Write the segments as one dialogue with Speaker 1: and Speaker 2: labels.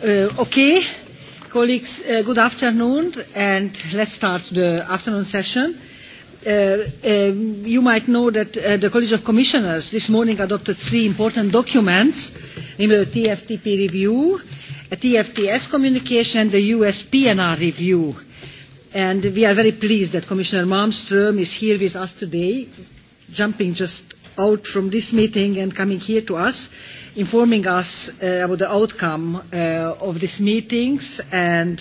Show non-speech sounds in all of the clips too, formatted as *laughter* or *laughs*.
Speaker 1: Okay, colleagues, good afternoon, and let's start the afternoon session. You might know that the College of Commissioners this morning adopted three important documents, namely the TFTP review, a TFTS communication, and the US PNR review. And we are very pleased that Commissioner Malmström is here with us today, jumping just out from this meeting and coming here to us informing us about the outcome of these meetings and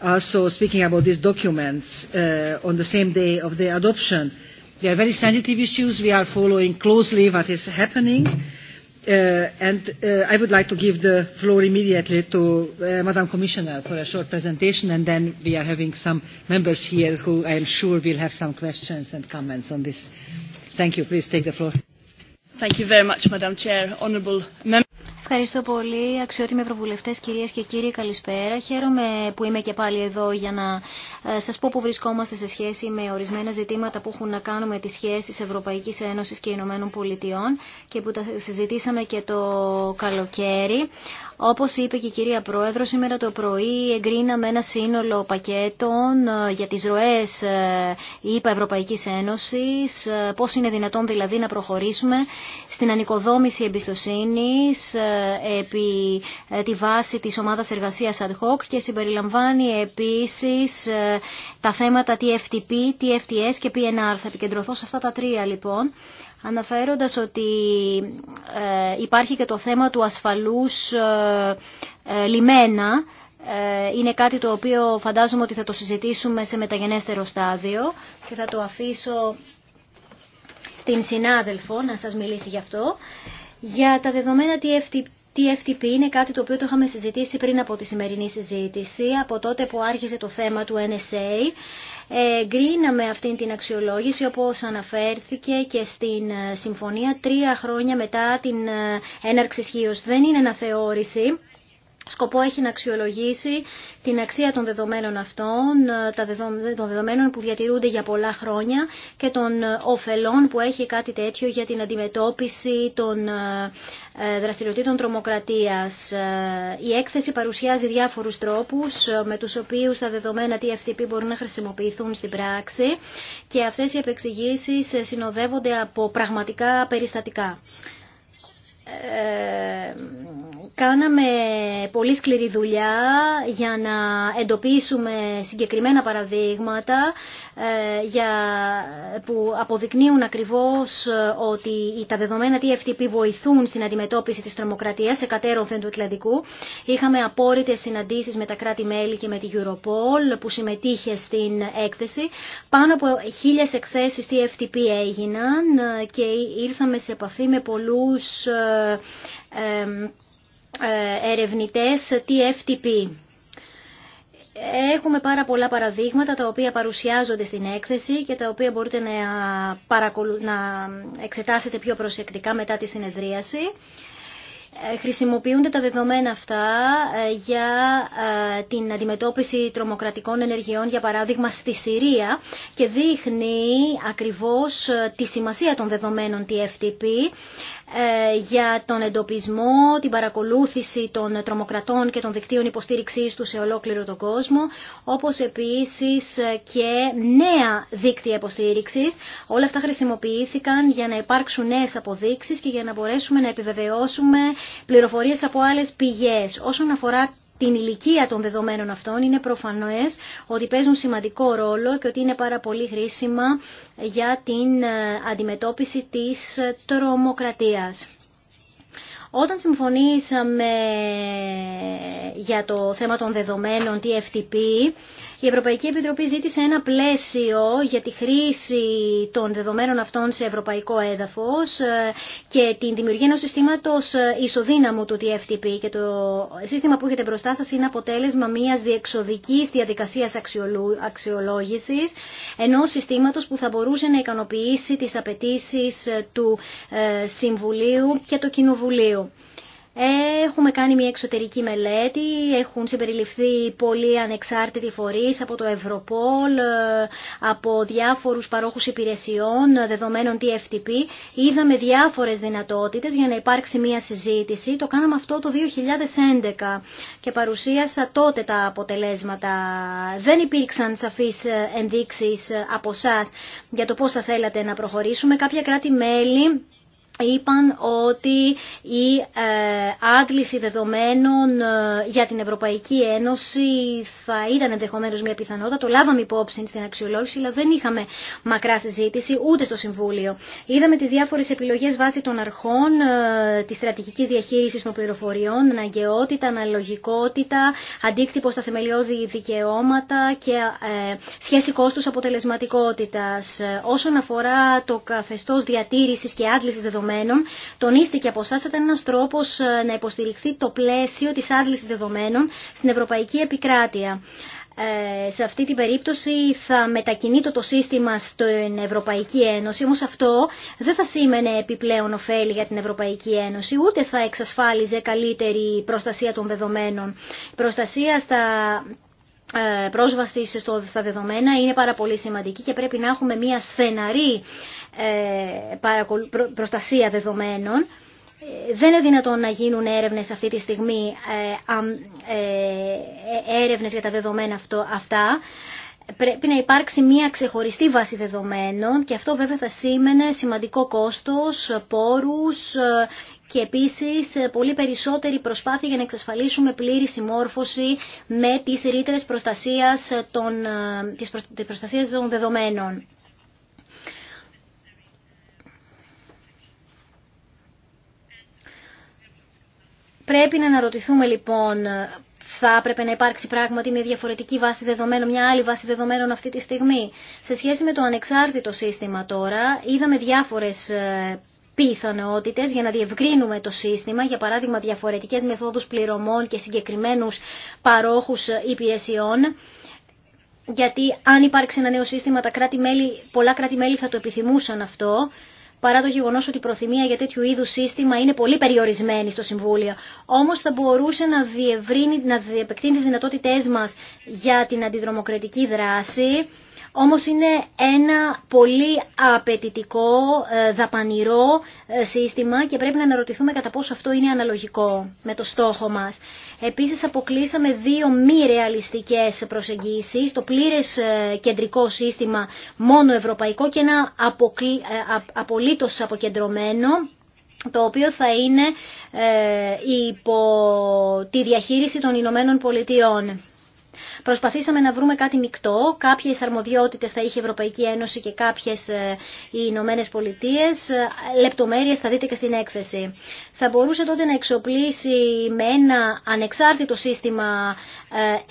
Speaker 1: also speaking about these documents on the same day of the adoption. They are very sensitive issues. We are following closely what is happening. And I would like to give the floor immediately to Madam Commissioner for a short presentation, and then we are having some members here who I am sure will have some questions and comments on this. Thank you. Please take the floor.
Speaker 2: Ευχαριστώ πολύ, αξιότιμοι ευρωβουλευτές, κυρίες και κύριοι, καλησπέρα. Χαίρομαι που είμαι και πάλι εδώ για να ε, σας πω που βρισκόμαστε σε σχέση με ορισμένα ζητήματα που έχουν να κάνουν με τις σχέσεις Ευρωπαϊκής Ένωσης και Ηνωμένων Πολιτειών και που τα συζητήσαμε και το καλοκαίρι. Όπως είπε και η κυρία Πρόεδρο, σήμερα το πρωί εγκρίναμε ένα σύνολο πακέτων ε, για τις ροέ ΗΠΑ ε, Ευρωπαϊκής Ένωσης, ε, πώς είναι δυνατόν δηλαδή να προχωρήσουμε στην ανοικοδόμηση εμπιστοσύνη, επί τη βάση της ομάδας εργασίας ad hoc και συμπεριλαμβάνει επίσης τα θέματα TFTP, TFTS και PNR. Θα επικεντρωθώ σε αυτά τα τρία λοιπόν αναφέροντας ότι ε, υπάρχει και το θέμα του ασφαλούς ε, ε, λιμένα. Είναι κάτι το οποίο φαντάζομαι ότι θα το συζητήσουμε σε μεταγενέστερο στάδιο και θα το αφήσω στην συνάδελφο να σας μιλήσει γι' αυτό. Για τα δεδομένα TFTP είναι κάτι το οποίο το είχαμε συζητήσει πριν από τη σημερινή συζήτηση, από τότε που άρχισε το θέμα του NSA Εγκρίναμε αυτή την αξιολόγηση όπως αναφέρθηκε και στην ε, συμφωνία τρία χρόνια μετά την ε, έναρξη ισχύω. Δεν είναι αναθεώρηση Σκοπό έχει να αξιολογήσει την αξία των δεδομένων αυτών, ε, των δεδομένων που διατηρούνται για πολλά χρόνια και των ε, ωφελών που έχει κάτι τέτοιο για την αντιμετώπιση των ε, δραστηριοτήτων τρομοκρατίας. Η έκθεση παρουσιάζει διάφορους τρόπους με τους οποίους τα δεδομένα TFTP μπορούν να χρησιμοποιηθούν στην πράξη και αυτές οι επεξηγήσεις συνοδεύονται από πραγματικά περιστατικά. Ε, κάναμε πολύ σκληρή δουλειά για να εντοπίσουμε συγκεκριμένα παραδείγματα ε, που αποδεικνύουν ακριβώς ε, ότι τα δεδομένα TFTP βοηθούν στην αντιμετώπιση της τρομοκρατίας εκατέρωθεν του Ατλαντικού. Είχαμε απόρριτες συναντήσεις με τα κράτη-μέλη και με τη Europol που συμμετείχε στην έκθεση. Πάνω από χίλιες εκθέσεις TFTP έγιναν ε, και ήρθαμε σε επαφή με πολλούς ερευνητές TFTP. Έχουμε πάρα πολλά παραδείγματα τα οποία παρουσιάζονται στην έκθεση και τα οποία μπορείτε να, να εξετάσετε πιο προσεκτικά μετά τη συνεδρίαση. Ε, χρησιμοποιούνται τα δεδομένα αυτά ε, για ε, την αντιμετώπιση τρομοκρατικών ενεργειών, για παράδειγμα στη Συρία και δείχνει ακριβώς τη σημασία των δεδομένων TFTP για τον εντοπισμό, την παρακολούθηση των τρομοκρατών και των δικτύων υποστήριξής του σε ολόκληρο τον κόσμο, όπως επίσης και νέα δίκτυα υποστήριξης. Όλα αυτά χρησιμοποιήθηκαν για να υπάρξουν νέες αποδείξεις και για να μπορέσουμε να επιβεβαιώσουμε πληροφορίες από άλλες πηγές. Όσον αφορά την ηλικία των δεδομένων αυτών είναι προφανές ότι παίζουν σημαντικό ρόλο και ότι είναι πάρα πολύ χρήσιμα για την ε, αντιμετώπιση της ε, τρομοκρατίας. Όταν συμφωνήσαμε για το θέμα των δεδομένων TFTP, η Ευρωπαϊκή Επιτροπή ζήτησε ένα πλαίσιο για τη χρήση των δεδομένων αυτών σε ευρωπαϊκό έδαφος ε, και την δημιουργία ενό συστήματο ε, ισοδύναμου του TFTP και το σύστημα που έχετε μπροστά σα είναι αποτέλεσμα μιας διεξοδικής διαδικασίας αξιολόγησης ενό συστήματος που θα μπορούσε να ικανοποιήσει τι απαιτήσει ε, του Συμβουλίου και του Κοινοβουλίου. Έχουμε κάνει μια εξωτερική μελέτη, έχουν συμπεριληφθεί πολλοί ανεξάρτητοι φορείς από το Ευρωπόλ, ε, από διάφορους παρόχους υπηρεσιών, ε, δεδομένων TFTP. Είδαμε διάφορες δυνατότητες για να υπάρξει μια συζήτηση. Το κάναμε αυτό το 2011 και παρουσίασα τότε τα αποτελέσματα. Δεν υπήρξαν σαφείς ε, ενδείξεις από εσά για το πώς θα θέλατε να προχωρήσουμε. Κάποια κράτη-μέλη είπαν ότι η ε, άγκληση δεδομένων ε, για την Ευρωπαϊκή Ένωση θα ήταν ενδεχομένω μια πιθανότητα. Το λάβαμε υπόψη στην αξιολόγηση, αλλά δεν είχαμε μακρά συζήτηση ούτε στο Συμβούλιο. Είδαμε τι διάφορε επιλογέ βάσει των αρχών ε, τη στρατηγική διαχείριση των πληροφοριών, αναγκαιότητα, αναλογικότητα, αντίκτυπο στα θεμελιώδη δικαιώματα και σχέση κόστου αποτελεσματικότητα. Όσον αφορά το καθεστώ διατήρηση και άντληση δεδομένων, δεδομένων τονίστηκε από εσά ότι ήταν ένα τρόπο ε, να υποστηριχθεί το πλαίσιο τη άδληση δεδομένων στην ευρωπαϊκή επικράτεια. Ε, σε αυτή την περίπτωση θα μετακινείται το σύστημα στην Ευρωπαϊκή Ένωση, όμως αυτό δεν θα σήμαινε επιπλέον ωφέλη για την Ευρωπαϊκή Ένωση, ούτε θα εξασφάλιζε καλύτερη προστασία των δεδομένων. Η Προστασία στα ε, πρόσβαση στα δεδομένα είναι πάρα πολύ σημαντική και πρέπει να έχουμε μια στεναρή ε, προστασία δεδομένων. Ε, δεν είναι δυνατόν να γίνουν έρευνες αυτή τη στιγμή, ε, έρευνες για τα δεδομένα αυτά. Πρέπει να υπάρξει μια ξεχωριστή βάση δεδομένων και αυτό βέβαια θα σήμαινε σημαντικό κόστος, πόρους και επίσης πολύ περισσότερη προσπάθεια για να εξασφαλίσουμε πλήρη συμμόρφωση με τις ρήτρες προστασίας των, προστασίας των δεδομένων. Πρέπει να αναρωτηθούμε λοιπόν, θα έπρεπε να υπάρξει πράγματι μια διαφορετική βάση δεδομένων, μια άλλη βάση δεδομένων αυτή τη στιγμή. Σε σχέση με το ανεξάρτητο σύστημα τώρα, είδαμε διάφορες ε, πιθανότητες για να διευκρίνουμε το σύστημα, για παράδειγμα διαφορετικές μεθόδους πληρωμών και συγκεκριμένους παρόχους ε, υπηρεσιών. Γιατί αν υπάρξει ένα νέο σύστημα, τα μελη -μέλη, πολλά κράτη-μέλη θα το επιθυμούσαν αυτό παρά το γεγονό ότι η προθυμία για τέτοιου είδου σύστημα είναι πολύ περιορισμένη στο Συμβούλιο. Όμως θα μπορούσε να, διευρύνει, να διεπεκτείνει τι δυνατότητές μας για την αντιδρομοκρατική δράση όμως είναι ένα πολύ απαιτητικό, ε, δαπανηρό ε, σύστημα και πρέπει να αναρωτηθούμε κατά πόσο αυτό είναι αναλογικό με το στόχο μας. Επίσης αποκλείσαμε δύο μη ρεαλιστικές προσεγγίσεις, το πλήρες ε, κεντρικό σύστημα μόνο ευρωπαϊκό και ένα απολύτως αποκεντρωμένο το οποίο θα είναι υπό τη διαχείριση των Ηνωμένων Πολιτειών. Προσπαθήσαμε να βρούμε κάτι μεικτό. Κάποιες αρμοδιότητες θα είχε η Ευρωπαϊκή Ένωση και κάποιες ε, οι Ηνωμένε Πολιτείε. Ε, λεπτομέρειες θα δείτε και στην έκθεση. Θα μπορούσε τότε να εξοπλίσει με ένα ανεξάρτητο σύστημα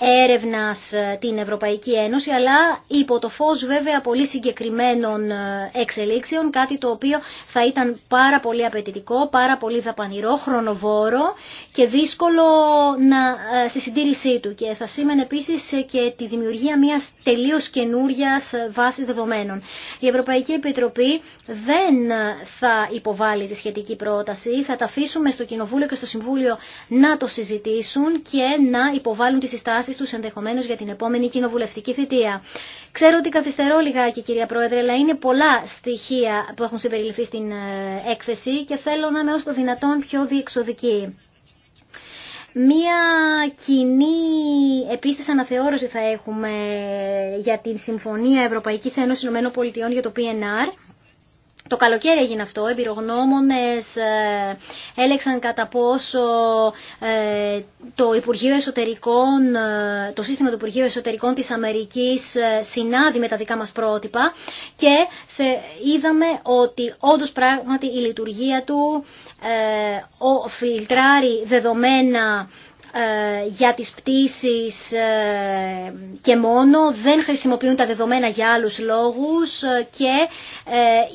Speaker 2: ε, έρευνας την Ευρωπαϊκή Ένωση, αλλά υπό το φως βέβαια πολύ συγκεκριμένων εξελίξεων, κάτι το οποίο θα ήταν πάρα πολύ απαιτητικό, πάρα πολύ δαπανηρό, χρονοβόρο και δύσκολο να, στη συντήρησή του. Και θα σήμαινε επίση και τη δημιουργία μιας τελείως καινούριας ε, βάσης δεδομένων. Η Ευρωπαϊκή Επιτροπή δεν θα υποβάλει τη σχετική πρόταση, θα τα αφήσουμε στο Κοινοβούλιο και στο Συμβούλιο να το συζητήσουν και να υποβάλουν τις συστάσεις τους ενδεχομένως για την επόμενη κοινοβουλευτική θητεία. Ξέρω ότι καθυστερώ λιγάκι κυρία Πρόεδρε, αλλά είναι πολλά στοιχεία που έχουν συμπεριληφθεί στην ε, έκθεση και θέλω να είμαι ω το δυνατόν πιο διεξοδική. Μία κοινή επίσης αναθεώρηση θα έχουμε για την Συμφωνία Ευρωπαϊκής Ένωσης Ηνωμένων Πολιτειών για το PNR το καλοκαίρι έγινε αυτό, εμπειρογνώμονες ε, έλεξαν κατά πόσο ε, το, Υπουργείο Εσωτερικών, ε, το σύστημα του Υπουργείου Εσωτερικών της Αμερικής συνάδει με τα δικά μας πρότυπα και είδαμε ότι όντως πράγματι η λειτουργία του ο φιλτράρει δεδομένα ε, για τις πτήσεις ε, και μόνο, δεν χρησιμοποιούν τα δεδομένα για άλλους λόγους ε, και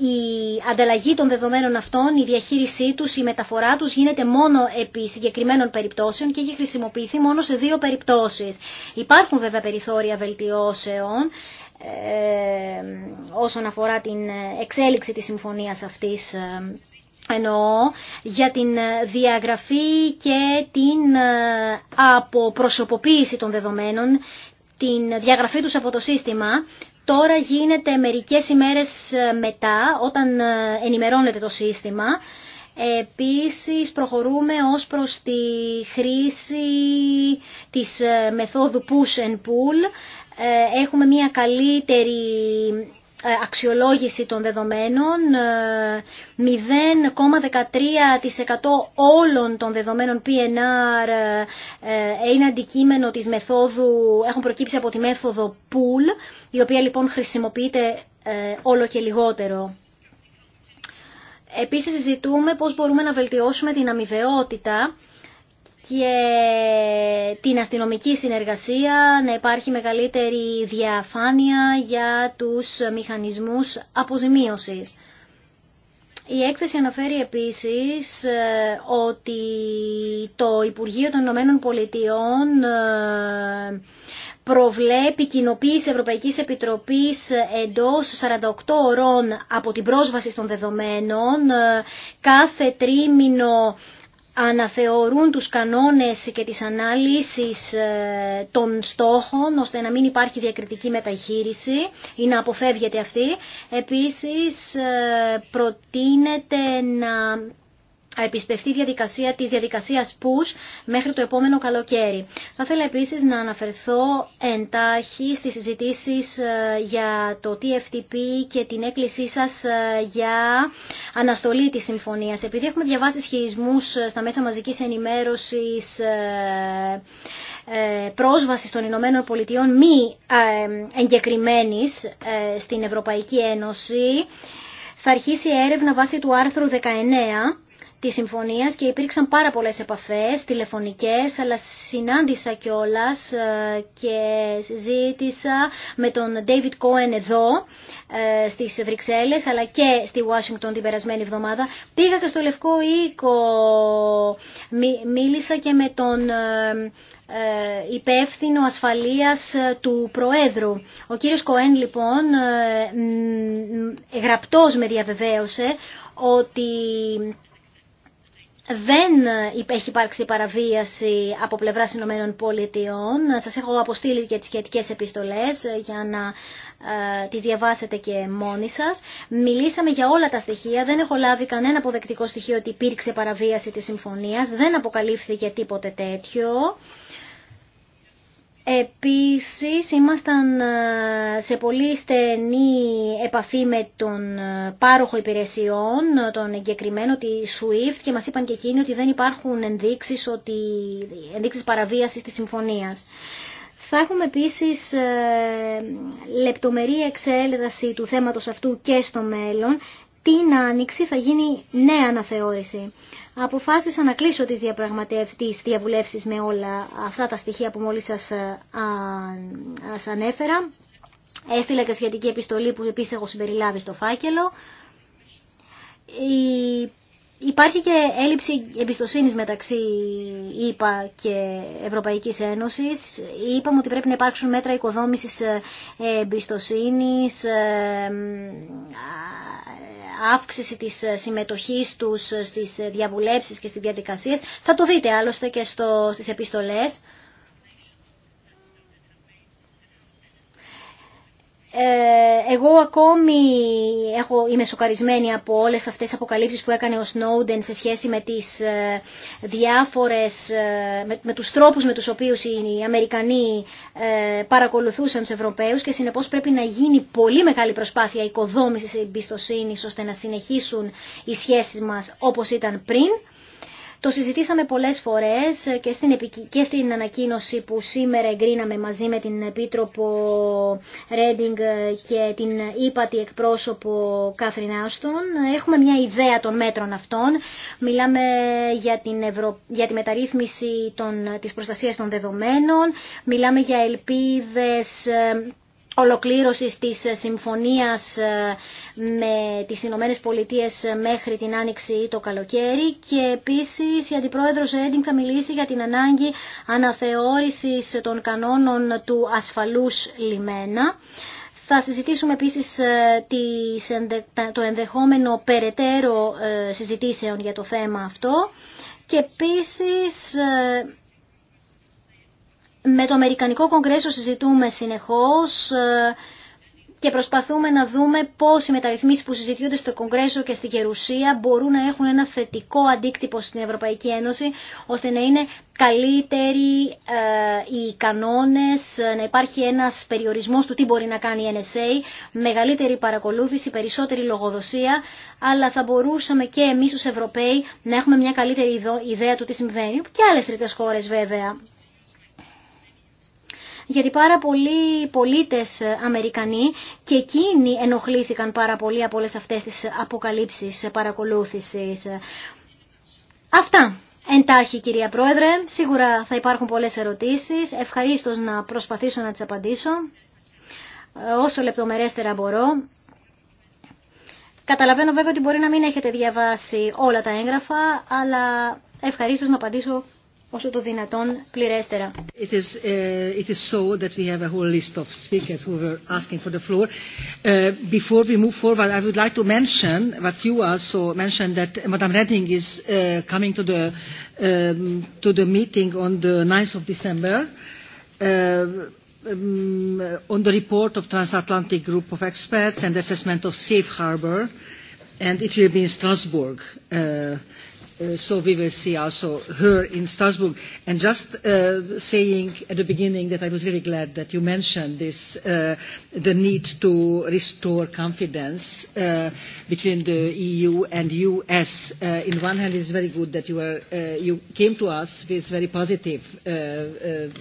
Speaker 2: η ανταλλαγή των δεδομένων αυτών, η διαχείρισή τους, η μεταφορά τους γίνεται μόνο επί συγκεκριμένων περιπτώσεων και έχει χρησιμοποιηθεί μόνο σε δύο περιπτώσεις. Υπάρχουν βέβαια περιθώρια βελτιώσεων όσον αφορά την εξέλιξη της συμφωνίας αυτής εννοώ για την ε, διαγραφή και την ε, αποπροσωποποίηση των δεδομένων, την διαγραφή τους από το σύστημα. Τώρα γίνεται μερικές ημέρες ε, μετά, όταν ενημερώνεται το σύστημα. Επίσης προχωρούμε ως προς τη χρήση της μεθόδου push and pull. Έχουμε μια καλύτερη ε, αξιολόγηση των δεδομένων, 0,13% ε, όλων των δεδομένων PNR ε, είναι αντικείμενο της μεθόδου, έχουν προκύψει από τη μέθοδο pool, η οποία λοιπόν χρησιμοποιείται όλο και λιγότερο. Επίσης ζητούμε πώς μπορούμε να βελτιώσουμε την αμοιβαιότητα και την αστυνομική συνεργασία, να υπάρχει μεγαλύτερη διαφάνεια για τους μηχανισμούς αποζημίωσης. Η έκθεση αναφέρει επίσης ε, ότι το Υπουργείο των Ηνωμένων Πολιτειών ε, προβλέπει κοινοποίηση Ευρωπαϊκής Επιτροπής εντός 48 ώρων από την πρόσβαση των δεδομένων ε, κάθε τρίμηνο αναθεωρούν τους κανόνες και τις ανάλυσεις ε, των στόχων ώστε να μην υπάρχει διακριτική μεταχείριση ή να αποφεύγεται αυτή. Επίσης ε, προτείνεται να επισπευτεί διαδικασία της διαδικασίας push μέχρι το επόμενο καλοκαίρι. Θα ήθελα επίσης να αναφερθώ εντάχει στις συζητήσεις ε, για το TFTP και την έκκλησή σας ε, για αναστολή της συμφωνίας. Επειδή έχουμε διαβάσει σχεισμούς ε, στα μέσα μαζικής ενημέρωσης πρόσβασης των Ηνωμένων Πολιτειών μη εγκεκριμένη στην Ευρωπαϊκή Ένωση, θα αρχίσει έρευνα βάσει του άρθρου 19 της συμφωνίας και υπήρξαν πάρα πολλές επαφές, τηλεφωνικές, αλλά συνάντησα κιόλα, ε, και συζήτησα με τον David Cohen εδώ ε, στις Βρυξέλλες, αλλά και στη Washington την περασμένη εβδομάδα. Πήγα και στο Λευκό Οίκο, μίλησα και με τον ε, υπεύθυνο ασφαλείας του Προέδρου. Ο κύριος Κοέν λοιπόν γραπτός με διαβεβαίωσε ότι δεν ε, έχει υπάρξει παραβίαση από πλευρά Ηνωμένων Πολιτειών. Σας έχω αποστείλει και τις σχετικές επιστολές ε, για να ε, τις διαβάσετε και μόνοι σας. Μιλήσαμε για όλα τα στοιχεία. Δεν έχω λάβει κανένα αποδεκτικό στοιχείο ότι υπήρξε παραβίαση της συμφωνίας. Δεν αποκαλύφθηκε τίποτε τέτοιο. Επίσης ήμασταν ε, σε πολύ στενή επαφή με τον ε, πάροχο υπηρεσιών, ε, τον εγκεκριμένο τη SWIFT και μας είπαν και εκείνοι ότι δεν υπάρχουν ενδείξεις, ότι, ενδείξεις παραβίασης της συμφωνίας. Θα έχουμε επίσης λεπτομερή εξέλιδαση του θέματος αυτού και στο μέλλον. Την άνοιξη θα γίνει νέα αναθεώρηση αποφάσισα να κλείσω τις διαπραγματεύσεις, διαβουλεύσεις με όλα αυτά τα στοιχεία που μόλις σας, ε, σας ανέφερα. Έστειλα και σχετική επιστολή που επίσης έχω συμπεριλάβει στο φάκελο. Η Υπάρχει και έλλειψη εμπιστοσύνης μεταξύ ΕΠΑ και Ευρωπαϊκής Ένωσης. Είπαμε ότι πρέπει να υπάρξουν μέτρα οικοδόμησης ε, εμπιστοσύνης, ε, ε, αύξηση της συμμετοχής τους στις διαβουλεύσεις και στις διαδικασίες. Θα το δείτε άλλωστε και στο, στις επιστολές. Ε, εγώ ακόμη έχω, είμαι σοκαρισμένη από όλες αυτές τις αποκαλύψεις που έκανε ο Σνόουντεν σε σχέση με τις ε, διάφορες, ε, με, με τους τρόπους με τους οποίους οι Αμερικανοί παρακολουθούσαν τους Ευρωπαίους και συνεπώς πρέπει να γίνει πολύ μεγάλη προσπάθεια οικοδόμησης εμπιστοσύνη ώστε να συνεχίσουν οι σχέσεις μας όπως ήταν πριν. Το συζητήσαμε πολλές φορές και στην, και στην ανακοίνωση που σήμερα εγκρίναμε μαζί με την Επίτροπο Ρέντινγκ και την ύπατη εκπρόσωπο Κάθριν Άστον. Έχουμε μια ιδέα των μέτρων αυτών. Μιλάμε για, την Ευρω... για τη μεταρρύθμιση των... της προστασίας των δεδομένων. Μιλάμε για ελπίδες ολοκλήρωσης της συμφωνίας ε, με τις Ηνωμένε Πολιτείες μέχρι την Άνοιξη ή το καλοκαίρι και επίσης η Αντιπρόεδρος Έντινγκ θα μιλήσει για την ανάγκη αναθεώρησης των κανόνων του ασφαλούς λιμένα. Θα συζητήσουμε επίσης ε, το ενδεχόμενο περαιτέρω ε, συζητήσεων για το θέμα αυτό και επίσης με το Αμερικανικό Κογκρέσο συζητούμε συνεχώς ε, και προσπαθούμε να δούμε πώς οι μεταρρυθμίσεις που συζητιούνται στο Κογκρέσο και στη Γερουσία μπορούν να έχουν ένα θετικό αντίκτυπο στην Ευρωπαϊκή Ένωση, ώστε να είναι καλύτεροι ε, οι κανόνες, να υπάρχει ένας περιορισμός του τι μπορεί να κάνει η NSA, μεγαλύτερη παρακολούθηση, περισσότερη λογοδοσία, αλλά θα μπορούσαμε και εμείς ως Ευρωπαίοι να έχουμε μια καλύτερη ιδέα του τι συμβαίνει, και άλλες τρίτες χώρες βέβαια γιατί πάρα πολλοί πολίτες ε, Αμερικανοί και εκείνοι ενοχλήθηκαν πάρα πολύ από όλες αυτές τις αποκαλύψεις ε, παρακολούθησης. Αυτά. Εντάχει κυρία Πρόεδρε, σίγουρα θα υπάρχουν πολλές ερωτήσεις, ευχαρίστως να προσπαθήσω να τις απαντήσω ε, όσο λεπτομερέστερα μπορώ. Καταλαβαίνω βέβαια ότι μπορεί να μην έχετε διαβάσει όλα τα έγγραφα, αλλά ευχαρίστως να απαντήσω όσο το δυνατόν πληρέστερα.
Speaker 1: It is, it is so that we have a whole list of speakers who were asking for the floor. before we move forward, I would like to mention what you also mentioned that Madame Redding is coming to the, to the meeting on the 9th of December. on the report of transatlantic group of experts and assessment of safe harbor and it will be in Strasbourg so we will see also her in Strasbourg. And just saying at the beginning that I was very glad that you mentioned this, the need to restore confidence between the EU and US. In one hand, it's very good that you you came to us with very positive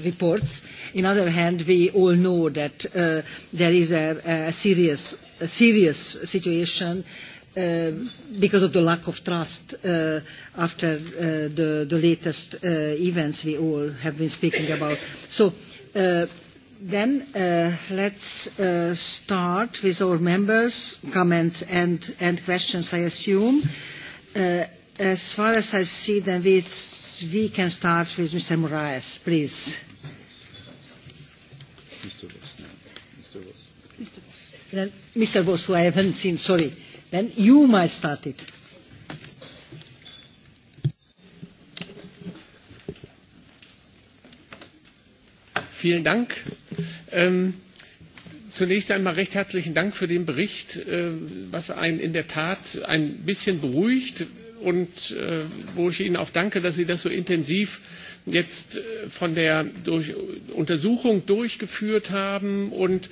Speaker 1: reports. In other hand, we all know that there is a serious serious situation because of the lack of trust after the latest events we all have been speaking about. So then let's start with our members' comments and questions, I assume. As far as I see, then we can start with Mr. Moraes, please. Mr. Voss, who I haven't seen, sorry. Then you might start it.
Speaker 3: Vielen Dank. Zunächst einmal recht herzlichen Dank für den Bericht, was einen in der Tat ein bisschen beruhigt und wo ich Ihnen auch danke, dass Sie das so intensiv jetzt von der Untersuchung durchgeführt haben und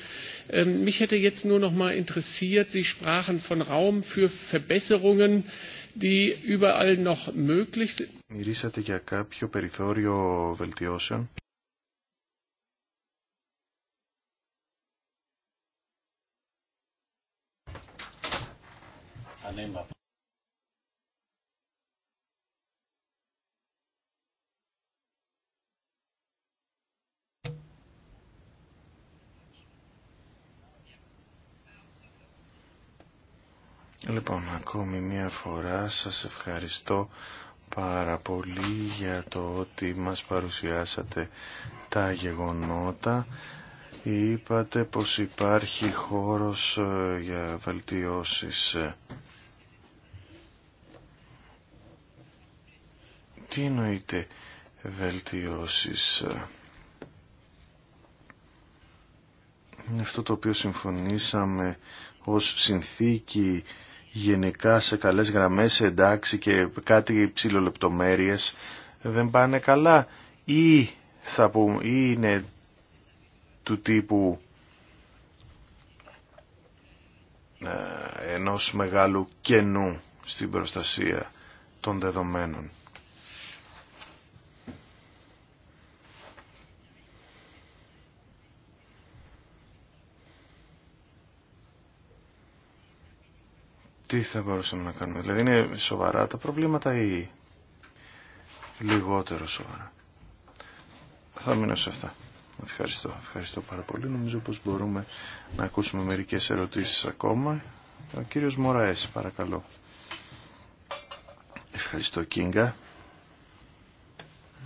Speaker 3: Mich hätte jetzt nur noch mal interessiert, Sie sprachen von Raum für Verbesserungen, die überall noch möglich
Speaker 4: sind. Λοιπόν, ακόμη μία φορά σας ευχαριστώ πάρα πολύ για το ότι μας παρουσιάσατε τα γεγονότα. Είπατε πως υπάρχει χώρος ε, για βελτιώσεις. Τι εννοείται βελτιώσεις. Είναι αυτό το οποίο συμφωνήσαμε ως συνθήκη γενικά σε καλές γραμμές εντάξει και κάτι ψηλολεπτομέρειες δεν πάνε καλά ή θα ή είναι του τύπου ε, ενός μεγάλου κενού στην προστασία των δεδομένων. τι θα μπορούσαμε να κάνουμε. Δηλαδή είναι σοβαρά τα προβλήματα ή λιγότερο σοβαρά. Θα μείνω σε αυτά. Ευχαριστώ. Ευχαριστώ πάρα πολύ. Νομίζω πως μπορούμε να ακούσουμε μερικές ερωτήσεις ακόμα. Ο κύριος Μωραές, παρακαλώ. Ευχαριστώ, Κίνγκα.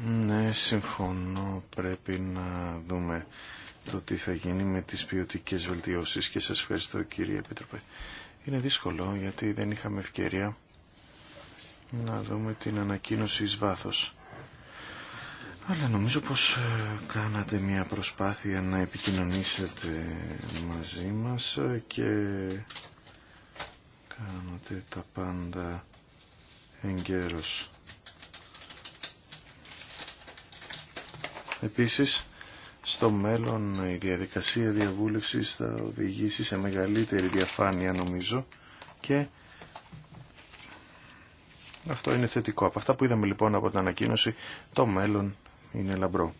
Speaker 4: Ναι, συμφωνώ. Πρέπει να δούμε το τι θα γίνει με τις ποιοτικές βελτιώσεις και σας ευχαριστώ κύριε Επίτροπε. Είναι δύσκολο γιατί δεν είχαμε ευκαιρία να δούμε την ανακοίνωση εις βάθος. Αλλά νομίζω πως ε, κάνατε μια προσπάθεια να επικοινωνήσετε μαζί μας ε, και κάνατε τα πάντα εγκαίρως. Επίσης, στο μέλλον η διαδικασία διαβούλευσης θα οδηγήσει σε μεγαλύτερη διαφάνεια νομίζω και αυτό είναι θετικό. Από αυτά που είδαμε λοιπόν από την ανακοίνωση, το μέλλον είναι λαμπρό.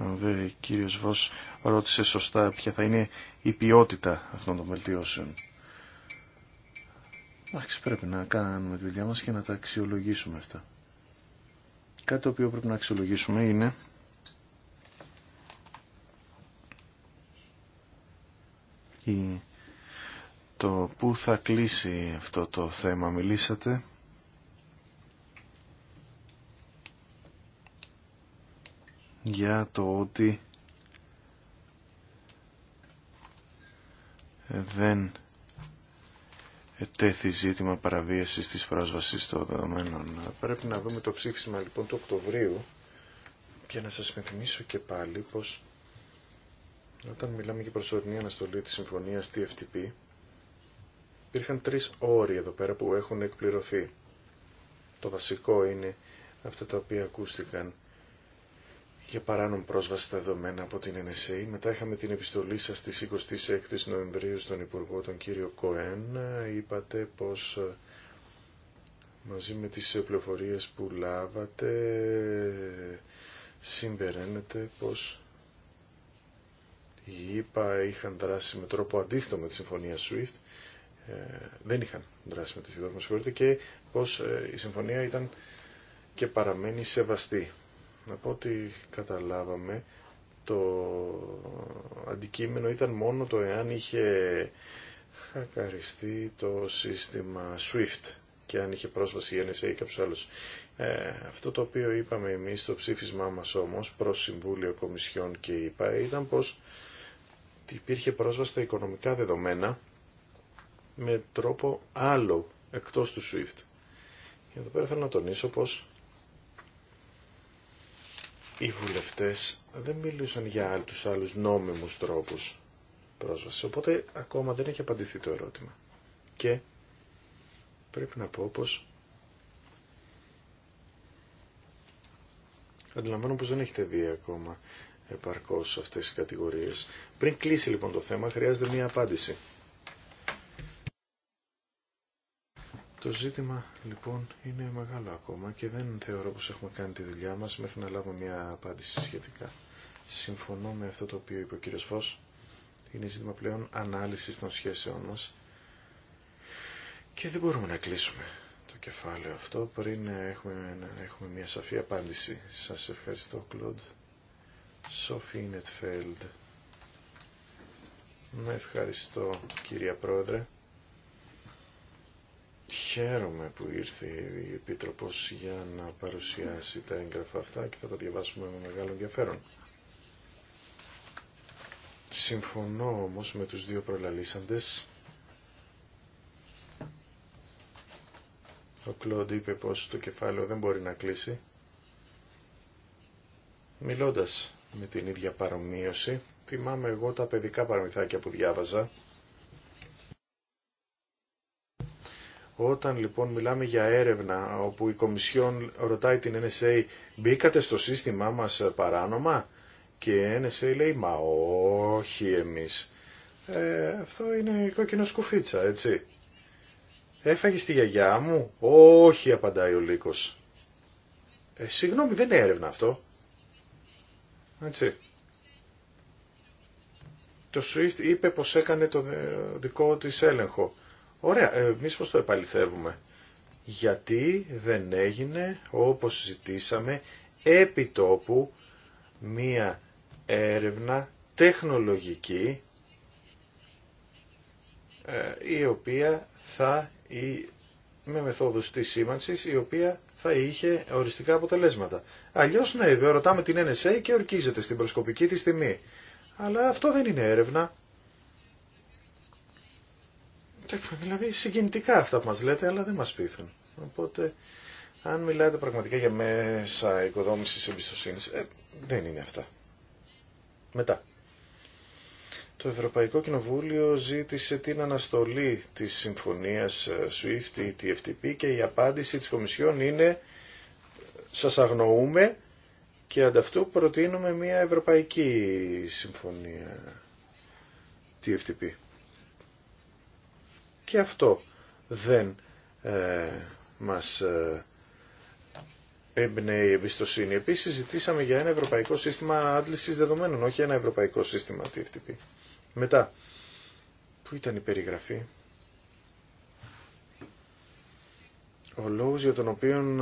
Speaker 4: Ο δε κύριος Βος ρώτησε σωστά ποια θα είναι η ποιότητα αυτών των βελτιώσεων. Εντάξει, πρέπει να κάνουμε τη δουλειά μας και να τα αξιολογήσουμε αυτά. Κάτι το οποίο πρέπει να αξιολογήσουμε είναι το πού θα κλείσει αυτό το θέμα. Μιλήσατε για το ότι δεν ετέθη ζήτημα παραβίασης της πρόσβασης των δεδομένων. Πρέπει να δούμε το ψήφισμα λοιπόν του Οκτωβρίου και να σας υπενθυμίσω και πάλι πως όταν μιλάμε για προσωρινή αναστολή της συμφωνίας TFTP υπήρχαν τρεις όροι εδώ πέρα που έχουν εκπληρωθεί. Το βασικό είναι αυτά τα οποία ακούστηκαν για παράνομη πρόσβαση στα δεδομένα από την NSA. Μετά είχαμε την επιστολή σας στις 26 Νοεμβρίου στον Υπουργό, τον κύριο Κοέν. Είπατε πως ε, μαζί με τις πληροφορίες που λάβατε συμπεραίνεται πως οι ΙΠΑ είχαν δράσει με τρόπο αντίθετο με τη συμφωνία SWIFT. Ε, δεν είχαν δράσει με τη συμφωνία, και πως ε, η συμφωνία ήταν και παραμένει σεβαστή. Από ό,τι καταλάβαμε, το αντικείμενο ήταν μόνο το εάν είχε χακαριστεί το σύστημα SWIFT και αν είχε πρόσβαση η NSA ή κάποιος άλλος. Ε, αυτό το οποίο είπαμε εμείς στο ψήφισμά μας όμως προς Συμβούλιο Κομισιόν και είπα ήταν πως υπήρχε πρόσβαση στα οικονομικά δεδομένα με τρόπο άλλο εκτός του SWIFT. Και εδώ πέρα θέλω να τονίσω πως οι βουλευτές δεν μιλούσαν για άλλους άλλους νόμιμους τρόπους πρόσβασης. Οπότε ακόμα δεν έχει απαντηθεί το ερώτημα. Και πρέπει να πω πως αντιλαμβάνω πως δεν έχετε δει ακόμα επαρκώς αυτές τις κατηγορίες. Πριν κλείσει λοιπόν το θέμα χρειάζεται μία απάντηση. Το ζήτημα λοιπόν είναι μεγάλο ακόμα και δεν θεωρώ πως έχουμε κάνει τη δουλειά μας μέχρι να λάβουμε μια απάντηση σχετικά. Συμφωνώ με αυτό το οποίο είπε ο κύριος Φως. Είναι ζήτημα πλέον ανάλυσης των σχέσεων μας και δεν μπορούμε να κλείσουμε το κεφάλαιο αυτό πριν έχουμε, έχουμε μια σαφή απάντηση. Σας ευχαριστώ Κλοντ. Σοφή Νετφέλντ. Με ευχαριστώ κυρία Πρόεδρε. Χαίρομαι που ήρθε η Επίτροπος για να παρουσιάσει τα έγγραφα αυτά και θα τα διαβάσουμε με μεγάλο ενδιαφέρον. Συμφωνώ όμως με τους δύο προλαλήσαντες. Ο Κλόντ είπε πως το κεφάλαιο δεν μπορεί να κλείσει. Μιλώντας με την ίδια παρομοίωση, θυμάμαι εγώ τα παιδικά παραμυθάκια που διάβαζα Όταν λοιπόν μιλάμε για έρευνα όπου η Κομισιόν ρωτάει την NSA μπήκατε στο σύστημά μας παράνομα και η NSA λέει μα όχι εμείς. Ε, αυτό είναι κόκκινο σκουφίτσα έτσι. Έφαγες τη γιαγιά μου. Όχι απαντάει ο Λύκος. Ε, συγγνώμη δεν είναι έρευνα αυτό. Έτσι. Το Swiss είπε πως έκανε το δικό της έλεγχο. Ωραία, ε, εμείς πώς το επαληθεύουμε. Γιατί δεν έγινε, όπως ζητήσαμε, επί τόπου μία έρευνα τεχνολογική ε, η οποία θα η, με μεθόδους της σήμανσης η οποία θα είχε οριστικά αποτελέσματα. Αλλιώς ναι, ρωτάμε την NSA και ορκίζεται στην προσκοπική της τιμή. Αλλά αυτό δεν είναι έρευνα. Δηλαδή συγκινητικά αυτά που μας λέτε, αλλά δεν μας πείθουν. Οπότε, αν μιλάτε πραγματικά για μέσα οικοδόμησης εμπιστοσύνης, ε, δεν είναι αυτά. Μετά. Το Ευρωπαϊκό Κοινοβούλιο ζήτησε την αναστολή της συμφωνίας ε, SWIFT ή TFTP και η απάντηση της Κομισιόν είναι σας αγνοούμε και ανταυτού προτείνουμε μια Ευρωπαϊκή Συμφωνία TFTP. Και αυτό δεν ε, μας ε, εμπνέει η εμπιστοσύνη. Επίσης ζητήσαμε για ένα ευρωπαϊκό σύστημα άντλησης δεδομένων, όχι ένα ευρωπαϊκό σύστημα TFTP. Μετά, πού ήταν η περιγραφή. Ο λόγος για τον οποίο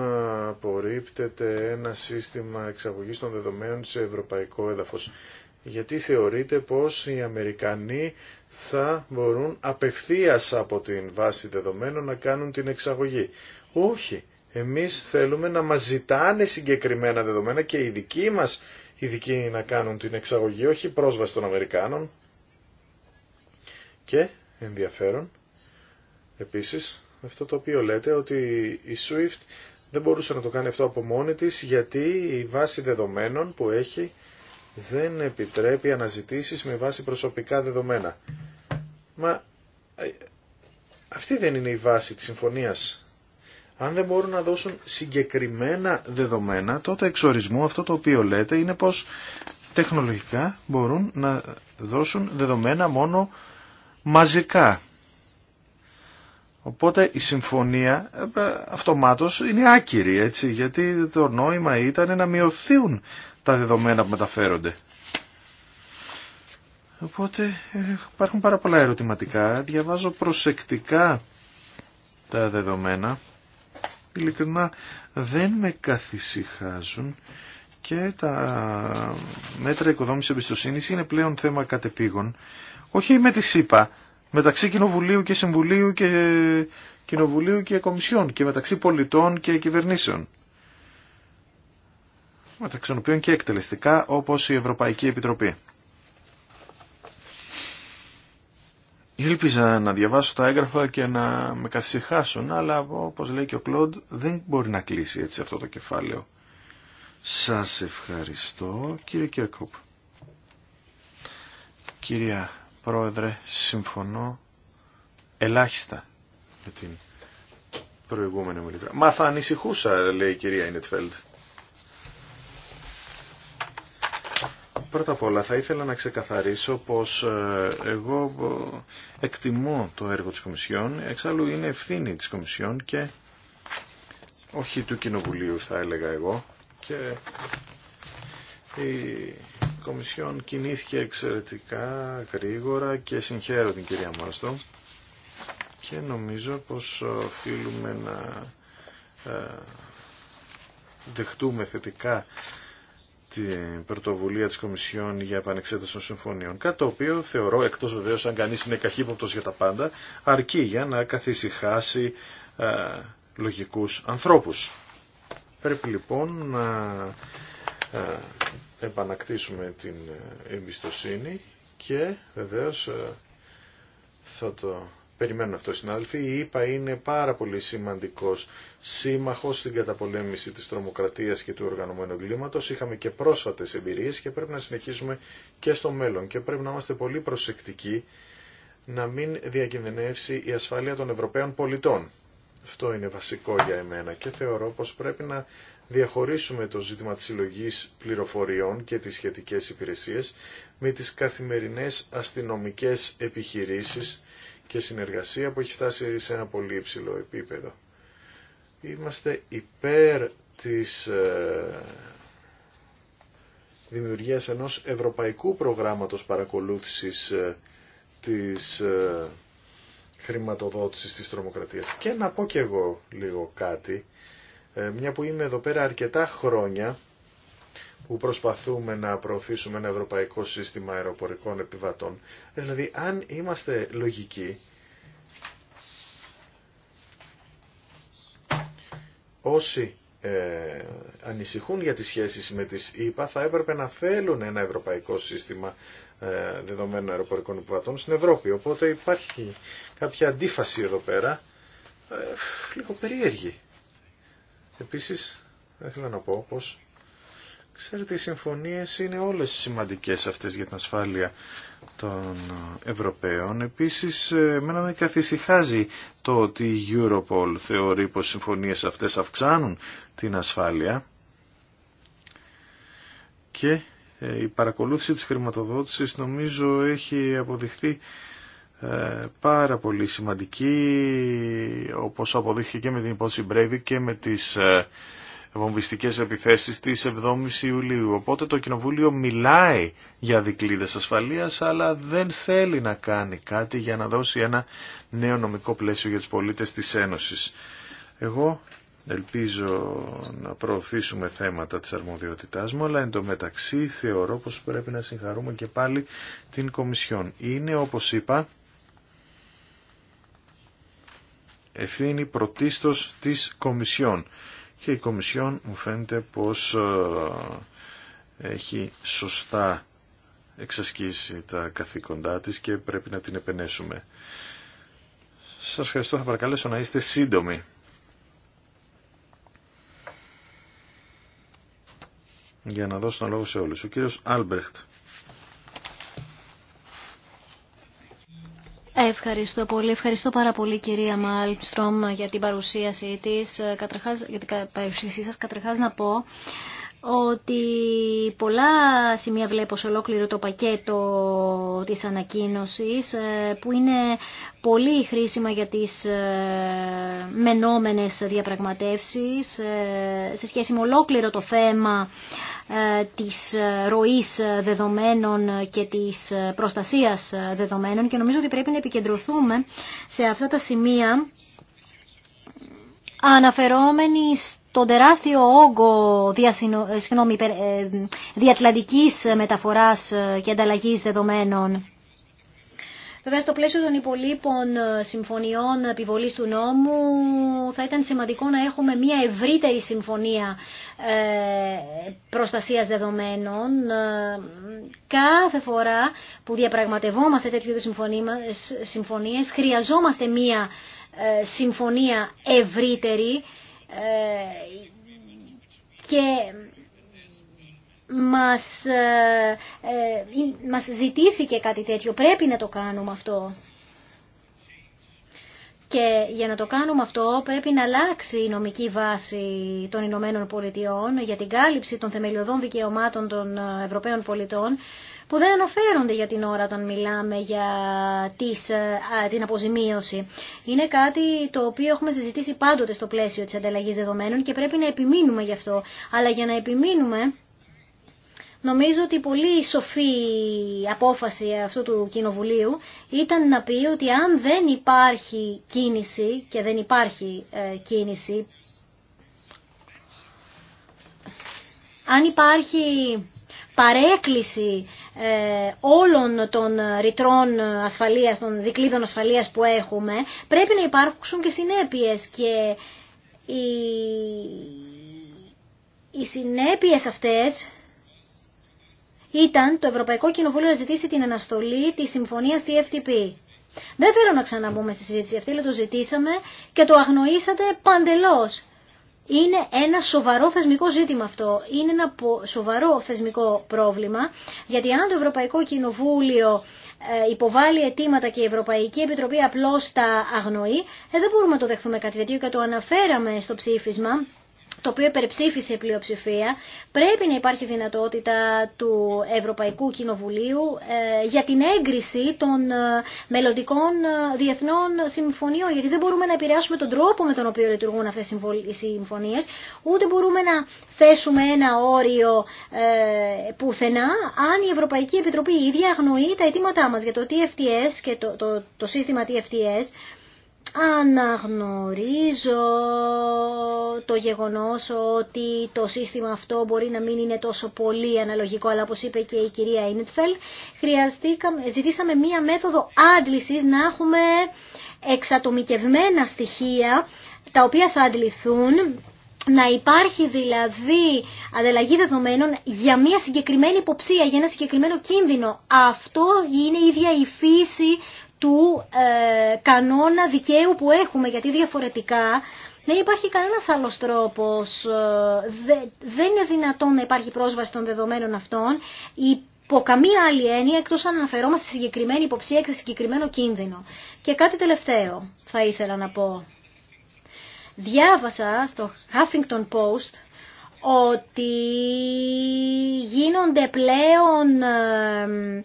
Speaker 4: απορρίπτεται ένα σύστημα εξαγωγής των δεδομένων σε ευρωπαϊκό έδαφος γιατί θεωρείται πως οι Αμερικανοί θα μπορούν απευθείας από την βάση δεδομένων να κάνουν την εξαγωγή. Όχι. Εμείς θέλουμε να μας ζητάνε συγκεκριμένα δεδομένα και οι δικοί μας δικοί να κάνουν την εξαγωγή, όχι πρόσβαση των Αμερικάνων. Και ενδιαφέρον, επίσης, αυτό το οποίο λέτε, ότι η SWIFT δεν μπορούσε να το κάνει αυτό από μόνη της, γιατί η βάση δεδομένων που έχει δεν επιτρέπει αναζητήσεις με βάση προσωπικά δεδομένα. Μα ε, αυτή δεν είναι η βάση της συμφωνίας. Αν δεν μπορούν να δώσουν συγκεκριμένα δεδομένα, τότε εξορισμού αυτό το οποίο λέτε είναι πως τεχνολογικά μπορούν να δώσουν δεδομένα μόνο μαζικά. Οπότε η συμφωνία ε, αυτομάτως είναι άκυρη, έτσι, γιατί το νόημα ήταν να μειωθούν τα δεδομένα που μεταφέρονται. Οπότε ε, υπάρχουν πάρα πολλά ερωτηματικά. Διαβάζω προσεκτικά τα δεδομένα. Ειλικρινά δεν με καθησυχάζουν και τα μέτρα οικοδόμησης εμπιστοσύνη είναι πλέον θέμα κατεπήγων. Όχι με τη ΣΥΠΑ, μεταξύ Κοινοβουλίου και Συμβουλίου και Κοινοβουλίου και Κομισιών και μεταξύ πολιτών και κυβερνήσεων μεταξύ των οποίων και εκτελεστικά όπως η Ευρωπαϊκή Επιτροπή. Ήλπιζα να διαβάσω τα έγγραφα και να με καθυσυχάσουν, αλλά όπως λέει και ο Κλοντ δεν μπορεί να κλείσει έτσι αυτό το κεφάλαιο. Σας ευχαριστώ κύριε Κέρκοπ. Κυρία Πρόεδρε, συμφωνώ ελάχιστα με την προηγούμενη λίτρα. Μα θα ανησυχούσα, λέει η κυρία Ινετφέλντ. Πρώτα απ' όλα θα ήθελα να ξεκαθαρίσω πως ε, εγώ ε, εκτιμώ το έργο της Κομισιόν, εξάλλου είναι ευθύνη της Κομισιόν και όχι του Κοινοβουλίου θα έλεγα εγώ και η Κομισιόν κινήθηκε εξαιρετικά γρήγορα και συγχαίρω την κυρία Μάστο και νομίζω πως οφείλουμε να ε, δεχτούμε θετικά την πρωτοβουλία της Κομισιόν για επανεξέταση των συμφωνίων, κάτι το οποίο θεωρώ, εκτός βεβαίως αν κανείς είναι καχύποπτος για τα πάντα, αρκεί για να καθησυχάσει α, ε, λογικούς ανθρώπους. Πρέπει λοιπόν να ε, επανακτήσουμε την ε, εμπιστοσύνη και βεβαίως θα το περιμένουν αυτό στην συνάδελφοι. Η ΕΠΑ ΕΕ είναι πάρα πολύ σημαντικός σύμμαχος στην καταπολέμηση της τρομοκρατίας και του οργανωμένου εγκλήματος. Είχαμε και πρόσφατες εμπειρίες και πρέπει να συνεχίσουμε και στο μέλλον και πρέπει να είμαστε πολύ προσεκτικοί να μην διακινδυνεύσει η ασφάλεια των Ευρωπαίων πολιτών. Αυτό είναι βασικό για εμένα και θεωρώ πως πρέπει να διαχωρίσουμε το ζήτημα της συλλογή πληροφοριών και τις σχετικές υπηρεσίες με τις καθημερινές αστυνομικές επιχειρήσεις και συνεργασία που έχει φτάσει σε ένα πολύ υψηλό επίπεδο. Είμαστε υπέρ της ε, δημιουργίας ενός ευρωπαϊκού προγράμματος παρακολούθησης ε, της ε, χρηματοδότησης της τρομοκρατίας. Και να πω και εγώ λίγο κάτι, μια που είμαι εδώ πέρα αρκετά χρόνια, που προσπαθούμε να προωθήσουμε ένα ευρωπαϊκό σύστημα αεροπορικών επιβατών. Δηλαδή, αν είμαστε λογικοί, όσοι ε, ανησυχούν για τις σχέσεις με τις ΗΠΑ θα έπρεπε να θέλουν ένα ευρωπαϊκό σύστημα ε, δεδομένων αεροπορικών επιβατών στην Ευρώπη. Οπότε υπάρχει κάποια αντίφαση εδώ πέρα, ε, λίγο περίεργη. Επίσης, θα ήθελα να πω πως Ξέρετε, οι συμφωνίες είναι όλες σημαντικές αυτές για την ασφάλεια των Ευρωπαίων. Επίσης, εμένα με καθησυχάζει το ότι η Europol θεωρεί πως οι συμφωνίες αυτές αυξάνουν την ασφάλεια και ε, η παρακολούθηση της χρηματοδότησης νομίζω έχει αποδειχθεί ε, πάρα πολύ σημαντική όπως αποδείχθηκε και με την υπόθεση Breivik και με τις ε, βομβιστικές επιθέσεις της 7ης Ιουλίου. Οπότε το Κοινοβούλιο μιλάει για δικλείδες ασφαλείας, αλλά δεν θέλει να κάνει κάτι για να δώσει ένα νέο νομικό πλαίσιο για τους πολίτες της Ένωσης. Εγώ ελπίζω να προωθήσουμε θέματα της αρμοδιότητάς μου, αλλά εν μεταξύ θεωρώ πως πρέπει να συγχαρούμε και πάλι την Κομισιόν. Είναι, όπως είπα, ευθύνη πρωτίστως της Κομισιόν και η Κομισιόν μου φαίνεται πως ε, έχει σωστά εξασκήσει τα καθήκοντά της και πρέπει να την επενέσουμε. Σας ευχαριστώ, θα παρακαλέσω να είστε σύντομοι. Για να δώσω τον λόγο σε όλους. Ο κύριος Άλμπρεχτ.
Speaker 2: Ευχαριστώ πολύ. Ευχαριστώ πάρα πολύ κυρία Μάλμστρομ για την παρουσίασή της. Κατρεχάς, για την σας να πω ότι πολλά σημεία βλέπω σε ολόκληρο το πακέτο της ανακοίνωσης ε, που είναι πολύ χρήσιμα για τις ε, μενόμενες διαπραγματεύσεις ε, σε σχέση με ολόκληρο το θέμα ε, της ε, ροής ε, δεδομένων και της προστασίας δεδομένων και νομίζω ότι πρέπει να επικεντρωθούμε σε αυτά τα σημεία αναφερόμενοι στον τεράστιο όγκο διασυνο... διατλαντικής μεταφοράς και ανταλλαγής δεδομένων. Βέβαια, στο πλαίσιο των υπολείπων ε, συμφωνιών επιβολή του νόμου θα ήταν σημαντικό να έχουμε μια ευρύτερη συμφωνία ε, προστασίας δεδομένων. Ε, κάθε φορά που διαπραγματευόμαστε τέτοιου είδους συμφωνίες χρειαζόμαστε μια συμφωνία ευρύτερη και μας, ε, ε, μας ζητήθηκε κάτι τέτοιο. Πρέπει να το κάνουμε αυτό. Και για να το κάνουμε αυτό πρέπει να αλλάξει η νομική βάση των Ηνωμένων Πολιτειών για την κάλυψη των θεμελιωδών δικαιωμάτων των ε, Ευρωπαίων πολιτών που δεν αναφέρονται για την ώρα όταν μιλάμε για την αποζημίωση. Είναι κάτι το οποίο έχουμε συζητήσει πάντοτε στο πλαίσιο της ανταλλαγής δεδομένων και πρέπει να επιμείνουμε γι' αυτό. Αλλά για να επιμείνουμε Νομίζω ότι πολύ σοφή απόφαση αυτού του Κοινοβουλίου ήταν να πει ότι αν δεν υπάρχει κίνηση και δεν υπάρχει ε, κίνηση, αν υπάρχει παρέκκληση ε, όλων των ρητρών ασφαλείας, των δικλείδων ασφαλείας που έχουμε, πρέπει να υπάρχουν και συνέπειες και οι, οι συνέπειες αυτές ήταν το Ευρωπαϊκό Κοινοβούλιο να ζητήσει την αναστολή της συμφωνίας TFTP. Δεν θέλω να ξαναμπούμε στη συζήτηση αυτή, αλλά το ζητήσαμε και το αγνοήσατε παντελώ. Είναι ένα σοβαρό θεσμικό ζήτημα αυτό. Είναι ένα σοβαρό θεσμικό πρόβλημα, γιατί αν το Ευρωπαϊκό Κοινοβούλιο ε, υποβάλλει αιτήματα και η Ευρωπαϊκή Επιτροπή απλώς τα αγνοεί, ε, δεν μπορούμε να το δεχθούμε κάτι τέτοιο και το αναφέραμε στο ψήφισμα το οποίο υπερψήφισε η πλειοψηφία, πρέπει να υπάρχει δυνατότητα του Ευρωπαϊκού Κοινοβουλίου ε, για την έγκριση των ε, μελλοντικών ε, διεθνών συμφωνιών, γιατί δεν μπορούμε να επηρεάσουμε τον τρόπο με τον οποίο λειτουργούν αυτές οι συμφωνίε, ούτε μπορούμε να θέσουμε ένα όριο ε, πουθενά, αν η Ευρωπαϊκή Επιτροπή η ίδια αγνοεί τα αιτήματά μα για το TFTS και το, το, το σύστημα TFTS, Αναγνωρίζω το γεγονός ότι το σύστημα αυτό μπορεί να μην είναι τόσο πολύ αναλογικό, αλλά όπως είπε και η κυρία Ινιτφελ, ζητήσαμε μία μέθοδο άντλησης να έχουμε εξατομικευμένα στοιχεία τα οποία θα αντληθούν να υπάρχει δηλαδή ανταλλαγή δεδομένων για μια συγκεκριμένη υποψία, για ένα συγκεκριμένο κίνδυνο. Αυτό είναι η ίδια η φύση του ε, κανόνα δικαίου που έχουμε, γιατί διαφορετικά δεν υπάρχει κανένας άλλος τρόπος, ε, δεν είναι δυνατόν να υπάρχει πρόσβαση των δεδομένων αυτών, υπό καμία άλλη έννοια, εκτός αν αναφερόμαστε σε συγκεκριμένη υποψία και σε συγκεκριμένο κίνδυνο. Και κάτι τελευταίο θα ήθελα να πω. Διάβασα στο Huffington Post ότι γίνονται πλέον ε,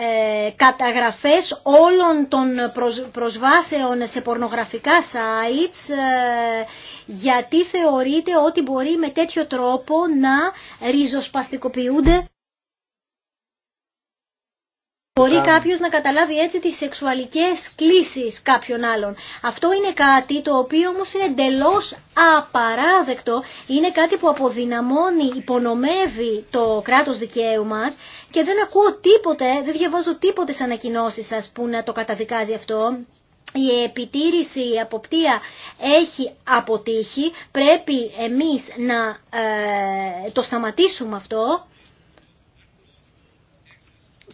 Speaker 2: ε, καταγραφές όλων των προσβάσεων σε πορνογραφικά sites ε, γιατί θεωρείται ότι μπορεί με τέτοιο τρόπο να ριζοσπαστικοποιούνται Μπορεί κάποιο να καταλάβει έτσι τι σεξουαλικέ κλήσει κάποιων άλλων. Αυτό είναι κάτι το οποίο όμω είναι εντελώ απαράδεκτο. Είναι κάτι που αποδυναμώνει, υπονομεύει το κράτο δικαίου μα και δεν ακούω τίποτε, δεν διαβάζω τίποτε σαν ανακοινώσει σα που να το καταδικάζει αυτό. Η επιτήρηση, η αποπτία έχει αποτύχει. Πρέπει εμείς να ε, το σταματήσουμε αυτό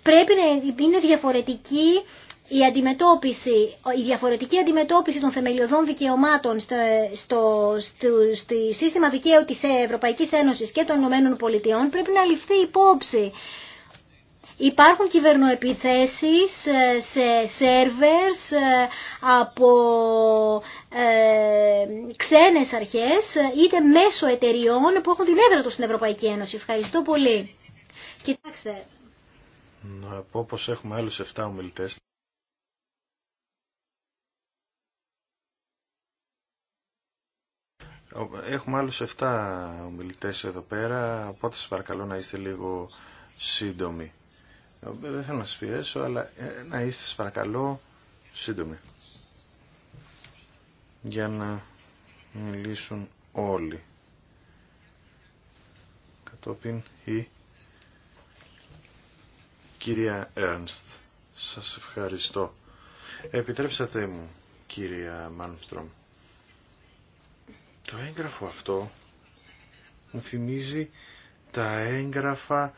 Speaker 2: πρέπει να είναι διαφορετική η, αντιμετώπιση, η διαφορετική αντιμετώπιση των θεμελιωδών δικαιωμάτων στο, στο, στο, στο σύστημα δικαίου της Ευρωπαϊκής Ένωσης και των Ηνωμένων Πολιτειών πρέπει να ληφθεί υπόψη. Υπάρχουν κυβερνοεπιθέσεις ε, σε σερβερς ε, από ε, ξένες αρχές είτε μέσω εταιριών που έχουν την έδρα τους στην Ευρωπαϊκή Ένωση. Ευχαριστώ πολύ. Κοιτάξτε,
Speaker 4: να πω πως έχουμε άλλους 7 ομιλητές. Έχουμε άλλους 7 ομιλητές εδώ πέρα, οπότε σας παρακαλώ να είστε λίγο σύντομοι. Ε, δεν θέλω να σας πιέσω, αλλά ε, να είστε σας παρακαλώ σύντομοι. Για να μιλήσουν όλοι. Κατόπιν η Κυρία Έρνστ, σας ευχαριστώ. Επιτρέψατε μου, κυρία Μάνστρομ. Το έγγραφο αυτό μου θυμίζει τα έγγραφα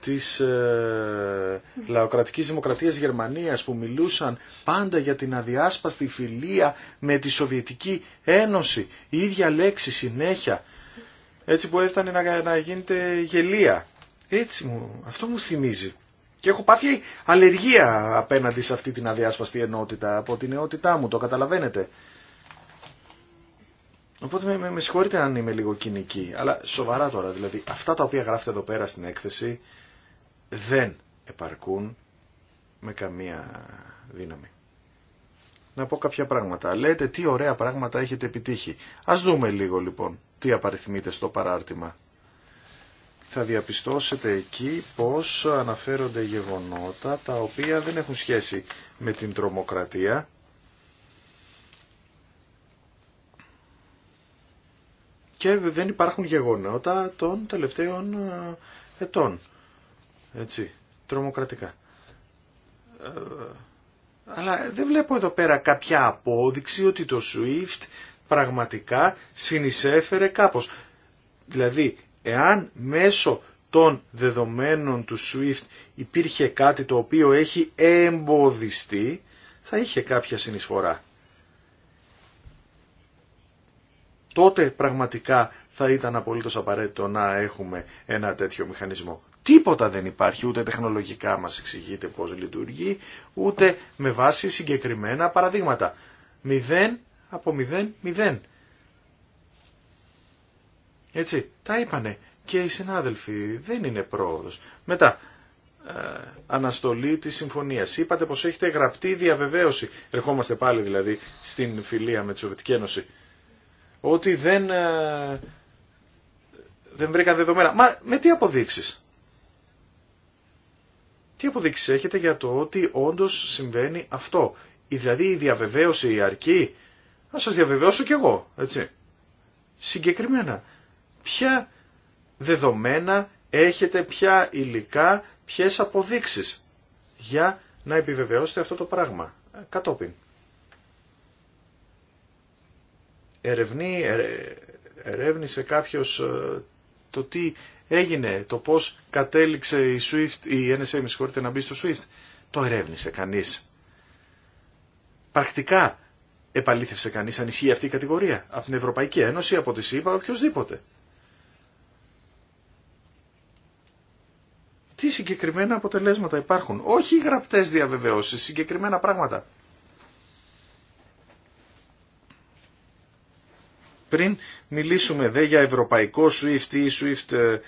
Speaker 4: της ε, λαοκρατικής δημοκρατίας Γερμανίας που μιλούσαν πάντα για την αδιάσπαστη φιλία με τη Σοβιετική Ένωση. Η ίδια λέξη συνέχεια. Έτσι που έφτανε να, να γίνεται γελία. Έτσι μου, αυτό μου θυμίζει. Και έχω πάθει αλλεργία απέναντι σε αυτή την αδιάσπαστη ενότητα από την νεότητά μου, το καταλαβαίνετε. Οπότε με, με, με συγχωρείτε αν είμαι λίγο κοινική, αλλά σοβαρά τώρα, δηλαδή αυτά τα οποία γράφετε εδώ πέρα στην έκθεση δεν επαρκούν με καμία δύναμη. Να πω κάποια πράγματα. Λέτε τι ωραία πράγματα έχετε επιτύχει. Ας δούμε λίγο λοιπόν τι απαριθμείτε στο παράρτημα θα διαπιστώσετε εκεί πως αναφέρονται γεγονότα τα οποία δεν έχουν σχέση με την τρομοκρατία. Και δεν υπάρχουν γεγονότα των τελευταίων ε, ετών. Έτσι, τρομοκρατικά. Ε, αλλά δεν βλέπω εδώ πέρα κάποια απόδειξη ότι το SWIFT πραγματικά συνεισέφερε κάπως. Δηλαδή Εάν μέσω των δεδομένων του SWIFT υπήρχε κάτι το οποίο έχει εμποδιστεί, θα είχε κάποια συνεισφορά. Τότε πραγματικά θα ήταν απολύτως απαραίτητο να έχουμε ένα τέτοιο μηχανισμό. Τίποτα δεν υπάρχει, ούτε τεχνολογικά μας εξηγείται πώς λειτουργεί, ούτε με βάση συγκεκριμένα παραδείγματα. Μηδέν από μηδέν, μηδέν. Έτσι, τα είπανε και οι συνάδελφοι, δεν είναι πρόοδος. Μετά, ε, αναστολή της συμφωνίας. Είπατε πως έχετε γραπτή διαβεβαίωση, ερχόμαστε πάλι δηλαδή στην φιλία με τη Σοβιτική Ένωση, ότι δεν, ε, δεν βρήκαν δεδομένα. Μα με τι αποδείξεις. Τι αποδείξεις έχετε για το ότι όντως συμβαίνει αυτό. δηλαδή η διαβεβαίωση η αρκεί, να σας διαβεβαιώσω κι εγώ, έτσι. Συγκεκριμένα ποια δεδομένα έχετε, ποια υλικά, ποιες αποδείξεις για να επιβεβαιώσετε αυτό το πράγμα ε, κατόπιν. ερεύνησε κάποιος ε, το τι έγινε, το πώς κατέληξε η SWIFT, η NSA συγχωρείτε να μπει στο SWIFT. Το ερεύνησε κανείς. Πρακτικά επαλήθευσε κανείς αν ισχύει αυτή η κατηγορία. Από την Ευρωπαϊκή Ένωση, από τη ΣΥΠΑ, οποιοδήποτε. τι συγκεκριμένα αποτελέσματα υπάρχουν. Όχι γραπτές διαβεβαιώσεις, συγκεκριμένα πράγματα. Πριν μιλήσουμε δε για ευρωπαϊκό SWIFT ή SWIFT ε,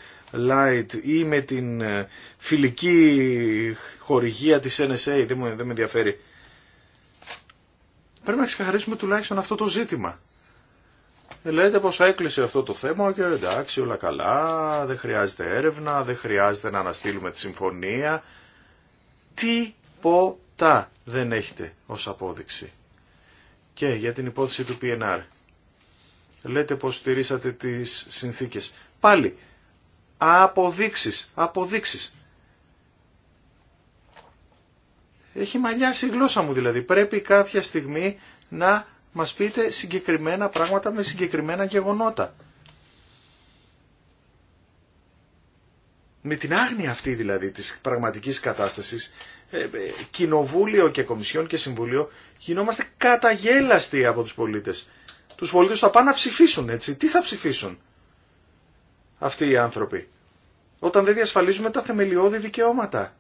Speaker 4: Lite ή με την ε, φιλική χορηγία της NSA, δεν με ενδιαφέρει. Πρέπει να ξεχαρίσουμε τουλάχιστον αυτό το ζήτημα λέτε πως έκλεισε αυτό το θέμα και εντάξει όλα καλά, δεν χρειάζεται έρευνα, δεν χρειάζεται να αναστείλουμε τη συμφωνία. Τίποτα δεν έχετε ως απόδειξη. Και για την υπόθεση του PNR. Λέτε πως στηρίσατε τις συνθήκες. Πάλι, αποδείξεις, αποδείξεις. Έχει μαλλιάσει η γλώσσα μου δηλαδή. Πρέπει κάποια στιγμή να μας πείτε συγκεκριμένα πράγματα με συγκεκριμένα γεγονότα. Με την άγνοια αυτή δηλαδή της πραγματικής κατάστασης, ε, ε, κοινοβούλιο και κομισιόν και συμβούλιο γινόμαστε καταγέλαστοι από τους πολίτες. Τους πολίτες θα πάνε να ψηφίσουν έτσι. Τι θα ψηφίσουν αυτοί οι άνθρωποι όταν δεν διασφαλίζουμε τα θεμελιώδη δικαιώματα.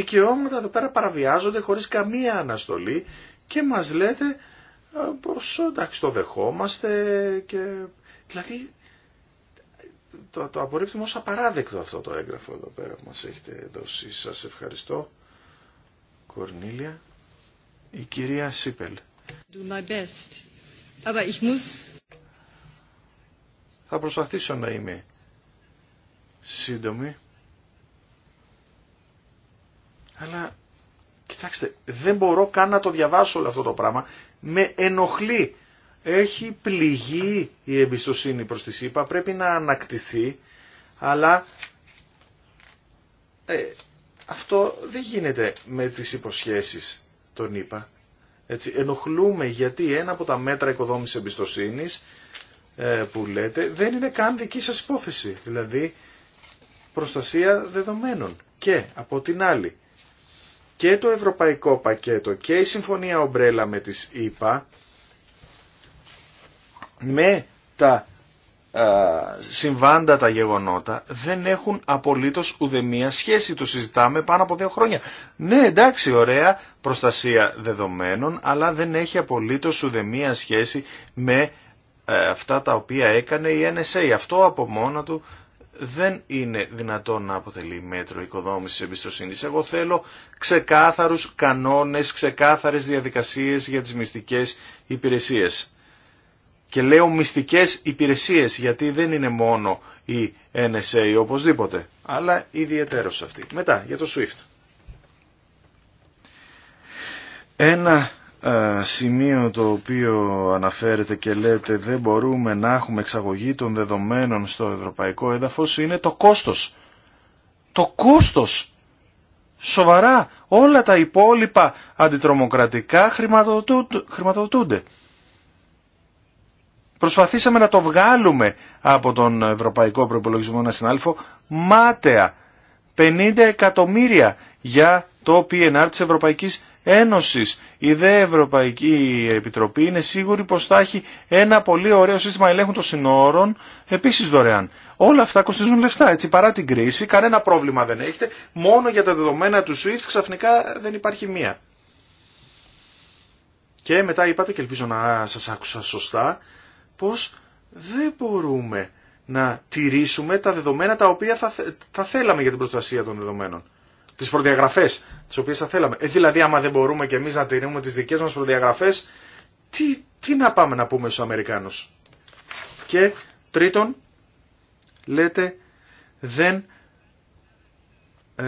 Speaker 4: δικαιώματα εδώ πέρα παραβιάζονται χωρίς καμία αναστολή και μας λέτε ε, πως εντάξει το δεχόμαστε και δηλαδή το, το απορρίπτουμε ως απαράδεκτο αυτό το έγγραφο εδώ πέρα που μας έχετε δώσει. Σας ευχαριστώ Κορνίλια. Η κυρία Σίπελ.
Speaker 1: Do my best. Aber ich muss...
Speaker 4: Θα προσπαθήσω να είμαι σύντομη. Αλλά κοιτάξτε, δεν μπορώ καν να το διαβάσω όλο αυτό το πράγμα. Με ενοχλεί. Έχει πληγεί η εμπιστοσύνη προς τη ΣΥΠΑ, πρέπει να ανακτηθεί, αλλά ε, αυτό δεν γίνεται με τις υποσχέσεις των ΗΠΑ. Έτσι, ενοχλούμε γιατί ένα από τα μέτρα οικοδόμησης εμπιστοσύνης ε, που λέτε δεν είναι καν δική σας υπόθεση, δηλαδή προστασία δεδομένων. Και από την άλλη, και το ευρωπαϊκό πακέτο και η συμφωνία ομπρέλα με τις ΗΠΑ με τα α, συμβάντα τα γεγονότα δεν έχουν απολύτως ουδεμία σχέση. Το συζητάμε πάνω από δύο χρόνια. Ναι εντάξει ωραία προστασία δεδομένων αλλά δεν έχει απολύτως ουδεμία σχέση με ε, αυτά τα οποία έκανε η NSA. Αυτό από μόνο του δεν είναι δυνατόν να αποτελεί μέτρο οικοδόμηση εμπιστοσύνη. Εγώ θέλω ξεκάθαρους κανόνες, ξεκάθαρες διαδικασίες για τις μυστικές υπηρεσίες. Και λέω μυστικές υπηρεσίες γιατί δεν είναι μόνο η NSA οπωσδήποτε, αλλά ιδιαίτερω αυτή. Μετά για το SWIFT. Ένα σημείο το οποίο αναφέρεται και λέτε δεν μπορούμε να έχουμε εξαγωγή των δεδομένων στο ευρωπαϊκό έδαφος είναι το κόστος. Το κόστος. Σοβαρά. Όλα τα υπόλοιπα αντιτρομοκρατικά χρηματοδοτούνται. Προσπαθήσαμε να το βγάλουμε από τον Ευρωπαϊκό Προπολογισμό ένα συνάλφο μάταια. 50 εκατομμύρια για το PNR της Ευρωπαϊκής Ένωσης. Η ΔΕ Ευρωπαϊκή Επιτροπή είναι σίγουρη πως θα έχει ένα πολύ ωραίο σύστημα ελέγχου των συνόρων επίσης δωρεάν. Όλα αυτά κοστίζουν λεφτά, έτσι παρά την κρίση, κανένα πρόβλημα δεν έχετε, μόνο για τα δεδομένα του SWIFT ξαφνικά δεν υπάρχει μία. Και μετά είπατε και ελπίζω να σας άκουσα σωστά, πως δεν μπορούμε να τηρήσουμε τα δεδομένα τα οποία θα, θα θέλαμε για την προστασία των δεδομένων τι προδιαγραφέ τι οποίε θα θέλαμε. Ε, δηλαδή, άμα δεν μπορούμε κι εμεί να τηρούμε τι δικέ μα προδιαγραφέ, τι, τι να πάμε να πούμε στου Αμερικάνου. Και τρίτον, λέτε δεν ε,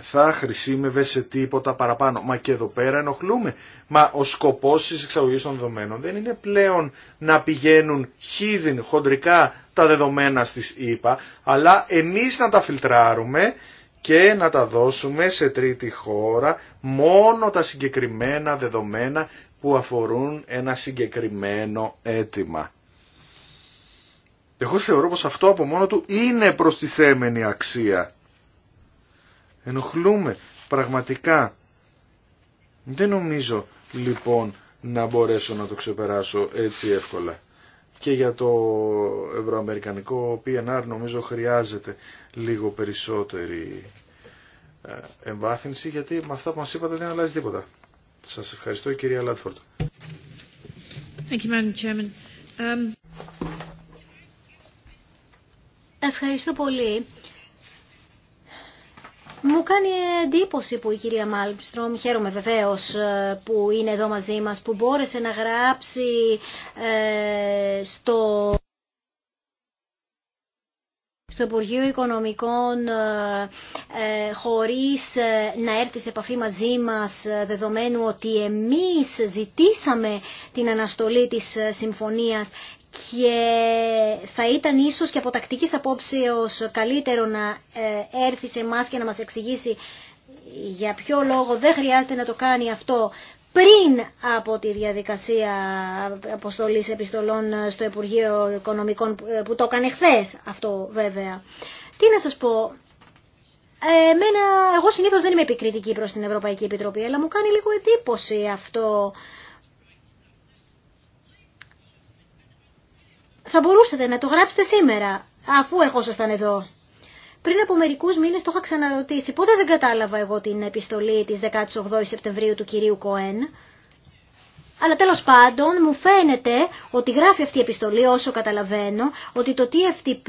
Speaker 4: θα χρησιμεύε σε τίποτα παραπάνω. Μα και εδώ πέρα ενοχλούμε. Μα ο σκοπό τη εξαγωγή των δεδομένων δεν είναι πλέον να πηγαίνουν χίδιν χοντρικά τα δεδομένα στις ΗΠΑ, αλλά εμείς να τα φιλτράρουμε και να τα δώσουμε σε τρίτη χώρα μόνο τα συγκεκριμένα δεδομένα που αφορούν ένα συγκεκριμένο αίτημα. Εγώ θεωρώ πως αυτό από μόνο του είναι προστιθέμενη αξία. Ενοχλούμε πραγματικά. Δεν νομίζω λοιπόν να μπορέσω να το ξεπεράσω έτσι εύκολα και για το ευρωαμερικανικό PNR νομίζω χρειάζεται λίγο περισσότερη ε, εμβάθυνση γιατί με αυτά που μας είπατε δεν αλλάζει τίποτα. Σας ευχαριστώ κυρία Λάτφορντ.
Speaker 2: Ευχαριστώ πολύ. Μου κάνει εντύπωση που η κυρία Μάλμπστρομ, χαίρομαι βεβαίω ε, που είναι εδώ μαζί μας, που μπόρεσε να γράψει ε, στο στο Υπουργείο Οικονομικών ε, χωρίς να έρθει σε επαφή μαζί μας δεδομένου ότι εμείς ζητήσαμε την αναστολή της συμφωνίας και θα ήταν ίσως και από τακτικής απόψεως καλύτερο να ε, έρθει σε εμά και να μας εξηγήσει για ποιο λόγο δεν χρειάζεται να το κάνει αυτό πριν από τη διαδικασία αποστολής επιστολών στο Υπουργείο Οικονομικών ε, που το έκανε χθε αυτό βέβαια. Τι να σας πω, εμένα, εγώ συνήθως δεν είμαι επικριτική προς την Ευρωπαϊκή Επιτροπή, αλλά μου κάνει λίγο εντύπωση αυτό Θα μπορούσατε να το γράψετε σήμερα, αφού ερχόσασταν εδώ. Πριν από μερικού μήνε το είχα ξαναρωτήσει. Πότε δεν κατάλαβα εγώ την επιστολή τη 18 η Σεπτεμβρίου του κυρίου Κοέν. Αλλά τέλος πάντων μου φαίνεται ότι γράφει αυτή η επιστολή όσο καταλαβαίνω ότι το TFTP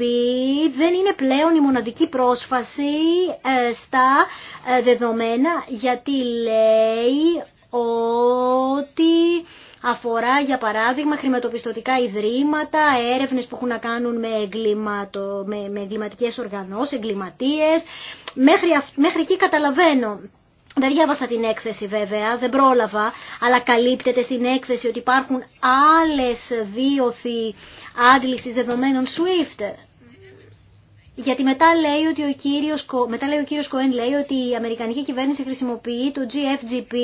Speaker 2: δεν είναι πλέον η μοναδική πρόσφαση ε, στα ε, δεδομένα γιατί λέει ότι αφορά για παράδειγμα χρηματοπιστωτικά ιδρύματα, έρευνες που έχουν να κάνουν με, εγκληματο, με, με εγκληματικές οργανώσεις, εγκληματίες. Μέχρι, μέχρι εκεί καταλαβαίνω. Δεν διάβασα την έκθεση βέβαια, δεν πρόλαβα, αλλά καλύπτεται στην έκθεση ότι υπάρχουν άλλες δύο άντλησης δεδομένων SWIFT. Γιατί μετά λέει, ότι ο κύριος, μετά λέει ο κύριος Κοέν λέει ότι η Αμερικανική κυβέρνηση χρησιμοποιεί το GFGP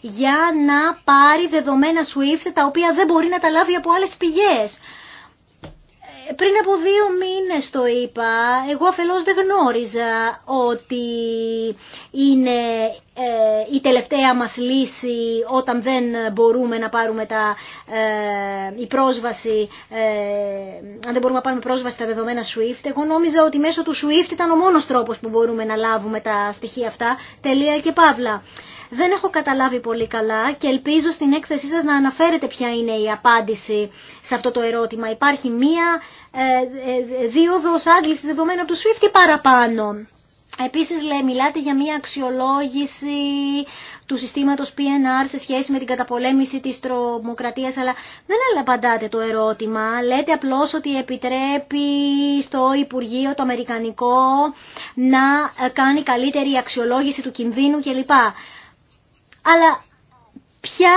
Speaker 2: για να πάρει δεδομένα SWIFT τα οποία δεν μπορεί να τα λάβει από άλλες πηγές πριν από δύο μήνες το είπα, εγώ αφελώς δεν γνώριζα ότι είναι ε, η τελευταία μας λύση όταν δεν μπορούμε να πάρουμε τα, ε, η πρόσβαση, ε, αν δεν μπορούμε να πάρουμε πρόσβαση στα δεδομένα SWIFT. Εγώ νόμιζα ότι μέσω του SWIFT ήταν ο μόνος τρόπος που μπορούμε να λάβουμε τα στοιχεία αυτά, τελεία και παύλα δεν έχω καταλάβει πολύ καλά και ελπίζω στην έκθεσή σας να αναφέρετε ποια είναι η απάντηση σε αυτό το ερώτημα. Υπάρχει μία ε, ε δίωδος άγγλισης δεδομένα από το SWIFT και παραπάνω. Επίσης μιλάτε για μια αξιολόγηση του συστήματος PNR σε σχέση με την καταπολέμηση της τρομοκρατίας, αλλά δεν απαντάτε το ερώτημα. Λέτε απλώς ότι επιτρέπει στο Υπουργείο το Αμερικανικό να κάνει καλύτερη αξιολόγηση του κινδύνου κλπ αλλά ποια,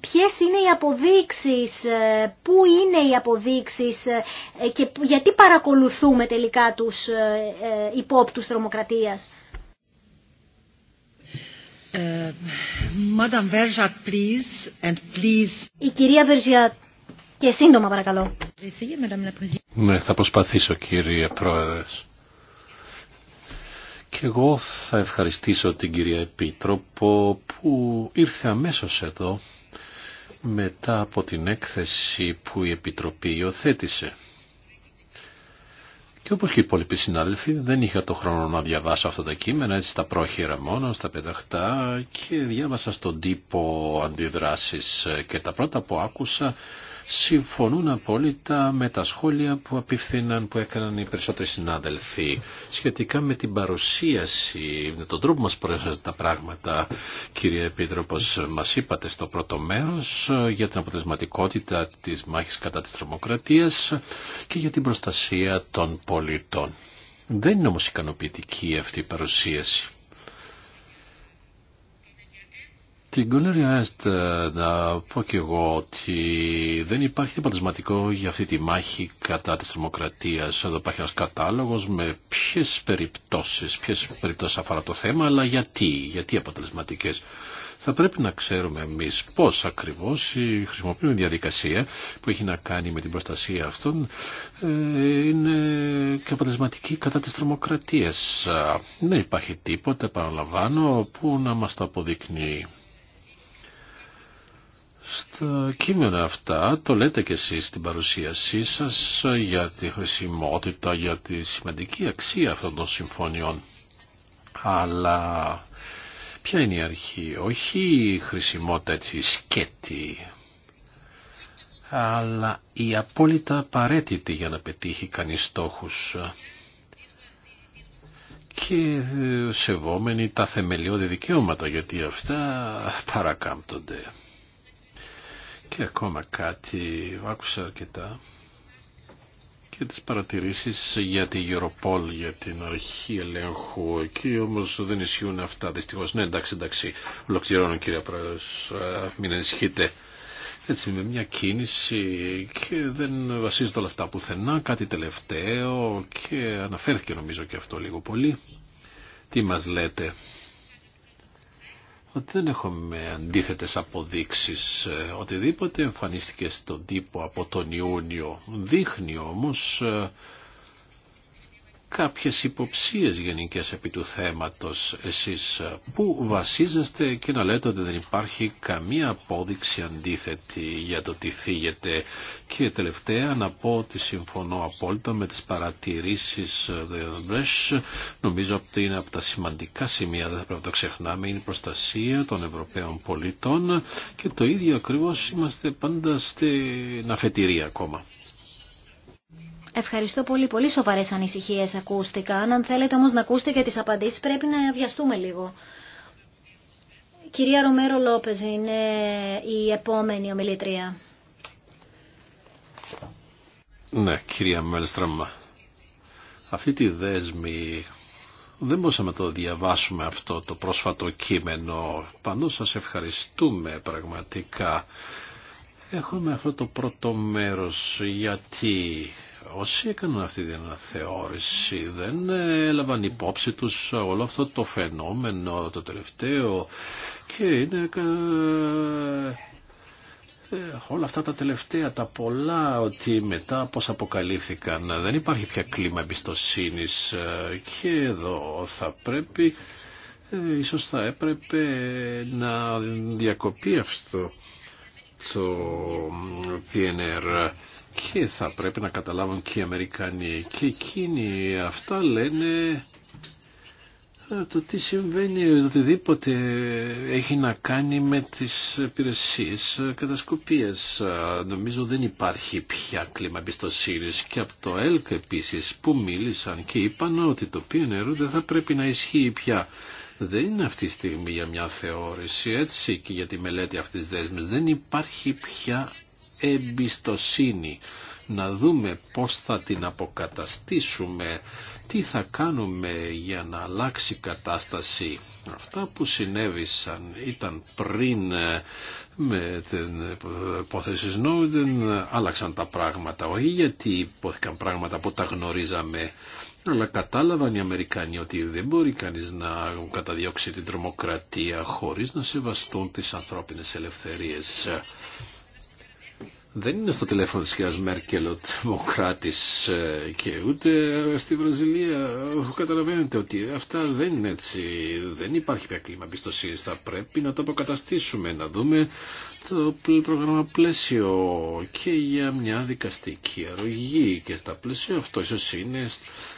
Speaker 2: ποιες είναι οι αποδείξεις, ε, πού είναι οι αποδείξεις ε, και γιατί παρακολουθούμε τελικά τους ε, υπόπτους τρομοκρατίας.
Speaker 1: please, and
Speaker 2: please. Η κυρία Βερζιάτ, και σύντομα παρακαλώ.
Speaker 3: Ναι, θα προσπαθήσω κύριε Πρόεδρε. Και εγώ θα ευχαριστήσω την κυρία Επίτροπο που ήρθε αμέσως εδώ μετά από την έκθεση που η Επιτροπή υιοθέτησε. Και όπως και οι υπόλοιποι συνάδελφοι δεν είχα το χρόνο να διαβάσω αυτά τα κείμενα έτσι στα πρόχειρα μόνο, στα πεταχτά και διάβασα στον τύπο αντιδράσεις και τα πρώτα που άκουσα συμφωνούν απόλυτα με τα σχόλια που απευθύναν, που έκαναν οι περισσότεροι συνάδελφοι σχετικά με την παρουσίαση, με τον τρόπο που μας προέρχονται τα πράγματα. Κύριε Επίτροπο, μας είπατε στο πρώτο μέρος για την αποτελεσματικότητα της μάχης κατά της τρομοκρατίας και για την προστασία των πολιτών. Δεν είναι όμως ικανοποιητική αυτή η παρουσίαση. Την κολέρια Αέστ ε, να πω και εγώ ότι δεν υπάρχει αποτελεσματικό για αυτή τη μάχη κατά της τρομοκρατίας. Εδώ υπάρχει ένας κατάλογος με ποιες περιπτώσεις, ποιες περιπτώσεις αφορά το θέμα, αλλά γιατί, γιατί αποτελεσματικές. Θα πρέπει να ξέρουμε εμείς πώς ακριβώς η χρησιμοποιούμε διαδικασία που έχει να κάνει με την προστασία αυτών ε, είναι και αποτελεσματική κατά της τρομοκρατίας. Ε, δεν υπάρχει τίποτα, παραλαμβάνω, που να μας το αποδεικνύει. Στα κείμενα αυτά το λέτε και εσείς στην παρουσίασή σας για τη χρησιμότητα, για τη σημαντική αξία αυτών των συμφωνιών. Αλλά ποια είναι η αρχή, όχι η χρησιμότητα έτσι σκέτη, αλλά η απόλυτα απαραίτητη για να πετύχει κανείς στόχους και σεβόμενοι τα θεμελιώδη δικαιώματα γιατί αυτά παρακάμπτονται. Και ακόμα κάτι, άκουσα αρκετά και τις παρατηρήσεις για τη Europol, για την αρχή ελέγχου. Εκεί όμως δεν ισχύουν αυτά δυστυχώς. Ναι, εντάξει, εντάξει, ολοκληρώνω κύριε Πρόεδρος, μην ανησυχείτε. Έτσι με μια κίνηση και δεν βασίζονται όλα αυτά πουθενά, κάτι τελευταίο και αναφέρθηκε νομίζω και αυτό λίγο πολύ. Τι μας λέτε ότι δεν έχουμε αντίθετες αποδείξεις. Ε, οτιδήποτε εμφανίστηκε στον τύπο από τον Ιούνιο δείχνει όμως ε, κάποιες υποψίες γενικές επί του θέματος εσείς ε, που βασίζεστε και να λέτε ότι δεν υπάρχει καμία απόδειξη αντίθετη για το τι θίγεται και τελευταία να πω ότι συμφωνώ απόλυτα με τις παρατηρήσεις ε, Μπρεσ νομίζω ότι είναι από τα σημαντικά σημεία δεν θα πρέπει να το ξεχνάμε είναι η προστασία των Ευρωπαίων πολιτών και το ίδιο ακριβώς είμαστε πάντα στην αφετηρία ακόμα.
Speaker 2: Ευχαριστώ πολύ. Πολύ σοβαρές ανησυχίες ακούστηκαν. Αν θέλετε όμως να ακούσετε και τις απαντήσεις πρέπει να βιαστούμε λίγο. Κυρία Ρομέρο Λόπεζ είναι η επόμενη ομιλήτρια.
Speaker 3: Ναι, κυρία Μέλστραμ, αυτή τη δέσμη δεν μπορούσαμε να το διαβάσουμε αυτό το πρόσφατο κείμενο. Παντού σας ευχαριστούμε πραγματικά. Έχουμε αυτό το πρώτο μέρος γιατί όσοι έκαναν αυτή την αναθεώρηση δεν ε, έλαβαν υπόψη τους όλο αυτό το φαινόμενο το τελευταίο και είναι ε, όλα αυτά τα τελευταία, τα πολλά, ότι μετά πώς αποκαλύφθηκαν, δεν υπάρχει πια κλίμα εμπιστοσύνη ε, και εδώ θα πρέπει, ίσως θα έπρεπε να διακοπεί αυτό το PNR και θα πρέπει να καταλάβουν και οι Αμερικανοί και εκείνοι αυτά λένε ε, το τι συμβαίνει, οτιδήποτε έχει να κάνει με τις υπηρεσίε κατασκοπίες. Νομίζω δεν υπάρχει πια κλίμα εμπιστοσύνη και από το ΕΛΚ επίσης που μίλησαν και είπαν ότι το PNR δεν θα πρέπει να ισχύει πια. Δεν είναι αυτή τη στιγμή για μια θεώρηση έτσι και για τη μελέτη αυτής της δέσμης. Δεν υπάρχει πια εμπιστοσύνη. Να δούμε πώς θα την αποκαταστήσουμε, τι θα κάνουμε για να αλλάξει η κατάσταση. Αυτά που συνέβησαν ήταν πριν ε, με την υπόθεση Snowden δεν άλλαξαν τα πράγματα. Όχι γιατί υπόθηκαν πράγματα που τα γνωρίζαμε. Αλλά κατάλαβαν οι Αμερικανοί ότι δεν μπορεί κανείς να καταδιώξει την τρομοκρατία χωρίς να σεβαστούν τις ανθρώπινες ελευθερίες δεν είναι στο τηλέφωνο της κυρίας Μέρκελ ο ε, και ούτε στη Βραζιλία. Καταλαβαίνετε ότι αυτά δεν είναι έτσι. Δεν υπάρχει πια κλίμα εμπιστοσύνη. Θα πρέπει να το αποκαταστήσουμε, να δούμε το πρόγραμμα πλαίσιο και για μια δικαστική αρρωγή. Και στα πλαίσια αυτό ίσως είναι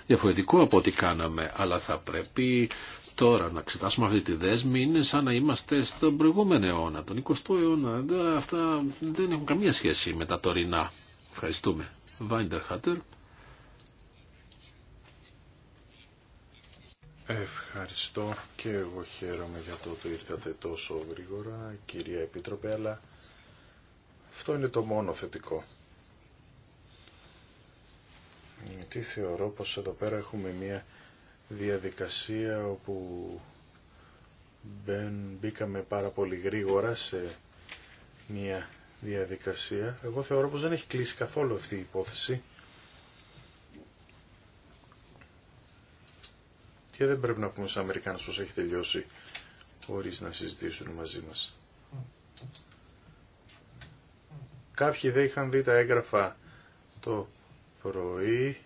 Speaker 3: διαφορετικό από ό,τι κάναμε, αλλά θα πρέπει Τώρα να εξετάσουμε αυτή τη δέσμη είναι σαν να είμαστε στον προηγούμενο αιώνα, τον 20ο αιώνα. Αυτά δεν έχουν καμία σχέση με τα τωρινά. Ευχαριστούμε. Βάιντερ Χάτερ.
Speaker 4: Ευχαριστώ και εγώ χαίρομαι για το ότι ήρθατε τόσο γρήγορα, κυρία Επίτροπε, αλλά αυτό είναι το μόνο θετικό. Γιατί θεωρώ πως εδώ πέρα έχουμε μία διαδικασία όπου μπήκαμε πάρα πολύ γρήγορα σε μια διαδικασία. Εγώ θεωρώ πως δεν έχει κλείσει καθόλου αυτή η υπόθεση. Και δεν πρέπει να πούμε στους Αμερικάνους πως έχει τελειώσει χωρίς να συζητήσουν μαζί μας. Κάποιοι δεν είχαν δει τα έγγραφα το πρωί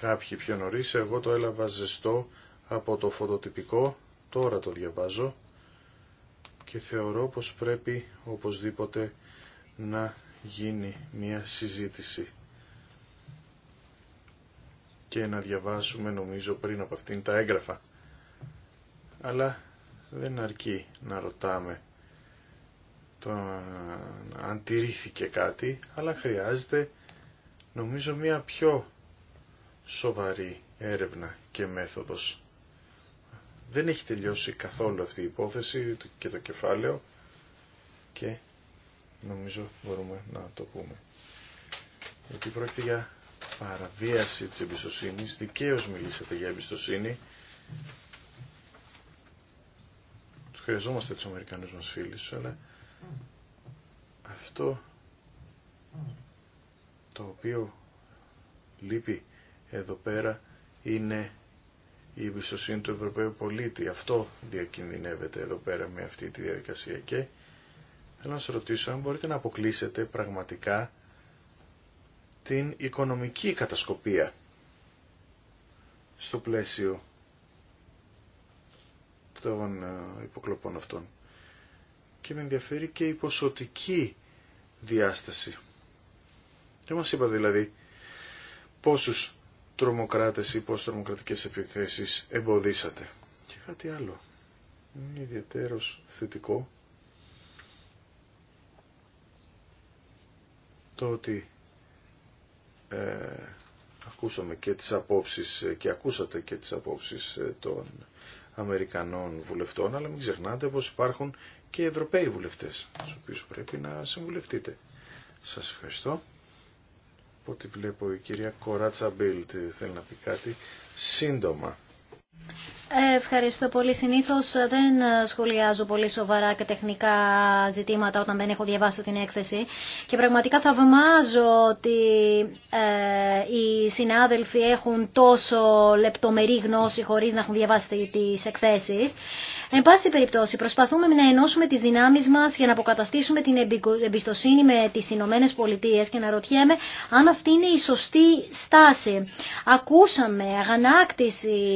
Speaker 4: κάποιοι πιο νωρίς, εγώ το έλαβα ζεστό από το φωτοτυπικό, τώρα το διαβάζω και θεωρώ πως πρέπει οπωσδήποτε να γίνει μια συζήτηση και να διαβάσουμε νομίζω πριν από αυτήν τα έγγραφα. Αλλά δεν αρκεί να ρωτάμε το αν τηρήθηκε κάτι, αλλά χρειάζεται νομίζω μια πιο σοβαρή έρευνα και μέθοδος. Δεν έχει τελειώσει καθόλου αυτή η υπόθεση και το κεφάλαιο και νομίζω μπορούμε να το πούμε. Γιατί πρόκειται για παραβίαση της εμπιστοσύνης, δικαίως μιλήσατε για εμπιστοσύνη. Τους χρειαζόμαστε τους Αμερικανούς μας φίλους, αλλά αυτό το οποίο λείπει εδώ πέρα είναι η εμπιστοσύνη του Ευρωπαίου πολίτη. Αυτό διακινδυνεύεται εδώ πέρα με αυτή τη διαδικασία. Και θέλω να σα ρωτήσω αν μπορείτε να αποκλείσετε πραγματικά την οικονομική κατασκοπία στο πλαίσιο των ε, υποκλοπών αυτών. Και με ενδιαφέρει και η ποσοτική διάσταση. Δεν μας είπα δηλαδή πόσους τρομοκράτες ή πώς τρομοκρατικές επιθέσεις εμποδίσατε. Και κάτι άλλο. Είναι ιδιαίτερος θετικό το ότι ε, ακούσαμε και τις απόψεις ε, και ακούσατε και τις απόψεις ε, των Αμερικανών βουλευτών, αλλά μην ξεχνάτε πως υπάρχουν και Ευρωπαίοι βουλευτές, στους οποίους πρέπει να συμβουλευτείτε. Σας ευχαριστώ. Από ό,τι βλέπω η κυρία Κοράτσα Μπίλτ θέλει να πει κάτι σύντομα.
Speaker 2: Ευχαριστώ πολύ. Συνήθως δεν σχολιάζω πολύ σοβαρά και τεχνικά ζητήματα όταν δεν έχω διαβάσει την έκθεση και πραγματικά θαυμάζω ότι ε, οι συνάδελφοι έχουν τόσο λεπτομερή γνώση χωρί να έχουν διαβάσει τι εκθέσει. Εν πάση περιπτώσει, προσπαθούμε να ενώσουμε τις δυνάμεις μας για να αποκαταστήσουμε την εμπιστοσύνη με τις Ηνωμένε Πολιτείε και να ρωτιέμαι αν αυτή είναι η σωστή στάση. Ακούσαμε αγανάκτηση,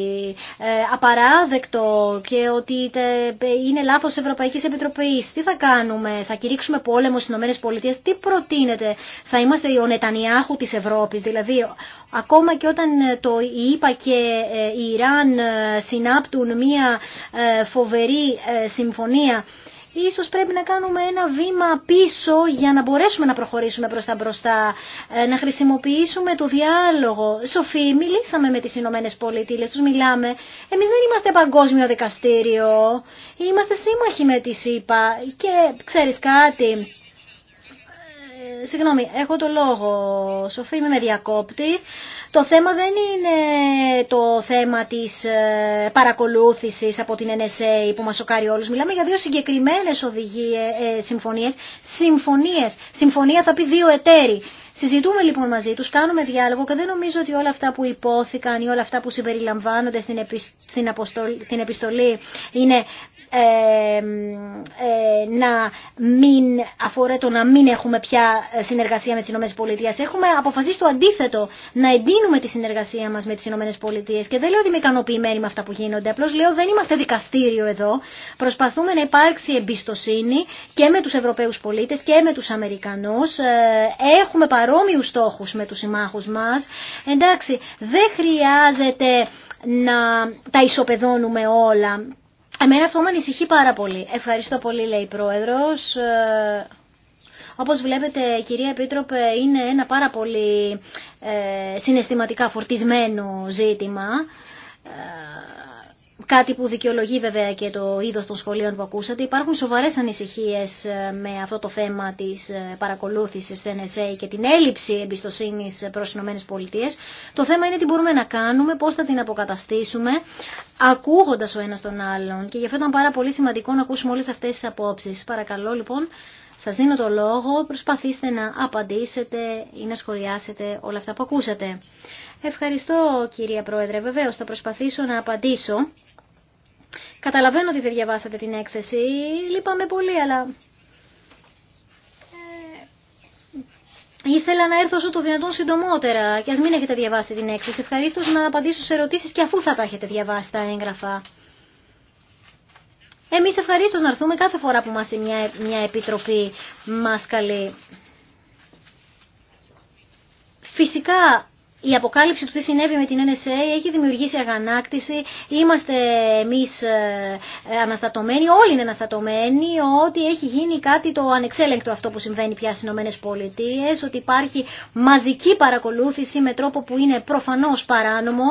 Speaker 2: ε, απαράδεκτο και ότι ε, είναι λάθος Ευρωπαϊκής Επιτροπής. Τι θα κάνουμε, θα κηρύξουμε πόλεμο στις Ηνωμένε Πολιτείε. Τι προτείνετε, θα είμαστε ο Νετανιάχου της Ευρώπης, δηλαδή Ακόμα και όταν ε, το ΙΠΑ και ε, η Ιράν ε, συνάπτουν μια φοβερή συμφωνία, ίσως πρέπει να κάνουμε ένα βήμα πίσω για να μπορέσουμε να προχωρήσουμε προς τα μπροστά, να χρησιμοποιήσουμε το διάλογο. Σοφή, μιλήσαμε με τις Ηνωμένε Πολιτείες, τους μιλάμε. Εμείς δεν είμαστε παγκόσμιο δικαστήριο, είμαστε σύμμαχοι με τις ΙΠΑ. και ξέρεις κάτι συγγνώμη, έχω το λόγο, Σοφή, είμαι με διακόπτης. Το θέμα δεν είναι το θέμα της ε, παρακολούθησης από την NSA που μας σοκάρει όλους. Μιλάμε για δύο συγκεκριμένες οδηγίες, ε, συμφωνίες. Συμφωνίες. Συμφωνία θα πει δύο εταίροι. Συζητούμε λοιπόν μαζί τους, κάνουμε διάλογο και δεν νομίζω ότι όλα αυτά που υπόθηκαν ή όλα αυτά που συμπεριλαμβάνονται στην, στην, στην επιστολή είναι ε, να μην αφορέ να μην έχουμε πια ε, συνεργασία με τις ΗΠΑ. Έχουμε αποφασίσει το αντίθετο, να εντείνουμε τη συνεργασία μας με τις ΗΠΑ και δεν λέω ότι είμαι ικανοποιημένη με αυτά που γίνονται, απλώς λέω δεν είμαστε δικαστήριο εδώ, προσπαθούμε να υπάρξει εμπιστοσύνη και με τους Ευρωπαίους πολίτες και με τους Αμερικανούς, ε, έχουμε παρόμοιους στόχους με τους συμμάχους μας, εντάξει, δεν χρειάζεται να τα ισοπεδώνουμε όλα. Εμένα αυτό με ανησυχεί πάρα πολύ. Ευχαριστώ πολύ, λέει η Πρόεδρος. Ε, όπως βλέπετε, κυρία Επίτροπε, είναι ένα πάρα πολύ ε, συναισθηματικά φορτισμένο ζήτημα ε, κάτι που δικαιολογεί βέβαια και το είδος των σχολείων που ακούσατε. Υπάρχουν σοβαρές ανησυχίες ε, με αυτό το θέμα της ε, παρακολούθησης NSA και την έλλειψη εμπιστοσύνης προς τις ΗΠΑ. Το θέμα είναι τι μπορούμε να κάνουμε, πώς θα την αποκαταστήσουμε, ακούγοντας ο ένας τον άλλον. Και γι' αυτό ήταν πάρα πολύ σημαντικό να ακούσουμε όλες αυτές τις απόψεις. Παρακαλώ λοιπόν, σας δίνω το λόγο, προσπαθήστε να απαντήσετε ή να σχολιάσετε όλα αυτά που ακούσατε. Ευχαριστώ κυρία Πρόεδρε, βεβαίως θα προσπαθήσω να απαντήσω Καταλαβαίνω ότι δεν διαβάσατε την έκθεση, Λυπάμαι πολύ, αλλά ε, Ήθελα να έρθω όσο το δυνατόν συντομότερα και α μην έχετε διαβάσει την έκθεση. Ευχαρίστω να απαντήσω σε ερωτήσει και αφού θα τα έχετε διαβάσει τα έγγραφα. Εμεί ευχαρίστω να έρθουμε κάθε φορά που μας μια, μια επιτροπή μα καλεί. Φυσικά η αποκάλυψη του τι συνέβη με την NSA έχει δημιουργήσει αγανάκτηση. Είμαστε εμεί ε, ε, αναστατωμένοι, όλοι είναι αναστατωμένοι ότι έχει γίνει κάτι το ανεξέλεγκτο αυτό που συμβαίνει πια στι ΗΠΑ ότι υπάρχει μαζική παρακολούθηση με τρόπο που είναι προφανώ παράνομο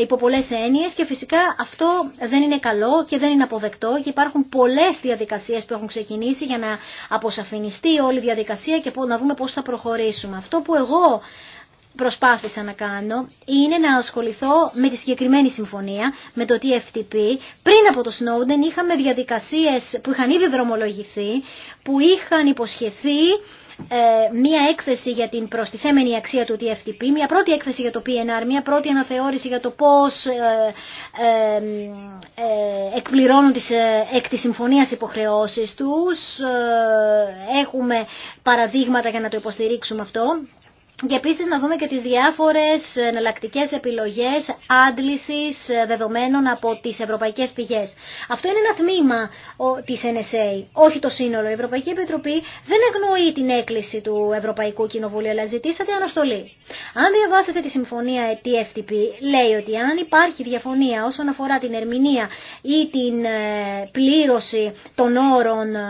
Speaker 2: ε, υπό πολλέ έννοιε και φυσικά αυτό δεν είναι καλό και δεν είναι αποδεκτό και υπάρχουν πολλέ διαδικασίε που έχουν ξεκινήσει για να αποσαφινιστεί όλη η διαδικασία και να δούμε πώ θα προχωρήσουμε. Αυτό που εγώ προσπάθησα να κάνω είναι να ασχοληθώ με τη συγκεκριμένη συμφωνία, με το TFTP. Πριν από το Snowden είχαμε διαδικασίες που είχαν ήδη δρομολογηθεί, που είχαν υποσχεθεί ε, μία έκθεση για την προστιθέμενη αξία του TFTP, μία πρώτη έκθεση για το PNR, μία πρώτη αναθεώρηση για το πώς ε, ε, ε εκπληρώνουν τις εκ της συμφωνίας υποχρεώσεις τους. Έχουμε παραδείγματα για να το υποστηρίξουμε αυτό. Και επίσης να δούμε και τις διάφορες εναλλακτικέ επιλογές άντλησης δεδομένων από τις ευρωπαϊκές πηγές. Αυτό είναι ένα τμήμα της NSA, όχι το σύνολο. Η Ευρωπαϊκή Επιτροπή δεν αγνοεί την έκκληση του Ευρωπαϊκού Κοινοβουλίου, αλλά ζητήσατε αναστολή. Αν διαβάσετε τη συμφωνία TFTP, λέει ότι αν υπάρχει διαφωνία όσον αφορά την ερμηνεία ή την ε, πλήρωση των όρων ε,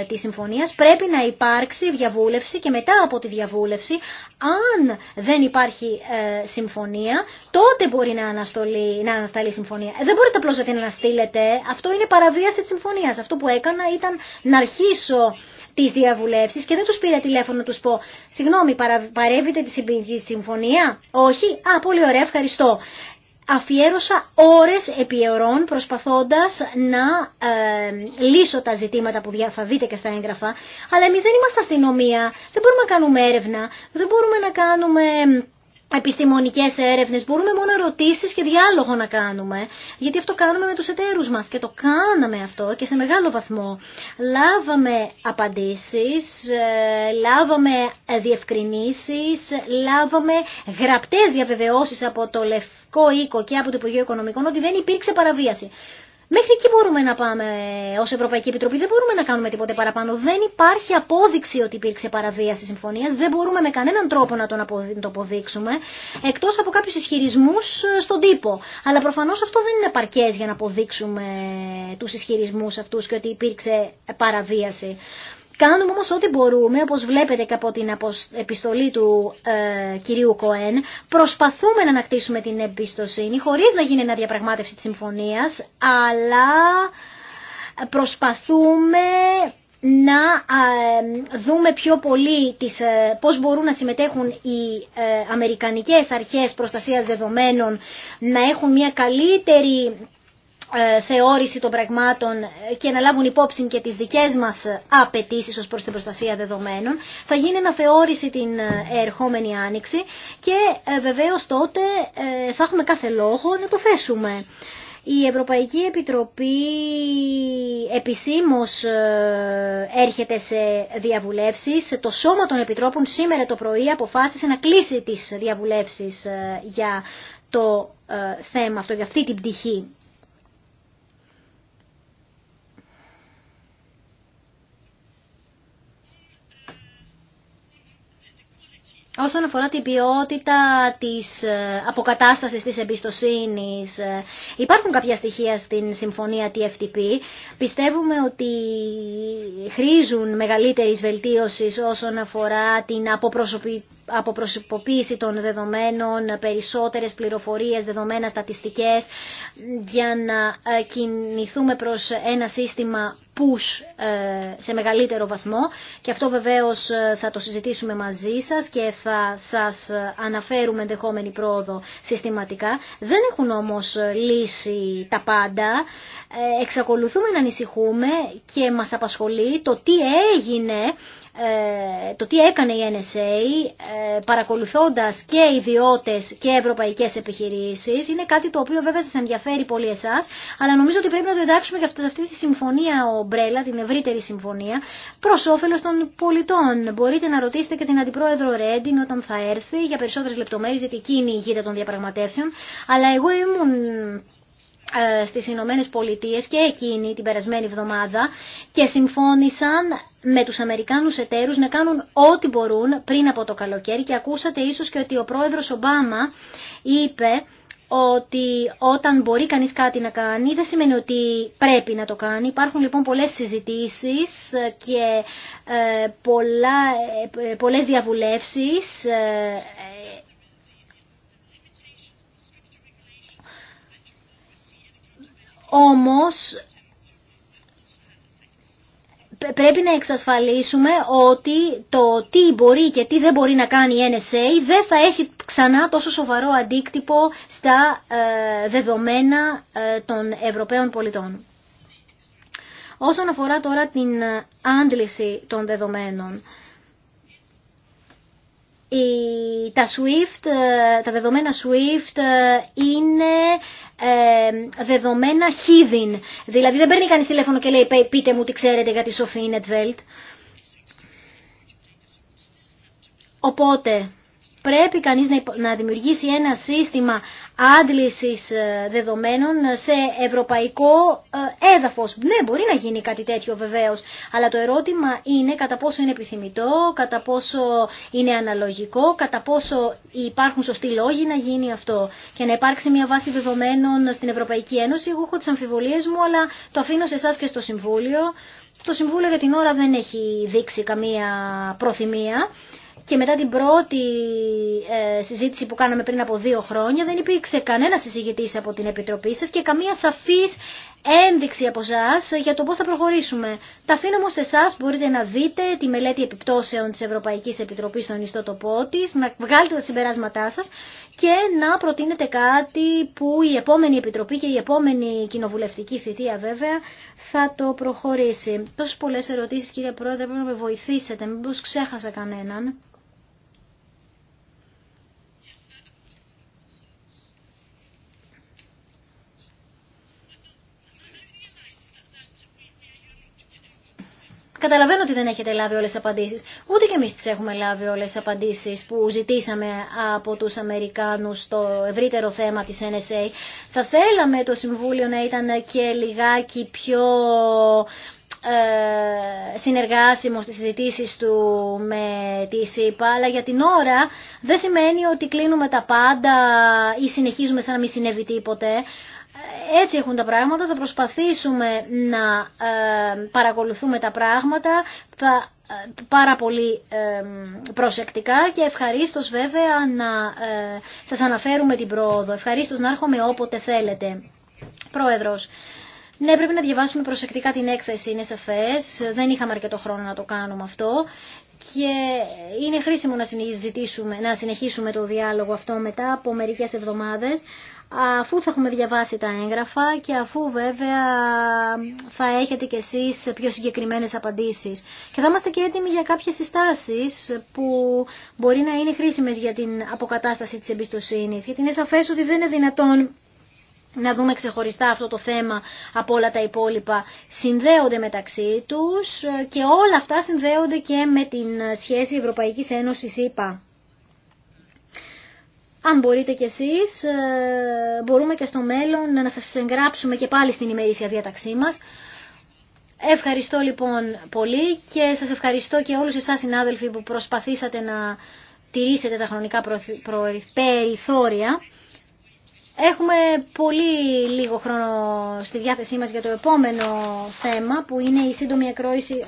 Speaker 2: ε, της συμφωνίας, πρέπει να υπάρξει διαβούλευση και μετά από τη διαβούλευση αν δεν υπάρχει ε, συμφωνία, τότε μπορεί να, αναστολεί, να ανασταλεί συμφωνία. Ε, δεν μπορείτε απλώ να την αναστείλετε. Αυτό είναι παραβίαση τη συμφωνία. Αυτό που έκανα ήταν να αρχίσω τι διαβουλεύσει και δεν του πήρα τηλέφωνο να του πω Συγγνώμη, παρα, παρεύετε τη συμφωνία. Όχι. Α, πολύ ωραία, ευχαριστώ αφιέρωσα ώρες επί προσπαθώντας να ε, λύσω τα ζητήματα που θα δείτε και στα έγγραφα. Αλλά εμείς δεν είμαστε αστυνομία, δεν μπορούμε να κάνουμε έρευνα, δεν μπορούμε να κάνουμε επιστημονικές έρευνες, μπορούμε μόνο ερωτήσεις και διάλογο να κάνουμε, γιατί αυτό κάνουμε με τους εταίρους μας και το κάναμε αυτό και σε μεγάλο βαθμό. Λάβαμε απαντήσεις, ε, λάβαμε ε, διευκρινήσεις, λάβαμε γραπτές διαβεβαιώσεις από το και από το Υπουργείο Οικονομικών ότι δεν υπήρξε παραβίαση. Μέχρι εκεί μπορούμε να πάμε ω Ευρωπαϊκή Επιτροπή. Δεν μπορούμε να κάνουμε τίποτε παραπάνω. Δεν υπάρχει απόδειξη ότι υπήρξε παραβίαση συμφωνία. Δεν μπορούμε με κανέναν τρόπο να τον το αποδείξουμε. Εκτό από κάποιου ισχυρισμού στον τύπο. Αλλά προφανώ αυτό δεν είναι παρκέ για να αποδείξουμε του ισχυρισμού αυτού και ότι υπήρξε παραβίαση. Κάνουμε όμως ό,τι μπορούμε, όπως βλέπετε και από την επιστολή του ε, κυρίου Κοέν, προσπαθούμε να ανακτήσουμε την εμπιστοσύνη χωρίς να γίνει ένα διαπραγμάτευση της συμφωνίας, αλλά προσπαθούμε να δούμε πιο πολύ τις, ε, πώς μπορούν να συμμετέχουν οι ε, αμερικανικές αρχές προστασίας δεδομένων, να έχουν μια καλύτερη ε, θεώρηση των πραγμάτων και να λάβουν υπόψη και τις δικές μας απαιτήσει ως προς την προστασία δεδομένων. Θα γίνει να θεώρηση την ε, ερχόμενη άνοιξη και ε, βεβαίως τότε θα έχουμε κάθε λόγο να το θέσουμε. Η Ευρωπαϊκή Επιτροπή επισήμως έρχεται σε διαβουλεύσεις. Το Σώμα των Επιτρόπων σήμερα το πρωί αποφάσισε να κλείσει τις διαβουλεύσεις για το θέμα αυτό, για αυτή την πτυχή Όσον αφορά την ποιότητα της ε, αποκατάστασης της εμπιστοσύνης, ε, υπάρχουν κάποια στοιχεία στην συμφωνία TFTP. Πιστεύουμε ότι χρήζουν μεγαλύτερης βελτίωσης όσον αφορά την αποπροσωποποίηση των δεδομένων, περισσότερες πληροφορίες, δεδομένα στατιστικές, για να ε, κινηθούμε προς ένα σύστημα push ε, σε μεγαλύτερο βαθμό και αυτό βεβαίως ε, θα το συζητήσουμε μαζί σας και θα σας ε, αναφέρουμε ενδεχόμενη πρόοδο συστηματικά. Δεν έχουν όμως λύσει τα πάντα. Ε, εξακολουθούμε να ανησυχούμε και μας απασχολεί το τι έγινε ε, το τι έκανε η NSA ε, παρακολουθώντας και ιδιώτες και ευρωπαϊκές επιχειρήσεις είναι κάτι το οποίο βέβαια σας ενδιαφέρει πολύ εσάς αλλά νομίζω ότι πρέπει να το εντάξουμε και αυτή τη συμφωνία ο Μπρέλα, την ευρύτερη συμφωνία προς όφελος των πολιτών. Μπορείτε να ρωτήσετε και την Αντιπρόεδρο Ρέντιν όταν θα έρθει για περισσότερες λεπτομέρειες γιατί εκείνη γύρω των διαπραγματεύσεων αλλά εγώ ήμουν ε, στις Ηνωμένε Πολιτείες και εκείνη την περασμένη εβδομάδα και συμφώνησαν με τους Αμερικάνους εταίρους να κάνουν ό,τι μπορούν πριν από το καλοκαίρι και ακούσατε ίσως και ότι ο πρόεδρος Ομπάμα είπε ότι όταν μπορεί κανείς κάτι να κάνει δεν σημαίνει ότι πρέπει να το κάνει. Υπάρχουν λοιπόν πολλές συζητήσεις και ε, πολλά, ε, πολλές διαβουλεύσεις Όμως πρέπει να εξασφαλίσουμε ότι το τι μπορεί και τι δεν μπορεί να κάνει η NSA δεν θα έχει ξανά τόσο σοβαρό αντίκτυπο στα ε, δεδομένα ε, των Ευρωπαίων πολιτών. Όσον αφορά τώρα την άντληση των δεδομένων, τα, Swift, ε, τα δεδομένα SWIFT είναι ε, δεδομένα χίδιν. Δηλαδή δεν παίρνει κανείς τηλέφωνο και λέει πείτε μου τι ξέρετε για τη Σοφή Ινετβέλτ. Οπότε πρέπει κανείς να δημιουργήσει ένα σύστημα άντλησης ε, δεδομένων σε ευρωπαϊκό ε, έδαφος. Ναι, μπορεί να γίνει κάτι τέτοιο βεβαίως, αλλά το ερώτημα είναι κατά πόσο είναι επιθυμητό, κατά πόσο είναι αναλογικό, κατά πόσο υπάρχουν σωστοί λόγοι να γίνει αυτό και να υπάρξει μια βάση δεδομένων στην Ευρωπαϊκή Ένωση. Εγώ έχω τις αμφιβολίες μου, αλλά το αφήνω σε εσά και στο Συμβούλιο. Το Συμβούλιο για την ώρα δεν έχει δείξει καμία προθυμία και μετά την πρώτη ε, συζήτηση που κάναμε πριν από δύο χρόνια δεν υπήρξε κανένα συζητητής από την Επιτροπή σας και καμία σαφής ένδειξη από εσά για το πώς θα προχωρήσουμε. Τα αφήνω όμως σε εσά, μπορείτε να δείτε τη μελέτη επιπτώσεων της Ευρωπαϊκής Επιτροπής στον ιστότοπό τη, να βγάλετε τα συμπεράσματά σας και να προτείνετε κάτι που η επόμενη Επιτροπή και η επόμενη κοινοβουλευτική θητεία βέβαια θα το προχωρήσει. Τόσες πολλές ερωτήσεις κύριε Πρόεδρε, πρέπει να με βοηθήσετε, μήπως ξέχασα κανέναν. Καταλαβαίνω ότι δεν έχετε λάβει όλες τις απαντήσεις. Ούτε και εμείς τις έχουμε λάβει όλες τις απαντήσεις που ζητήσαμε από τους Αμερικάνους στο ευρύτερο θέμα της NSA. Θα θέλαμε το Συμβούλιο να ήταν και λιγάκι πιο ε, συνεργάσιμο στις συζητήσεις του με τη ΣΥΠΑ, αλλά για την ώρα δεν σημαίνει ότι κλείνουμε τα πάντα ή συνεχίζουμε σαν να μην συνέβη τίποτε έτσι έχουν τα πράγματα, θα προσπαθήσουμε να ε, παρακολουθούμε τα πράγματα, θα ε, πάρα πολύ ε, προσεκτικά και ευχαρίστως βέβαια να σας αναφέρουμε την πρόοδο. Ευχαρίστως να έρχομαι όποτε θέλετε. Πρόεδρος, ναι πρέπει να διαβάσουμε προσεκτικά την έκθεση, είναι σαφές, δεν είχαμε αρκετό χρόνο να το κάνουμε αυτό και είναι χρήσιμο να, να συνεχίσουμε το διάλογο αυτό μετά από μερικές εβδομάδες αφού θα έχουμε διαβάσει τα έγγραφα και αφού βέβαια θα έχετε κι εσείς πιο συγκεκριμένες απαντήσεις. Και θα είμαστε και έτοιμοι για κάποιες συστάσεις που μπορεί να είναι χρήσιμες για την αποκατάσταση της εμπιστοσύνης. Γιατί είναι σαφές ότι δεν είναι δυνατόν να δούμε ξεχωριστά αυτό το θέμα από όλα τα υπόλοιπα. Συνδέονται μεταξύ τους και όλα αυτά συνδέονται και με την σχέση Ευρωπαϊκής ΥΠΑ. Αν μπορείτε κι εσείς, ε, μπορούμε και στο μέλλον να σας εγγράψουμε και πάλι στην ημερήσια διάταξή μας. Ευχαριστώ λοιπόν πολύ και σας ευχαριστώ και όλους εσάς συνάδελφοι που προσπαθήσατε να τηρήσετε τα χρονικά περιθώρια. Έχουμε πολύ λίγο χρόνο στη διάθεσή μας για το επόμενο θέμα που είναι η σύντομη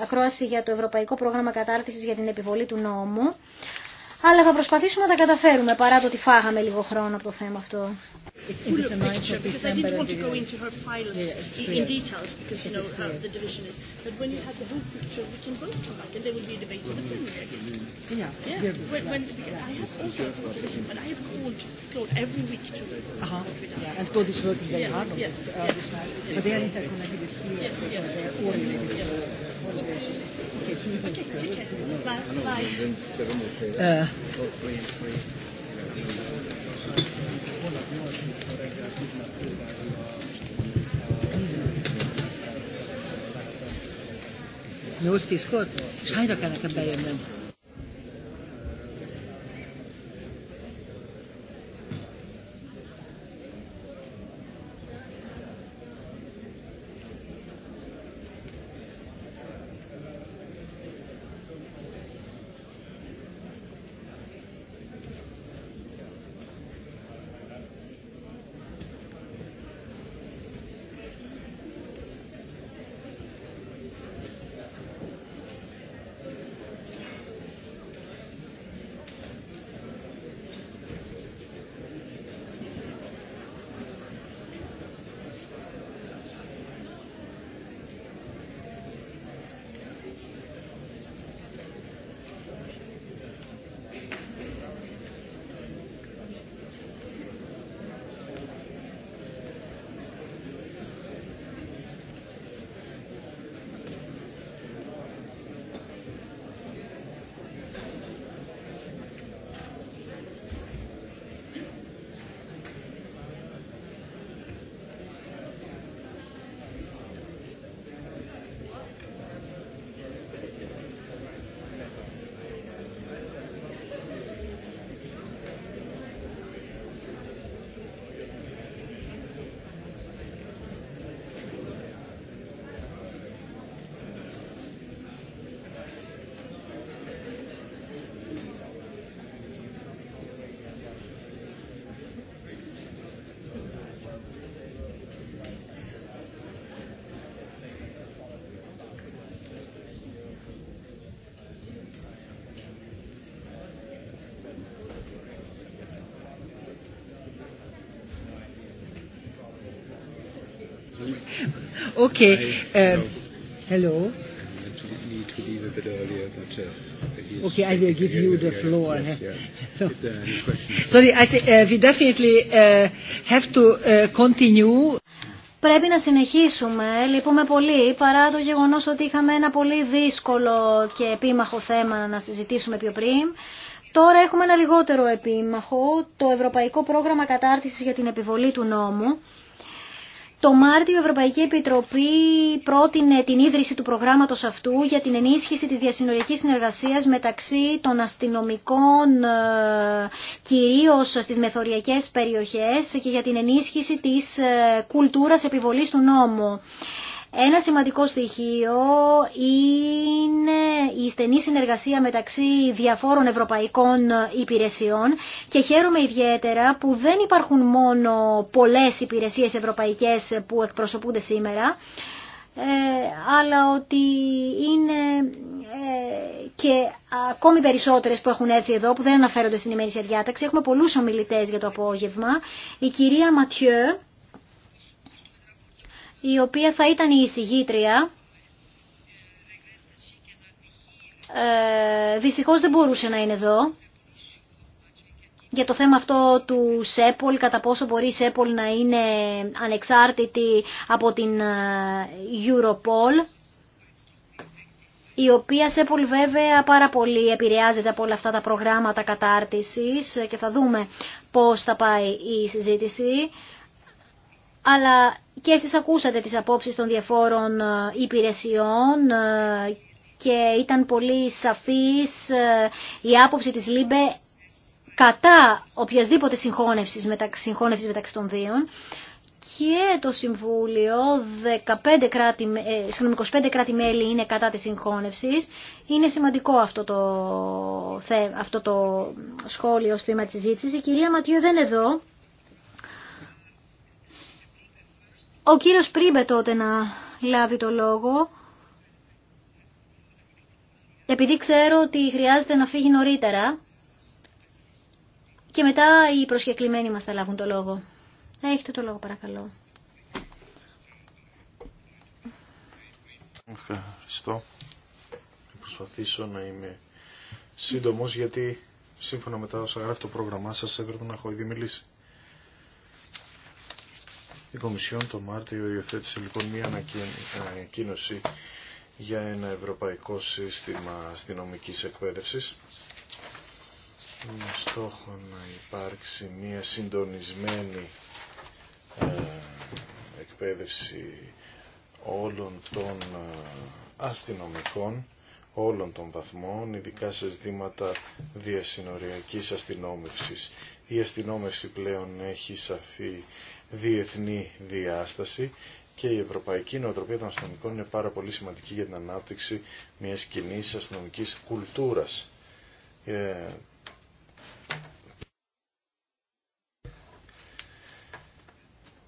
Speaker 2: ακρόαση για το Ευρωπαϊκό Πρόγραμμα Κατάρτισης για την Επιβολή του Νόμου αλλά θα προσπαθήσουμε να τα καταφέρουμε παρά το ότι φάγαμε λίγο χρόνο από το θέμα αυτό.
Speaker 5: Jó, tízkor? És hányra kellene
Speaker 1: Okay. Uh, hello.
Speaker 5: Okay, I will give you the floor. *laughs* Sorry,
Speaker 1: I uh, we definitely uh, have to continue. Πρέπει να συνεχίσουμε. Λυπούμε
Speaker 2: πολύ παρά το γεγονός ότι είχαμε ένα πολύ δύσκολο και επίμαχο θέμα να συζητήσουμε πιο πριν. Τώρα έχουμε ένα λιγότερο επίμαχο, το Ευρωπαϊκό Πρόγραμμα Κατάρτισης για την Επιβολή του Νόμου. Το Μάρτιο η Ευρωπαϊκή Επιτροπή πρότεινε την ίδρυση του προγράμματος αυτού για την ενίσχυση της διασυνοριακής συνεργασίας μεταξύ των αστυνομικών ε, κυρίως στις μεθοριακές περιοχές και για την ενίσχυση της ε, κουλτούρας επιβολής του νόμου. Ένα σημαντικό στοιχείο είναι η στενή συνεργασία μεταξύ διαφόρων ευρωπαϊκών υπηρεσιών και χαίρομαι ιδιαίτερα που δεν υπάρχουν μόνο πολλές υπηρεσίες ευρωπαϊκές που εκπροσωπούνται σήμερα, ε, αλλά ότι είναι ε, και ακόμη περισσότερες που έχουν έρθει εδώ, που δεν αναφέρονται στην ημερήσια διάταξη. Έχουμε πολλούς ομιλητές για το απόγευμα. Η κυρία Ματιέ η οποία θα ήταν η εισηγήτρια. Ε, δυστυχώς δεν μπορούσε να είναι εδώ για το θέμα αυτό του ΣΕΠΟΛ, κατά πόσο μπορεί η ΣΕΠΟΛ να είναι ανεξάρτητη από την ε, Europol, η οποία ΣΕΠΟΛ βέβαια πάρα πολύ επηρεάζεται από όλα αυτά τα προγράμματα κατάρτισης και θα δούμε πώς θα πάει η συζήτηση. Αλλά και εσείς ακούσατε τις απόψεις των διαφόρων ε, υπηρεσιών ε, και ήταν πολύ σαφής ε, η άποψη της ΛΥΜΠΕ κατά οποιασδήποτε συγχώνευσης μεταξύ, μεταξύ των δύο και το Συμβούλιο, 15 κράτη, 25 κράτη-μέλη είναι κατά της συγχώνευσης. Είναι σημαντικό αυτό το, αυτό το σχόλιο στο τμήμα της συζήτησης. Η κυρία Ματιού δεν είναι εδώ, Ο κύριος Πρίμπε τότε να λάβει το λόγο, επειδή ξέρω ότι χρειάζεται να φύγει νωρίτερα και μετά οι προσκεκλημένοι μας θα λάβουν το λόγο. Έχετε το λόγο παρακαλώ.
Speaker 4: Ευχαριστώ. Θα προσπαθήσω να είμαι σύντομος γιατί σύμφωνα με τα όσα γράφει το πρόγραμμά σας έπρεπε να έχω ήδη μιλήσει. Η Κομισιόν το Μάρτιο υιοθέτησε λοιπόν μια ανακοίνωση για ένα ευρωπαϊκό σύστημα αστυνομικής εκπαίδευσης με στόχο να υπάρξει μια συντονισμένη ε, εκπαίδευση όλων των ε, αστυνομικών όλων των βαθμών, ειδικά σε ζητήματα διασυνοριακής αστυνόμευσης. Η αστυνόμευση πλέον έχει σαφή διεθνή διάσταση και η ευρωπαϊκή νοοτροπία των αστυνομικών είναι πάρα πολύ σημαντική για την ανάπτυξη μιας κοινή αστυνομικής κουλτούρας. Ε,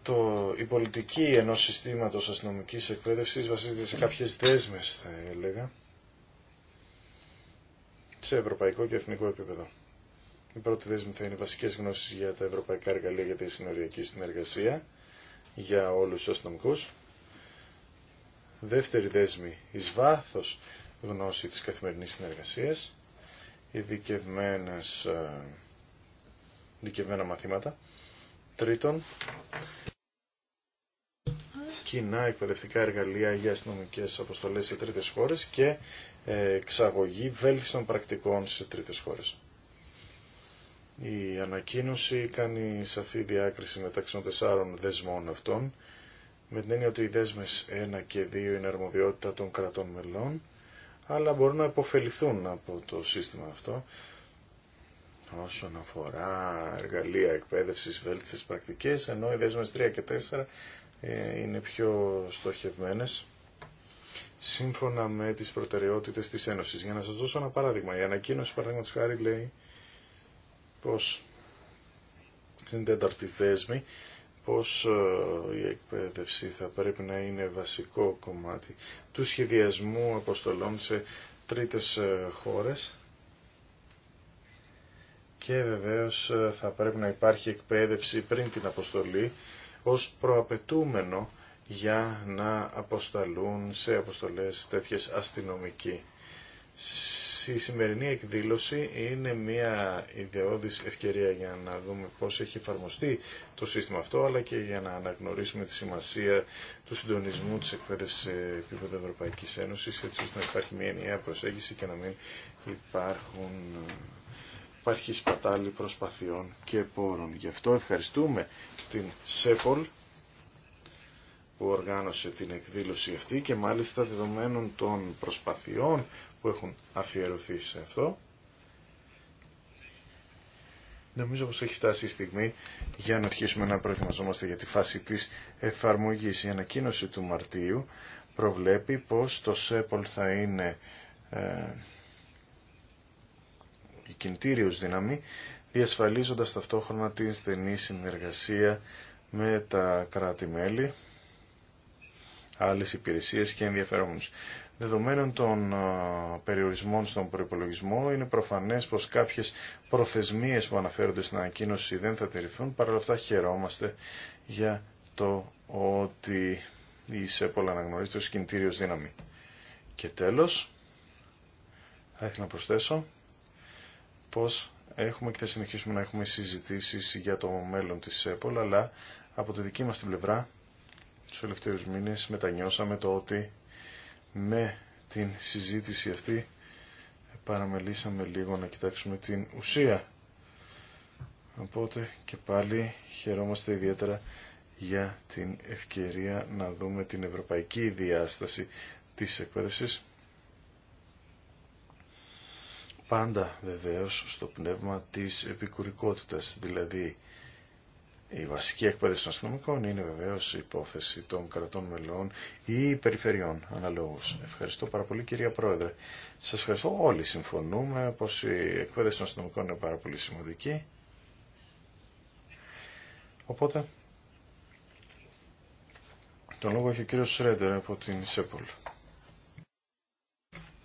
Speaker 4: το, η πολιτική ενός συστήματος αστυνομικής εκπαίδευσης βασίζεται σε κάποιες δέσμες, θα έλεγα, σε ευρωπαϊκό και εθνικό επίπεδο. Η πρώτη δέσμη θα είναι βασικές γνώσεις για τα ευρωπαϊκά εργαλεία για τη συνοριακή συνεργασία για όλους τους αστυνομικού. Δεύτερη δέσμη εις βάθος γνώση της καθημερινής συνεργασίας, ε, ειδικευμένα μαθήματα. Τρίτον, κοινά εκπαιδευτικά εργαλεία για αστυνομικέ αποστολές σε τρίτες χώρες και ε, εξαγωγή βέλτιστων πρακτικών σε τρίτες χώρες. Η ανακοίνωση κάνει σαφή διάκριση μεταξύ των τεσσάρων δεσμών αυτών, με την έννοια ότι οι δέσμες 1 και 2 είναι αρμοδιότητα των κρατών μελών, αλλά μπορούν να υποφεληθούν από το σύστημα αυτό όσον αφορά εργαλεία εκπαίδευσης, βέλτιστες πρακτικές, ενώ οι δέσμες 3 και 4 ε, είναι πιο στοχευμένες σύμφωνα με τις προτεραιότητες της Ένωσης. Για να σας δώσω ένα παράδειγμα, η ανακοίνωση παραδείγματος χάρη λέει πως στην τέταρτη θέσμη πως ε, η εκπαίδευση θα πρέπει να είναι βασικό κομμάτι του σχεδιασμού αποστολών σε τρίτες ε, χώρες και βεβαίως ε, θα πρέπει να υπάρχει εκπαίδευση πριν την αποστολή ως προαπαιτούμενο για να αποσταλούν σε αποστολές τέτοιες αστυνομικοί. Η σημερινή εκδήλωση είναι μια ιδεώδης ευκαιρία για να δούμε πώς έχει εφαρμοστεί το σύστημα αυτό, αλλά και για να αναγνωρίσουμε τη σημασία του συντονισμού της εκπαίδευσης σε επίπεδο Ευρωπαϊκής Ένωσης, έτσι ώστε να υπάρχει μια ενιαία προσέγγιση και να μην υπάρχουν, υπάρχει σπατάλη προσπαθειών και πόρων. Γι' αυτό ευχαριστούμε την ΣΕΠΟΛ που οργάνωσε την εκδήλωση αυτή και μάλιστα δεδομένων των προσπαθειών που έχουν αφιερωθεί σε αυτό. Νομίζω πως έχει φτάσει η στιγμή για να αρχίσουμε να προετοιμαζόμαστε για τη φάση της εφαρμογής. Η ανακοίνωση του Μαρτίου προβλέπει πως το ΣΕΠΟΛ θα είναι ε, η κινητήριος δύναμη, διασφαλίζοντας ταυτόχρονα την στενή συνεργασία με τα κράτη-μέλη Άλλε υπηρεσίε και ενδιαφέρομενου. Δεδομένων των περιορισμών στον προπολογισμό, είναι προφανέ πω κάποιε προθεσμίε που αναφέρονται στην ανακοίνωση δεν θα τηρηθούν, παρ' όλα αυτά χαιρόμαστε για το ότι η ΣΕΠΟΛ αναγνωρίζεται ω κινητήριο δύναμη. Και τέλο θα ήθελα να προσθέσω Πώ έχουμε και θα συνεχίσουμε να έχουμε συζητήσει για το μέλλον τη ΣΕΠΟΛ, αλλά από τη δική μα την πλευρά τους τελευταίους μήνες μετανιώσαμε το ότι με την συζήτηση αυτή παραμελήσαμε λίγο να κοιτάξουμε την ουσία. Οπότε και πάλι χαιρόμαστε ιδιαίτερα για την ευκαιρία να δούμε την ευρωπαϊκή διάσταση της εκπαίδευσης. Πάντα βεβαίως στο πνεύμα της επικουρικότητας, δηλαδή η βασική εκπαίδευση των αστυνομικών είναι βεβαίω υπόθεση των κρατών μελών ή περιφερειών αναλόγω. Ευχαριστώ πάρα πολύ κυρία Πρόεδρε. Σα ευχαριστώ. Όλοι συμφωνούμε πω η εκπαίδευση των αστυνομικών είναι πάρα πολύ σημαντική. Οπότε, τον λόγο έχει ο κύριο Σρέντερ από την ΣΕΠΟΛ.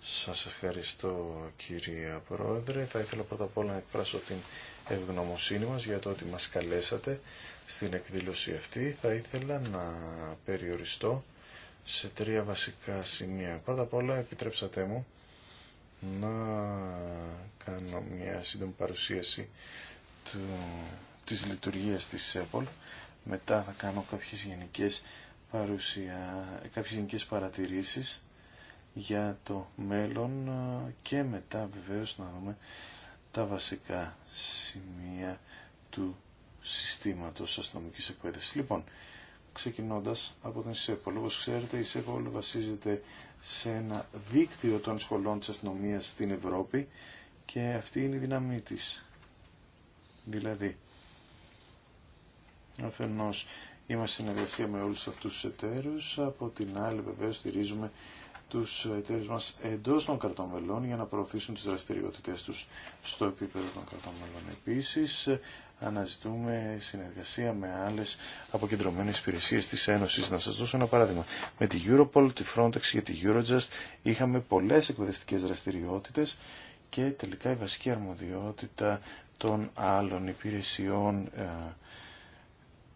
Speaker 4: Σας ευχαριστώ κυρία Πρόεδρε. Θα ήθελα πρώτα απ' όλα να εκπράσω την ευγνωμοσύνη μας για το ότι μας καλέσατε στην εκδήλωση αυτή. Θα ήθελα να περιοριστώ σε τρία βασικά σημεία. Πρώτα απ' όλα επιτρέψατε μου να κάνω μια σύντομη παρουσίαση του, της λειτουργίας της ΕΠΟΛ. Μετά θα κάνω κάποιες γενικές, παρουσία, κάποιες γενικές παρατηρήσεις για το μέλλον και μετά βεβαίως να δούμε τα βασικά σημεία του συστήματος αστυνομικής εκπαίδευσης. Λοιπόν, ξεκινώντας από την ΣΕΠΟΛ. Όπως ξέρετε, η ΣΕΠΟΛ βασίζεται σε ένα δίκτυο των σχολών της αστυνομίας στην Ευρώπη και αυτή είναι η δύναμή της. Δηλαδή, αφενός είμαστε συνεργασία με όλους αυτούς τους εταίρους, από την άλλη βεβαίως στηρίζουμε τους εταίρου μας εντός των κρατών για να προωθήσουν τις δραστηριότητες τους στο επίπεδο των κρατών μελών. Επίσης, αναζητούμε συνεργασία με άλλες αποκεντρωμένες υπηρεσίες της Ένωσης. Να σας δώσω ένα παράδειγμα. Με τη Europol, τη Frontex και τη Eurojust είχαμε πολλές εκπαιδευτικές δραστηριότητες και τελικά η βασική αρμοδιότητα των άλλων υπηρεσιών ε,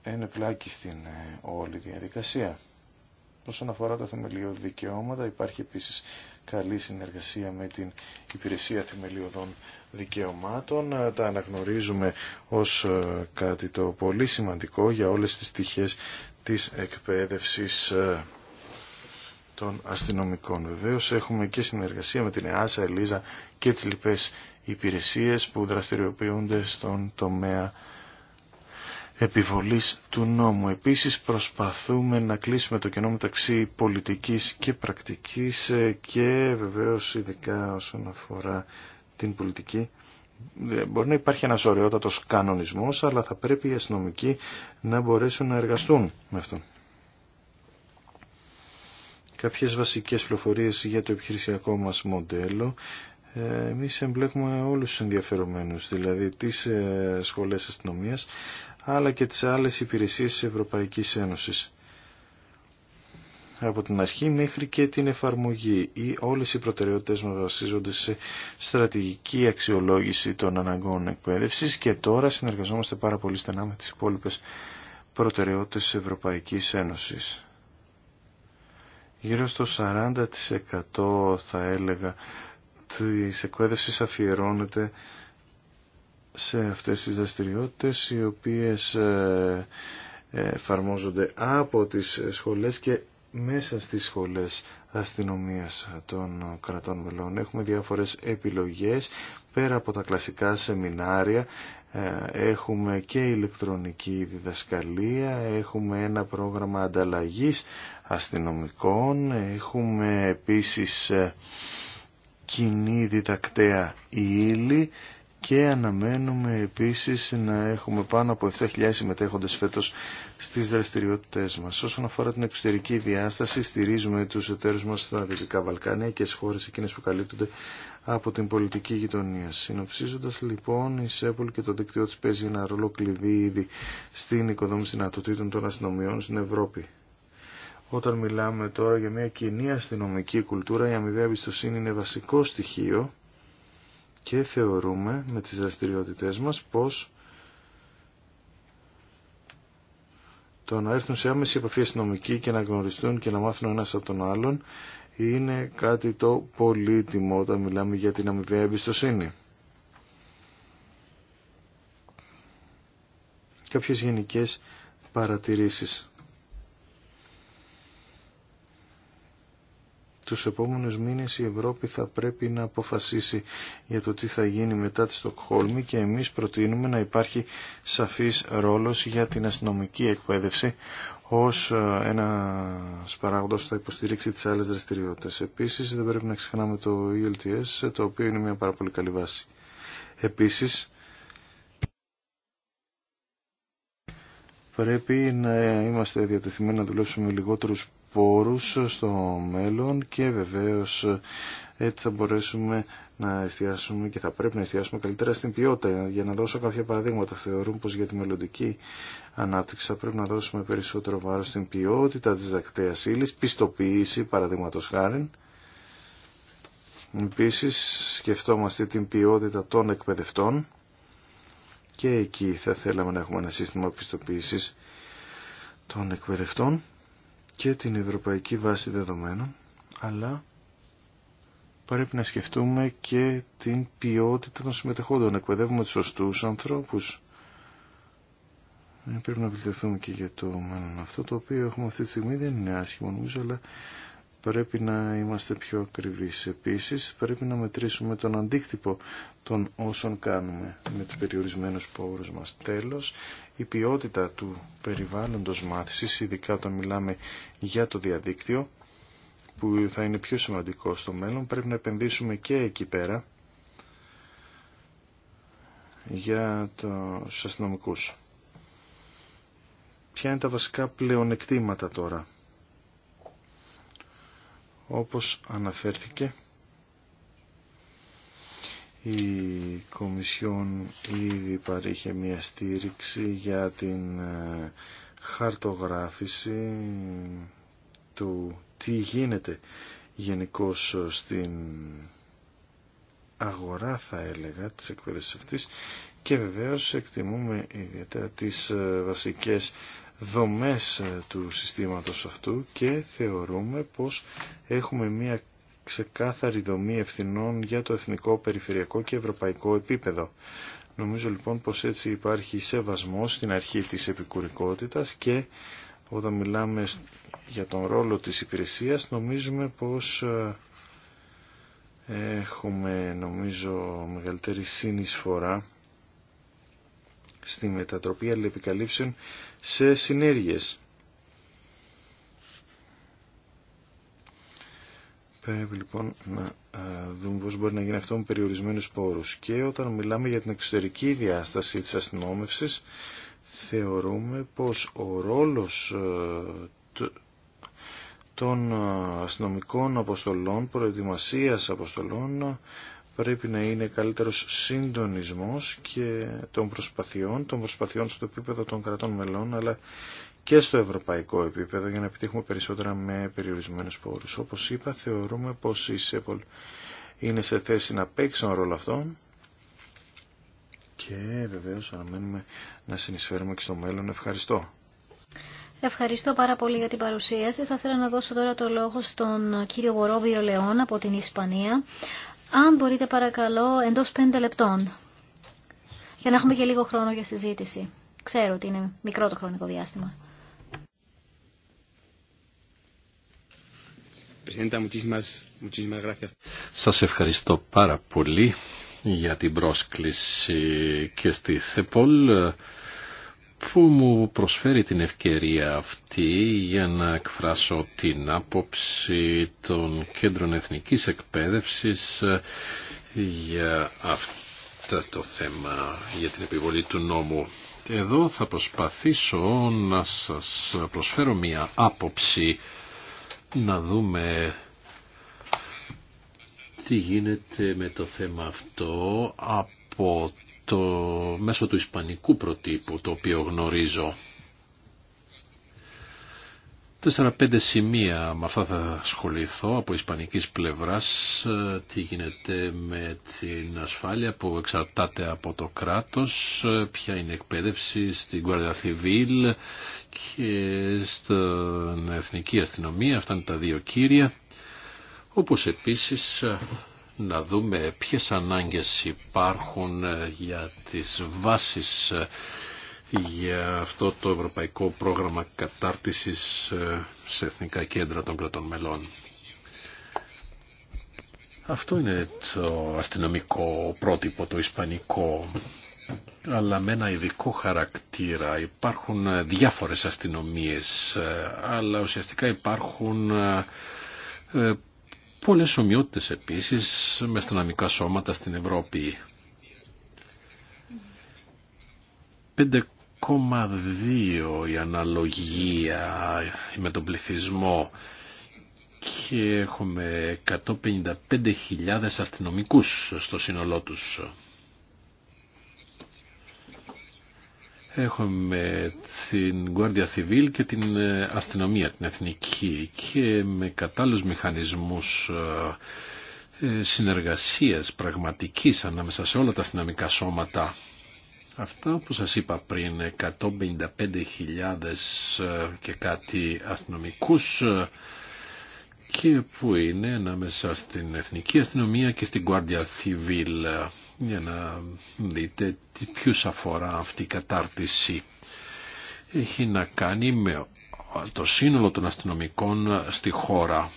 Speaker 4: ενεπλάκη στην ε, όλη διαδικασία. Όσον αφορά τα θεμελιώδη δικαιώματα υπάρχει επίσης καλή συνεργασία με την Υπηρεσία Θεμελιωδών Δικαιωμάτων. Ε, τα αναγνωρίζουμε ως ε, κάτι το πολύ σημαντικό για όλες τις τυχές της εκπαίδευσης ε, των αστυνομικών. Βεβαίως έχουμε και συνεργασία με την ΕΑΣΑ, ΕΛΙΖΑ και τις λοιπές υπηρεσίες που δραστηριοποιούνται στον τομέα επιβολής του νόμου. Επίσης προσπαθούμε να κλείσουμε το κενό μεταξύ πολιτικής και πρακτικής ε, και βεβαίως ειδικά όσον αφορά την πολιτική. Ε, μπορεί να υπάρχει ένας ωραιότατος κανονισμός, αλλά θα πρέπει οι αστυνομικοί να μπορέσουν να εργαστούν με αυτό. Κάποιες βασικές πληροφορίες για το επιχειρησιακό μας μοντέλο ε, εμείς εμπλέκουμε όλους τους ενδιαφερομένους, δηλαδή τις ε, σχολές αστυνομίας, αλλά και τις άλλες υπηρεσίες της Ευρωπαϊκής Ένωσης. Από την αρχή μέχρι και την εφαρμογή ή όλες οι προτεραιότητες μας βασίζονται σε στρατηγική αξιολόγηση των αναγκών εκπαίδευσης και τώρα συνεργαζόμαστε πάρα πολύ στενά με τις υπόλοιπες προτεραιότητες της Ευρωπαϊκής Ένωσης. Γύρω στο 40% θα έλεγα της εκπαίδευσης αφιερώνεται σε αυτές τις δραστηριότητες οι οποίες ε, εφαρμόζονται από τις σχολές και μέσα στις σχολές αστυνομίας των κρατών μελών. Έχουμε διάφορες επιλογές πέρα από τα κλασικά σεμινάρια. Ε, έχουμε και ηλεκτρονική διδασκαλία, έχουμε ένα πρόγραμμα ανταλλαγής αστυνομικών, έχουμε επίσης ε, κοινή η ύλη και αναμένουμε επίσης να έχουμε πάνω από 7.000 συμμετέχοντες φέτος στις δραστηριότητές μας. Όσον αφορά την εξωτερική διάσταση, στηρίζουμε τους εταίρους μας στα Δυτικά Βαλκάνια και στις χώρες εκείνες που καλύπτονται από την πολιτική γειτονία. Συνοψίζοντας λοιπόν, η ΣΕΠΟΛ και το δίκτυό της παίζει ένα ρόλο κλειδί ήδη στην οικοδόμηση δυνατοτήτων των αστυνομιών στην Ευρώπη. Όταν μιλάμε τώρα για μια κοινή αστυνομική κουλτούρα, η αμοιβαία εμπιστοσύνη είναι βασικό στοιχείο και θεωρούμε με τις δραστηριότητές μας πως το να έρθουν σε άμεση επαφή αστυνομική και να γνωριστούν και να μάθουν ένας από τον άλλον είναι κάτι το πολύτιμο όταν μιλάμε για την αμοιβαία εμπιστοσύνη. Κάποιες γενικές παρατηρήσεις. Τους επόμενους μήνες η Ευρώπη θα πρέπει να αποφασίσει για το τι θα γίνει μετά τη Στοκχόλμη και εμείς προτείνουμε να υπάρχει σαφής ρόλος για την αστυνομική εκπαίδευση ως ε, ένα παράγοντος που θα υποστηρίξει τις άλλες δραστηριότητες. Επίσης δεν πρέπει να ξεχνάμε το ELTS, το οποίο είναι μια πάρα πολύ καλή βάση. Επίσης, πρέπει να είμαστε διατεθειμένοι να δουλέψουμε λιγότερου πόρους στο μέλλον και βεβαίως έτσι θα μπορέσουμε να εστιάσουμε και θα πρέπει να εστιάσουμε καλύτερα στην ποιότητα. Για να δώσω κάποια παραδείγματα, θεωρούν πως για τη μελλοντική ανάπτυξη θα πρέπει να δώσουμε περισσότερο βάρος στην ποιότητα της δακταίας ύλης, πιστοποίηση παραδείγματο χάρη. Επίσης σκεφτόμαστε την ποιότητα των εκπαιδευτών και εκεί θα θέλαμε να έχουμε ένα σύστημα πιστοποίησης των εκπαιδευτών και την Ευρωπαϊκή Βάση Δεδομένων, αλλά πρέπει να σκεφτούμε και την ποιότητα των συμμετεχόντων. Εκπαιδεύουμε τους σωστούς ανθρώπους. Ε, πρέπει να βελτιωθούμε και για το μέλλον αυτό, το οποίο έχουμε αυτή τη στιγμή δεν είναι άσχημο νομίζω, αλλά πρέπει να είμαστε πιο ακριβείς. Επίσης πρέπει να μετρήσουμε τον αντίκτυπο των όσων κάνουμε με τους περιορισμένους πόρους μας. Τέλος, η ποιότητα του περιβάλλοντος μάθησης, ειδικά όταν μιλάμε για το διαδίκτυο, που θα είναι πιο σημαντικό στο μέλλον, πρέπει να επενδύσουμε και εκεί πέρα για τους αστυνομικούς. Ποια είναι τα βασικά πλεονεκτήματα τώρα όπως αναφέρθηκε, η Κομισιόν ήδη παρήχε μια στήριξη για την ε, χαρτογράφηση του τι γίνεται γενικώ στην αγορά θα έλεγα της εκπαίδευσης αυτής και βεβαίως εκτιμούμε ιδιαίτερα τις ε, βασικές δομές ε, του συστήματος αυτού και θεωρούμε πως έχουμε μια ξεκάθαρη δομή ευθυνών για το εθνικό, περιφερειακό και ευρωπαϊκό επίπεδο. Νομίζω λοιπόν πως έτσι υπάρχει σεβασμός στην αρχή της επικουρικότητας και όταν μιλάμε για τον ρόλο της υπηρεσίας νομίζουμε πως ε, έχουμε νομίζω μεγαλύτερη συνεισφορά στη μετατροπή αλληλεπικαλύψεων σε συνέργειες. Πρέπει λοιπόν να δούμε πώς μπορεί να γίνει αυτό με περιορισμένους πόρους. Και όταν μιλάμε για την εξωτερική διάσταση της αστυνόμευσης, θεωρούμε πως ο ρόλος των αστυνομικών αποστολών, προετοιμασίας αποστολών, πρέπει να είναι καλύτερος συντονισμός και των προσπαθειών, των προσπαθειών στο επίπεδο των κρατών μελών, αλλά και στο ευρωπαϊκό επίπεδο για να επιτύχουμε περισσότερα με περιορισμένους πόρους. Όπως είπα, θεωρούμε πως η ΣΕΠΟΛ είναι σε θέση να παίξει τον ρόλο αυτό... και βεβαίως αναμένουμε να συνεισφέρουμε και στο μέλλον. Ευχαριστώ.
Speaker 2: Ευχαριστώ πάρα πολύ για την παρουσίαση. Θα ήθελα να δώσω τώρα το λόγο στον κύριο Γορόβιο Λεόν από την Ισπανία, αν μπορείτε παρακαλώ εντός πέντε λεπτών, για να έχουμε και λίγο χρόνο για συζήτηση. Ξέρω ότι είναι μικρό το χρονικό
Speaker 4: διάστημα.
Speaker 3: Σας ευχαριστώ πάρα πολύ για την πρόσκληση και στη ΘΕΠΟΛ που μου προσφέρει την ευκαιρία αυτή για να εκφράσω την άποψη των Κέντρων Εθνικής Εκπαίδευσης ε, για αυτό το θέμα, για την επιβολή του νόμου. Εδώ θα προσπαθήσω να σας προσφέρω μία άποψη να δούμε τι γίνεται με το θέμα αυτό από το, μέσω του ισπανικού προτύπου το οποίο γνωρίζω. Τέσσερα-πέντε σημεία με αυτά θα ασχοληθώ από ισπανικής πλευράς ε, τι γίνεται με την ασφάλεια που εξαρτάται από το κράτος, ε, ποια είναι η εκπαίδευση στην Guardia Civil και στην Εθνική Αστυνομία, αυτά είναι τα δύο κύρια, όπως επίσης ε, να δούμε ποιες ανάγκες υπάρχουν ε, για τις βάσεις ε, για αυτό το ευρωπαϊκό πρόγραμμα κατάρτισης ε, σε εθνικά κέντρα των κρατών μελών. Αυτό είναι το αστυνομικό πρότυπο, το ισπανικό, αλλά με ένα ειδικό χαρακτήρα. Υπάρχουν διάφορες αστυνομίες, αλλά ουσιαστικά υπάρχουν Πολλές ομοιότητες επίσης με αστυνομικά σώματα στην Ευρώπη. 5,2 η αναλογία με τον πληθυσμό και έχουμε 155.000 αστυνομικούς στο σύνολό τους. Έχουμε την Guardia Civil και την ε, αστυνομία, την εθνική και με κατάλληλους μηχανισμούς ε, ε, συνεργασίας πραγματικής ανάμεσα σε όλα τα αστυνομικά σώματα. Αυτά που σας είπα πριν, 155.000 και κάτι αστυνομικούς και που είναι ανάμεσα στην Εθνική Αστυνομία και στην Guardia Civil για να δείτε ποιους αφορά αυτή η κατάρτιση. Έχει να κάνει με το σύνολο των αστυνομικών στη χώρα.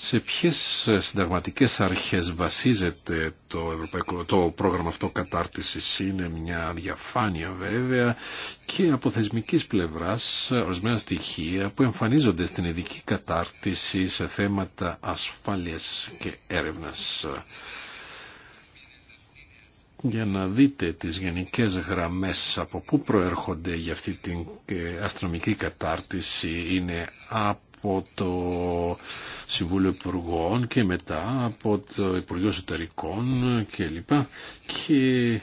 Speaker 3: Σε ποιες συνταγματικές αρχές βασίζεται το, ευρωπαϊκό, το πρόγραμμα αυτό κατάρτισης είναι μια διαφάνεια βέβαια και από θεσμικής πλευράς ορισμένα στοιχεία που εμφανίζονται στην ειδική κατάρτιση σε θέματα ασφάλειας και έρευνας για να δείτε τις γενικές γραμμές από πού προέρχονται για αυτή την ε, αστρομική κατάρτιση είναι από το Συμβούλιο Υπουργών και μετά από το Υπουργείο Εσωτερικών κλπ. Και, και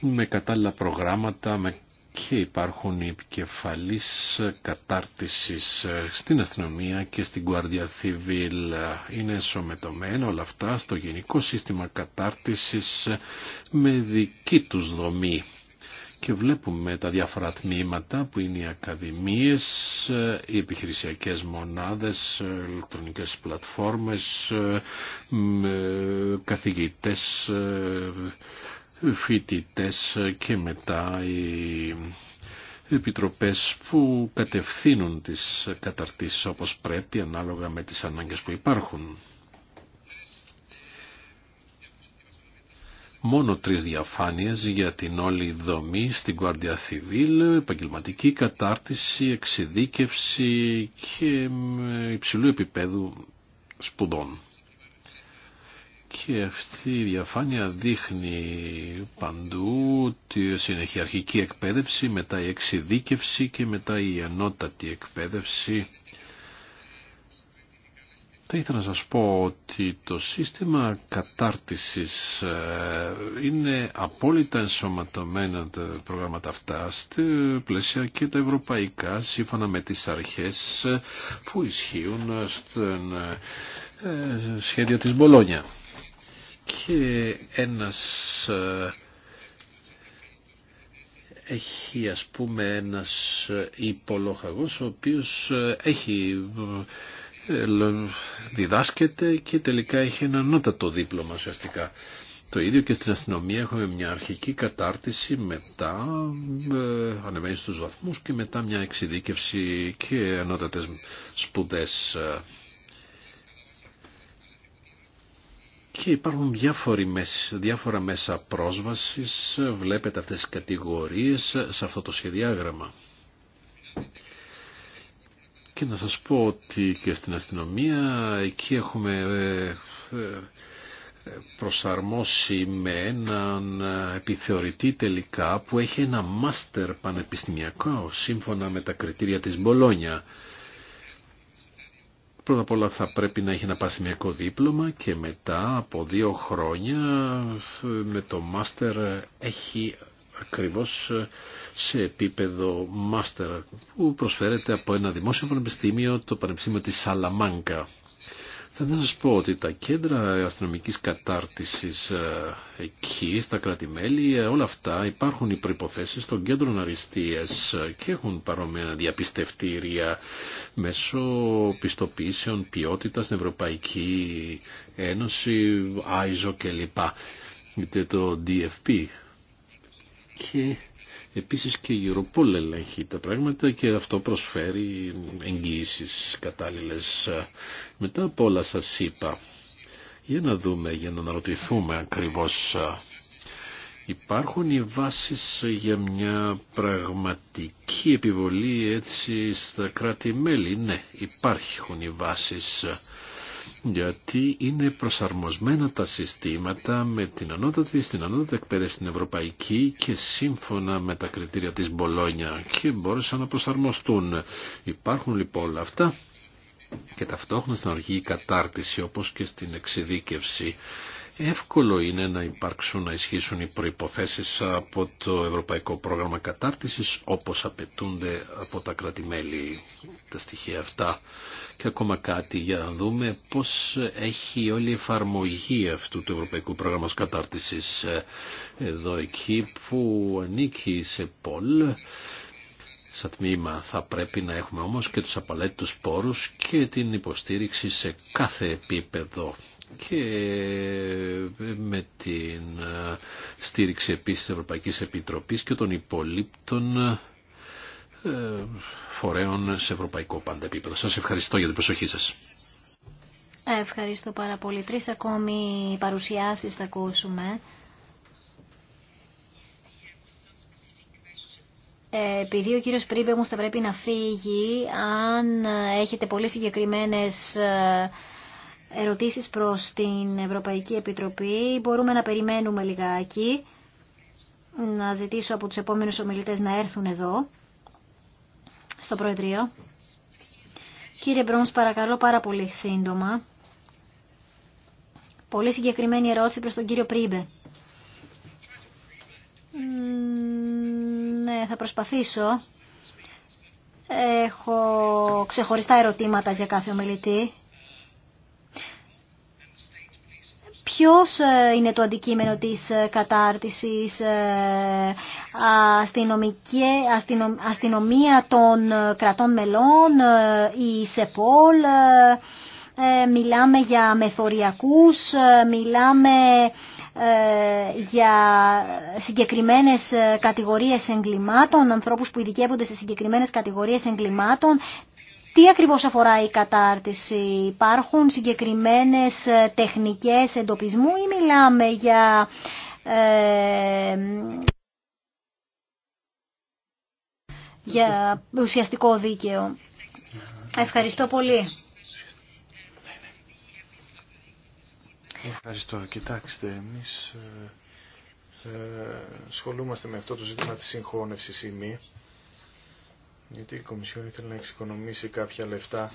Speaker 3: με κατάλληλα προγράμματα, με και υπάρχουν οι επικεφαλής κατάρτισης στην αστυνομία και στην Guardia Civil. Είναι σωμετωμένα όλα αυτά στο γενικό σύστημα κατάρτισης με δική τους δομή. Και βλέπουμε τα διάφορα τμήματα που είναι οι ακαδημίες, οι επιχειρησιακές μονάδες, ηλεκτρονικές πλατφόρμες, καθηγητές, Φοιτητέ και μετά οι επιτροπές που κατευθύνουν τις καταρτήσεις όπως πρέπει ανάλογα με τις ανάγκες που υπάρχουν. Μόνο τρεις διαφάνειες για την όλη δομή στην Guardia Civil, επαγγελματική κατάρτιση, εξειδίκευση και υψηλού επίπεδου σπουδών και αυτή η διαφάνεια δείχνει παντού τη συνεχιαρχική εκπαίδευση, μετά η εξειδίκευση και μετά η ανώτατη εκπαίδευση. Θα ήθελα να σας πω ότι το σύστημα κατάρτισης ε, είναι απόλυτα ενσωματωμένα τα προγράμματα αυτά στη πλαίσια και τα ευρωπαϊκά σύμφωνα με τις αρχές που ισχύουν στο ε, σχέδιο της Μπολόνια και ένας ε, έχει ας πούμε ένας ε, υπολοχαγός ο οποίος ε, έχει διδάσκεται και τελικά έχει ένα ανώτατο δίπλωμα ουσιαστικά. Το ίδιο και στην αστυνομία έχουμε μια αρχική κατάρτιση, μετά ε, ανεβαίνει στους βαθμούς και μετά μια εξειδίκευση και ανώτατες σπουδές. και υπάρχουν διάφορα μέσα πρόσβασης, βλέπετε αυτές τις κατηγορίες σε αυτό το σχεδιάγραμμα. Και να σας πω ότι και στην αστυνομία εκεί έχουμε ε, ε, προσαρμόσει με έναν επιθεωρητή τελικά που έχει ένα μάστερ πανεπιστημιακό σύμφωνα με τα κριτήρια της Μπολόνια Πρώτα απ' όλα θα πρέπει να έχει ένα πασημιακό δίπλωμα και μετά από δύο χρόνια με το μάστερ έχει ακριβώς σε επίπεδο μάστερ που προσφέρεται από ένα δημόσιο πανεπιστήμιο, το Πανεπιστήμιο της Σαλαμάνκα. Θα να σας πω ότι τα κέντρα αστυνομικής κατάρτισης ε, εκεί, στα κρατημέλη, ε, όλα αυτά υπάρχουν οι προϋποθέσεις των κέντρων αριστείας ε, και έχουν παρόμοια διαπιστευτήρια μέσω πιστοποίησεων ποιότητας στην Ευρωπαϊκή Ένωση, ISO κλπ. Είτε το DFP. Και Επίσης και η Ευρωπόλ ελέγχει τα πράγματα και αυτό προσφέρει εγγύησεις κατάλληλες. Μετά από όλα σας είπα, για να δούμε, για να αναρωτηθούμε ακριβώς Υπάρχουν οι βάσεις για μια πραγματική επιβολή έτσι στα κράτη-μέλη. Ναι, υπάρχουν οι βάσεις γιατί είναι προσαρμοσμένα τα συστήματα με την ανώτατη στην ανώτατη εκπαίδευση στην Ευρωπαϊκή και σύμφωνα με τα κριτήρια της Μπολόνια και μπόρεσαν να προσαρμοστούν. Υπάρχουν λοιπόν όλα αυτά και ταυτόχρονα στην οργή κατάρτιση όπως και στην εξειδίκευση Εύκολο είναι να υπάρξουν να ισχύσουν οι προϋποθέσεις από το Ευρωπαϊκό Πρόγραμμα Κατάρτισης όπως απαιτούνται από τα κρατημέλη τα στοιχεία αυτά. Και ακόμα κάτι για να δούμε πώς έχει όλη η εφαρμογή αυτού του Ευρωπαϊκού Πρόγραμματος Κατάρτισης εδώ εκεί που ανήκει σε ΠΟΛ. Σαν τμήμα θα πρέπει να έχουμε όμως και τους απαραίτητους πόρους και την υποστήριξη σε κάθε επίπεδο και ε, με την ε, στήριξη επίσης της Ευρωπαϊκής Επιτροπής και των υπολείπτων ε, φορέων σε ευρωπαϊκό πάντα επίπεδο. Σας ευχαριστώ για την προσοχή σας.
Speaker 2: Ευχαριστώ πάρα πολύ. Τρεις ακόμη παρουσιάσεις θα ακούσουμε. επειδή ο κύριος Πρίμπεμους θα πρέπει να φύγει, αν έχετε πολύ συγκεκριμένες ερωτήσεις προς την Ευρωπαϊκή Επιτροπή. Μπορούμε να περιμένουμε λιγάκι, να ζητήσω από τους επόμενους ομιλητές να έρθουν εδώ, στο Προεδρείο. Κύριε Μπρόνς, παρακαλώ πάρα πολύ σύντομα. Πολύ συγκεκριμένη ερώτηση προς τον κύριο Πρίμπε. Ναι, θα προσπαθήσω. Έχω ξεχωριστά ερωτήματα για κάθε ομιλητή. ποιος ε, είναι το αντικείμενο της ε, κατάρτισης, ε, αστυνομία των κρατών μελών, η ΣΕΠΟΛ, μιλάμε για μεθοριακούς, μιλάμε για συγκεκριμένες κατηγορίες εγκλημάτων, ανθρώπους που ειδικεύονται σε συγκεκριμένες κατηγορίες εγκλημάτων, τι ακριβώς αφορά η κατάρτιση, υπάρχουν συγκεκριμένες ε, τεχνικές εντοπισμού ή μιλάμε για... Ε, για ουσιαστικό δίκαιο. Ευχαριστώ πολύ.
Speaker 4: Ευχαριστώ. Κοιτάξτε, εμείς ε, ε ασχολούμαστε με αυτό το ζήτημα της συγχώνευσης ή γιατί η Κομισιόν ήθελε να εξοικονομήσει κάποια λεφτά.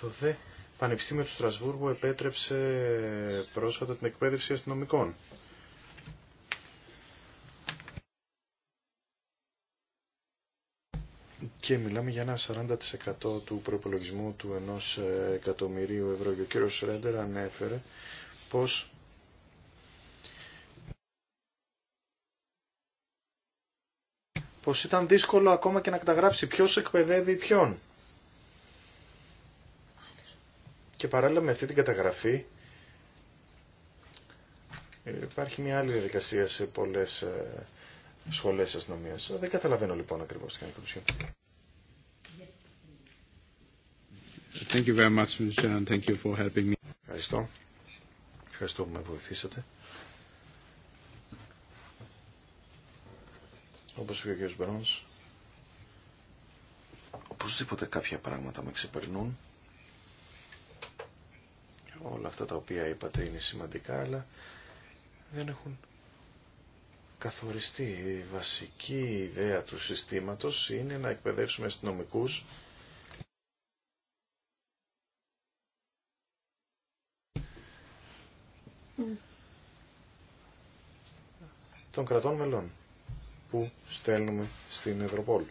Speaker 4: Το ΔΕ Πανεπιστήμιο του Στρασβούργου επέτρεψε πρόσφατα την εκπαίδευση αστυνομικών. Και μιλάμε για ένα 40% του προπολογισμού του ενός εκατομμυρίου ευρώ. Και ο κύριος Ρέντερ ανέφερε πως πως ήταν δύσκολο ακόμα και να καταγράψει ποιος εκπαιδεύει ποιον. Και παράλληλα με αυτή την καταγραφή υπάρχει μια άλλη διαδικασία σε πολλές ε, σχολές αστυνομία. Δεν καταλαβαίνω λοιπόν ακριβώς τι κάνει η Κομισιόν. Thank you very much, Mr. Thank you for helping me. Ευχαριστώ. Ευχαριστώ που με βοηθήσατε. όπως είπε ο κ. Μπρόνς, οπωσδήποτε κάποια πράγματα με ξεπερνούν. Όλα αυτά τα οποία είπατε είναι σημαντικά, αλλά δεν έχουν καθοριστεί. Η βασική ιδέα του συστήματος είναι να εκπαιδεύσουμε αστυνομικού. Mm. των κρατών μελών που στέλνουμε στην Ευρωπόλ.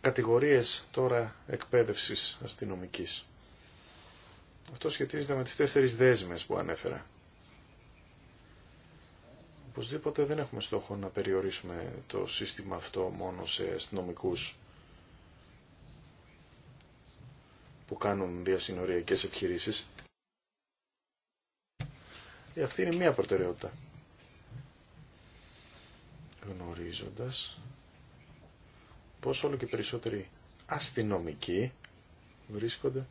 Speaker 4: Κατηγορίες τώρα εκπαίδευσης αστυνομικής. Αυτό σχετίζεται με τις τέσσερις δέσμες που ανέφερα. Οπωσδήποτε δεν έχουμε στόχο να περιορίσουμε το σύστημα αυτό μόνο σε αστυνομικού που κάνουν διασυνοριακές επιχειρήσεις. Ε, αυτή είναι μία προτεραιότητα. Γνωρίζοντας πως όλο και περισσότεροι αστυνομικοί βρίσκονται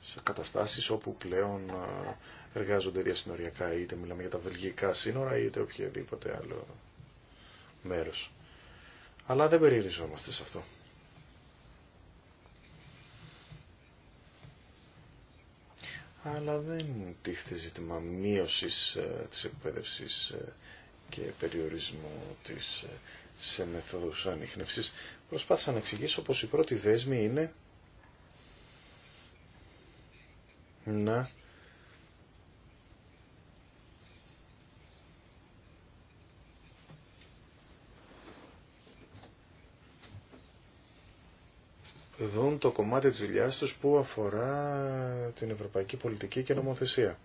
Speaker 4: σε καταστάσεις όπου πλέον ε, εργάζονται διασυνοριακά, είτε μιλάμε για τα βελγικά σύνορα, είτε οποιοδήποτε άλλο μέρος. Αλλά δεν περιοριζόμαστε σε αυτό. αλλά δεν τίθεται ζήτημα μείωσης ε, της εκπαίδευσης ε, και περιορισμού της ε, σε μεθόδους ανείχνευσης. Προσπάθησα να εξηγήσω πως η πρώτη δέσμη είναι να δουν το κομμάτι της δουλειά τους που αφορά την ευρωπαϊκή πολιτική και νομοθεσία.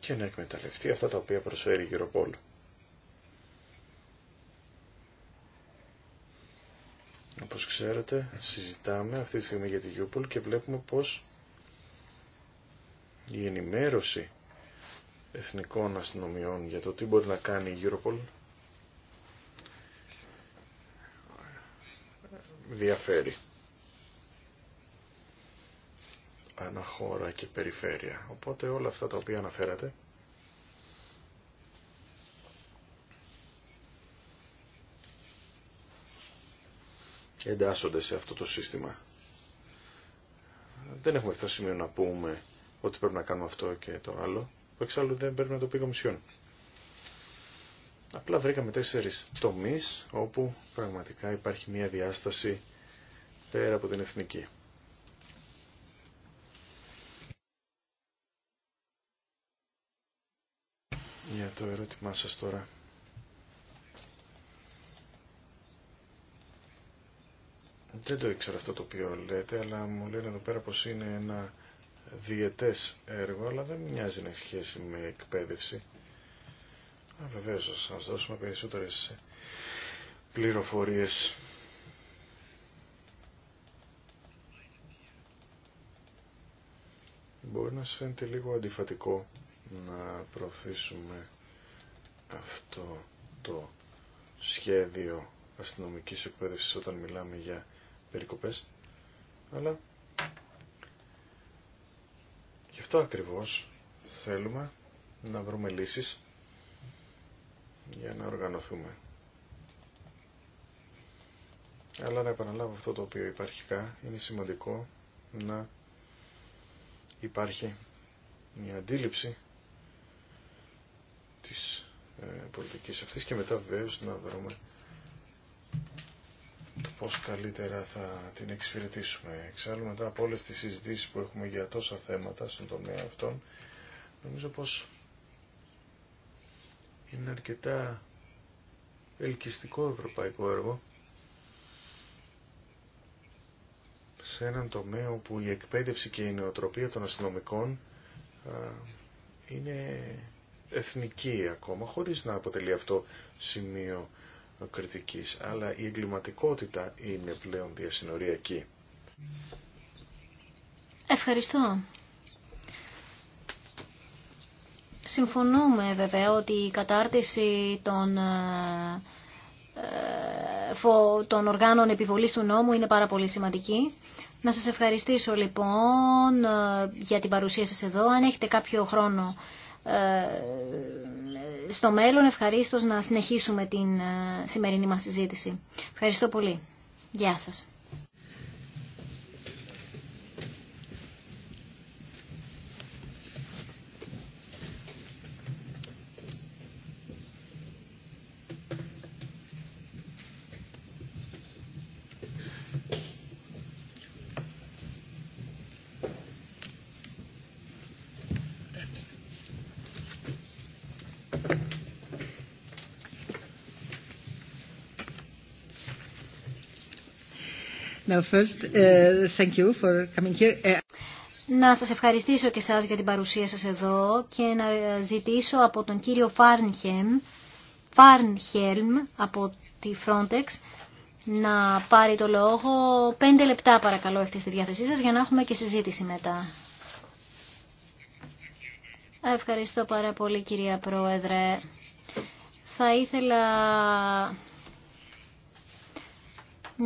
Speaker 4: Και να εκμεταλλευτεί αυτά τα οποία προσφέρει η Γεροπόλ. Όπως ξέρετε, συζητάμε αυτή τη στιγμή για τη Γιούπολ και βλέπουμε πως η ενημέρωση εθνικών αστυνομιών για το τι μπορεί να κάνει η Europol διαφέρει. Αναχώρα και περιφέρεια. Οπότε όλα αυτά τα οποία αναφέρατε εντάσσονται σε αυτό το σύστημα. Δεν έχουμε αυτό σημείο να πούμε ότι πρέπει να κάνουμε αυτό και το άλλο, που εξάλλου δεν πρέπει να το πει η Κομισιόν. Απλά βρήκαμε τέσσερις τομείς όπου πραγματικά υπάρχει μια διάσταση πέρα από την εθνική. Για το ερώτημά σας τώρα. Δεν το ήξερα αυτό το οποίο λέτε, αλλά μου λένε εδώ πέρα πως είναι ένα διετές έργο, αλλά δεν μοιάζει να έχει σχέση με εκπαίδευση. Βεβαίως θα σας δώσουμε περισσότερες πληροφορίες. Μπορεί να σας φαίνεται λίγο αντιφατικό να προωθήσουμε αυτό το σχέδιο αστυνομικής εκπαίδευσης όταν μιλάμε για περικοπές, αλλά γι' αυτό ακριβώς θέλουμε να βρούμε λύσεις για να οργανωθούμε. Αλλά να επαναλάβω αυτό το οποίο υπάρχει κά, είναι σημαντικό να υπάρχει μια αντίληψη της ε, πολιτικής αυτής και μετά βεβαίως να βρούμε το πώς καλύτερα θα την εξυπηρετήσουμε. Εξάλλου μετά από όλες τις συζητήσεις που έχουμε για τόσα θέματα στον τομέα αυτών, νομίζω πως είναι αρκετά ελκυστικό ευρωπαϊκό έργο σε έναν τομέα όπου η εκπαίδευση και η νεοτροπία των αστυνομικών είναι εθνική ακόμα, χωρίς να αποτελεί αυτό σημείο κριτικής, αλλά η εγκληματικότητα είναι πλέον διασυνοριακή.
Speaker 2: Ευχαριστώ. Συμφωνούμε βέβαια ότι η κατάρτιση των, ε, ε, των οργάνων επιβολής του νόμου είναι πάρα πολύ σημαντική. Να σας ευχαριστήσω λοιπόν ε, για την παρουσία σας εδώ. Αν έχετε κάποιο χρόνο στο μέλλον, ευχαρίστως να συνεχίσουμε την σημερινή μας συζήτηση. Ευχαριστώ πολύ. Γεια σας.
Speaker 1: Uh, first, uh, thank you for coming here. Uh,
Speaker 2: να σας ευχαριστήσω και εσάς για την παρουσία σας εδώ και να ζητήσω από τον κύριο Φάρνχελμ, Φάρνχελμ από τη Frontex να πάρει το λόγο. Πέντε λεπτά παρακαλώ έχετε στη διάθεσή σας για να έχουμε και συζήτηση μετά. Ευχαριστώ πάρα πολύ κυρία Πρόεδρε. Θα ήθελα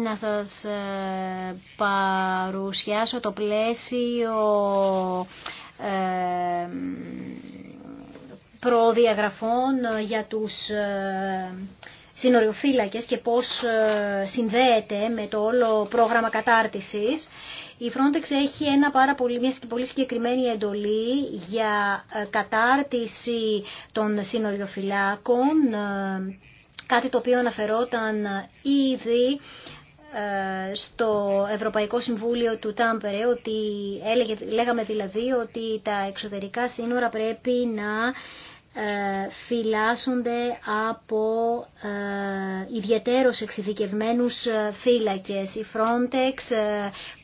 Speaker 2: να σας ε, παρουσιάσω το πλαίσιο ε, προδιαγραφών για τους ε, συνοριοφύλακες και πώς συνδέεται με το όλο πρόγραμμα κατάρτισης. Η Frontex έχει ένα πάρα πολύ, μια πολύ συγκεκριμένη εντολή για κατάρτιση των συνοριοφυλάκων, κάτι το οποίο αναφερόταν ήδη ε, στο Ευρωπαϊκό Συμβούλιο του Τάμπερε ότι έλεγε, λέγαμε δηλαδή ότι τα εξωτερικά σύνορα πρέπει να ε, φυλάσσονται από ε, ιδιαίτερως εξειδικευμένους ε, φύλακες. Η Frontex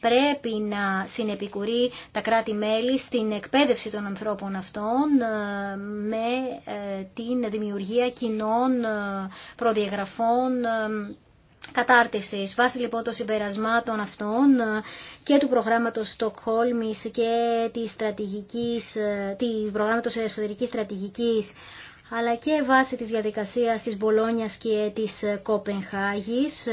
Speaker 2: πρέπει να συνεπικουρεί τα κράτη-μέλη στην εκπαίδευση των ανθρώπων αυτών με την δημιουργία κοινών προδιαγραφών κατάρτισης. Βάσει λοιπόν των συμπερασμάτων αυτών ε, και του προγράμματος Στοκχόλμης και της, στρατηγικής, ε, της προγράμματος εσωτερικής στρατηγικής αλλά και βάσει της διαδικασίας της Μπολόνιας και της ε, Κόπενχάγης,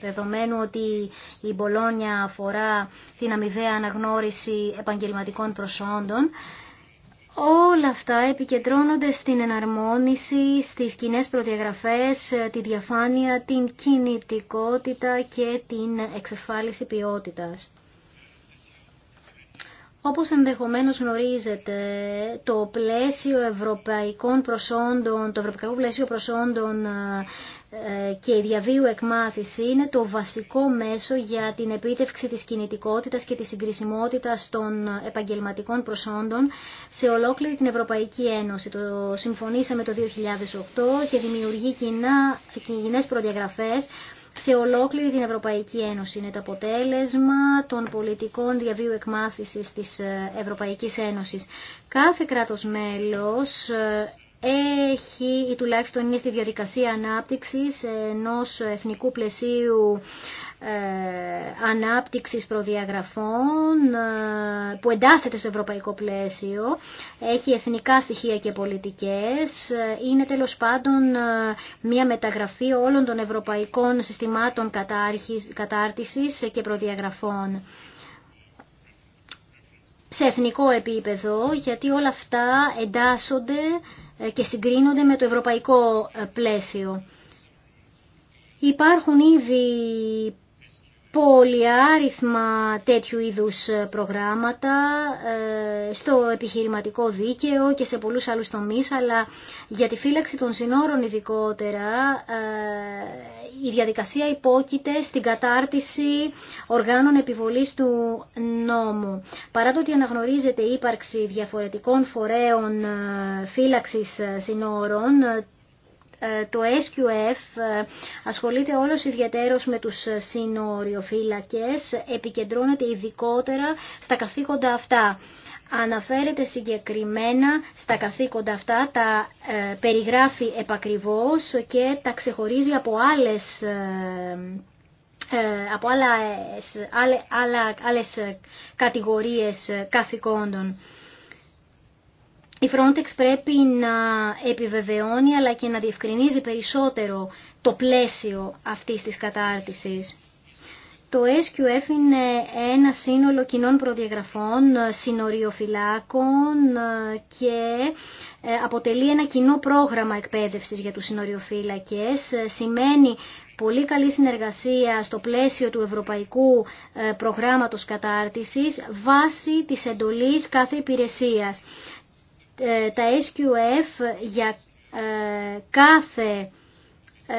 Speaker 2: δεδομένου ότι η Μπολόνια αφορά την αμοιβαία αναγνώριση επαγγελματικών προσόντων, Όλα αυτά επικεντρώνονται στην εναρμόνιση, στις κοινέ προδιαγραφές, τη διαφάνεια, την κινητικότητα και την εξασφάλιση ποιότητας. Όπως ενδεχομένως γνωρίζετε, το πλαίσιο ευρωπαϊκών προσόντων, το ευρωπαϊκό πλαίσιο προσόντων ε, και η διαβίου εκμάθηση είναι το βασικό μέσο για την επίτευξη της κινητικότητας και της συγκρισιμότητας των επαγγελματικών προσόντων σε ολόκληρη την Ευρωπαϊκή Ένωση. Το συμφωνήσαμε το 2008 και δημιουργεί κοινά, κοινές προδιαγραφές σε ολόκληρη την Ευρωπαϊκή Ένωση. Είναι το αποτέλεσμα των πολιτικών διαβίου εκμάθησης της ε, Ευρωπαϊκής Ένωσης. Κάθε κράτος μέλος ε, έχει ή τουλάχιστον είναι στη διαδικασία ανάπτυξης ενός εθνικού πλαισίου ε, ανάπτυξης προδιαγραφών ε, που εντάσσεται στο ευρωπαϊκό πλαίσιο, έχει εθνικά στοιχεία και πολιτικές, ε, είναι τέλος πάντων μια μεταγραφή όλων των ευρωπαϊκών συστημάτων κατάρτισης και προδιαγραφών σε εθνικό επίπεδο, γιατί όλα αυτά εντάσσονται και συγκρίνονται με το ευρωπαϊκό πλαίσιο. Υπάρχουν ήδη πολυάριθμα τέτοιου είδους προγράμματα ε, στο επιχειρηματικό δίκαιο και σε πολλούς άλλους τομείς, αλλά για τη φύλαξη των συνόρων ειδικότερα ε, η διαδικασία υπόκειται στην κατάρτιση οργάνων επιβολής του νόμου. Παρά το ότι αναγνωρίζεται η ύπαρξη διαφορετικών φορέων ε, φύλαξης συνόρων, ε, το SQF ε, ασχολείται όλος ιδιαίτερος με τους ε, σύνοριοφύλακες, επικεντρώνεται ειδικότερα στα καθήκοντα αυτά. Αναφέρεται συγκεκριμένα στα καθήκοντα αυτά, τα περιγράφει επακριβώς και τα ξεχωρίζει από άλλες από άλλες, άλλες, άλλες κατηγορίες καθηκόντων η Frontex πρέπει να επιβεβαιώνει αλλά και να διευκρινίζει περισσότερο το πλαίσιο αυτής της κατάρτισης. Το SQF είναι ένα σύνολο κοινών προδιαγραφών, συνοριοφυλάκων και ε, αποτελεί ένα κοινό πρόγραμμα εκπαίδευσης για τους συνοριοφύλακες. Ε, σημαίνει πολύ καλή συνεργασία στο πλαίσιο του Ευρωπαϊκού ε, Προγράμματος Κατάρτισης βάσει της εντολής κάθε υπηρεσίας. Ε, τα SQF για ε, κάθε ε,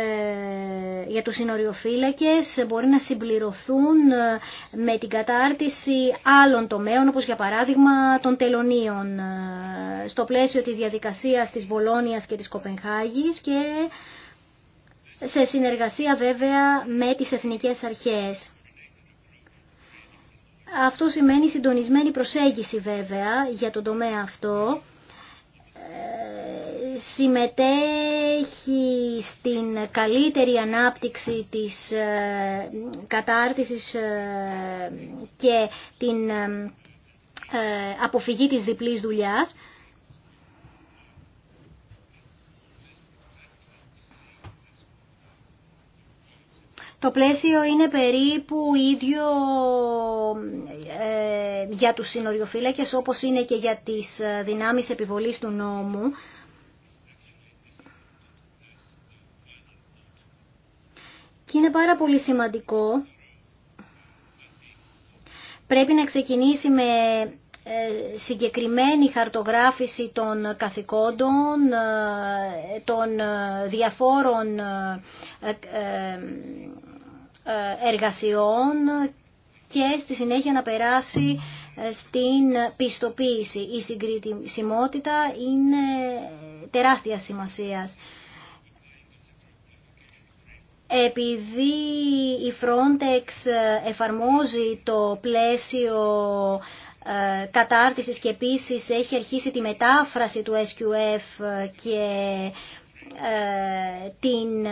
Speaker 2: για τους συνοριοφύλακες μπορεί να συμπληρωθούν με την κατάρτιση άλλων τομέων, όπως για παράδειγμα των τελωνίων, στο πλαίσιο της διαδικασίας της Βολόνιας και της Κοπενχάγης και σε συνεργασία βέβαια με τις εθνικές αρχές. Αυτό σημαίνει συντονισμένη προσέγγιση βέβαια για τον τομέα αυτό ε, συμμετέχει στην καλύτερη ανάπτυξη της ε, κατάρτισης ε, και την αποφυγή της διπλής δουλειάς Το πλαίσιο είναι περίπου ίδιο ε, για τους συνοριοφύλακες όπως είναι και για τις ε, δυνάμεις επιβολής του νόμου. Και είναι πάρα πολύ σημαντικό. Πρέπει να ξεκινήσει με ε, συγκεκριμένη χαρτογράφηση των καθηκόντων, των διαφόρων ε, εργασιών και στη συνέχεια να περάσει ε, στην πιστοποίηση. Η συγκριτησιμότητα είναι τεράστια σημασίας. Επειδή η Frontex ε, εφαρμόζει το πλαίσιο κατάρτισης και επίσης έχει αρχίσει τη μετάφραση του SQF και ε, την ε,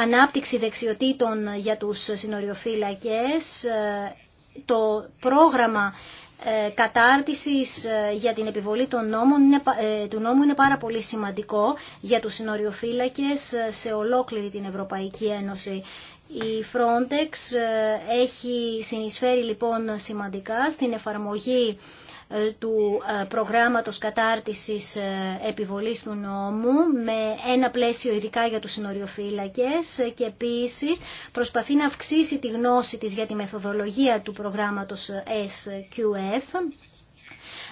Speaker 2: ανάπτυξη δεξιοτήτων για τους συνοριοφύλακες, ε, το πρόγραμμα κατάρτισης για την επιβολή των νόμων του νόμου είναι πάρα πολύ σημαντικό για τους συνοριοφύλακες σε ολόκληρη την Ευρωπαϊκή Ένωση. Η Frontex έχει συνεισφέρει λοιπόν σημαντικά στην εφαρμογή ε, του ε, προγράμματος κατάρτισης ε, επιβολής του νόμου με ένα πλαίσιο ειδικά για τους συνοριοφύλακες και επίσης προσπαθεί να αυξήσει τη γνώση της για τη μεθοδολογία του προγράμματος SQF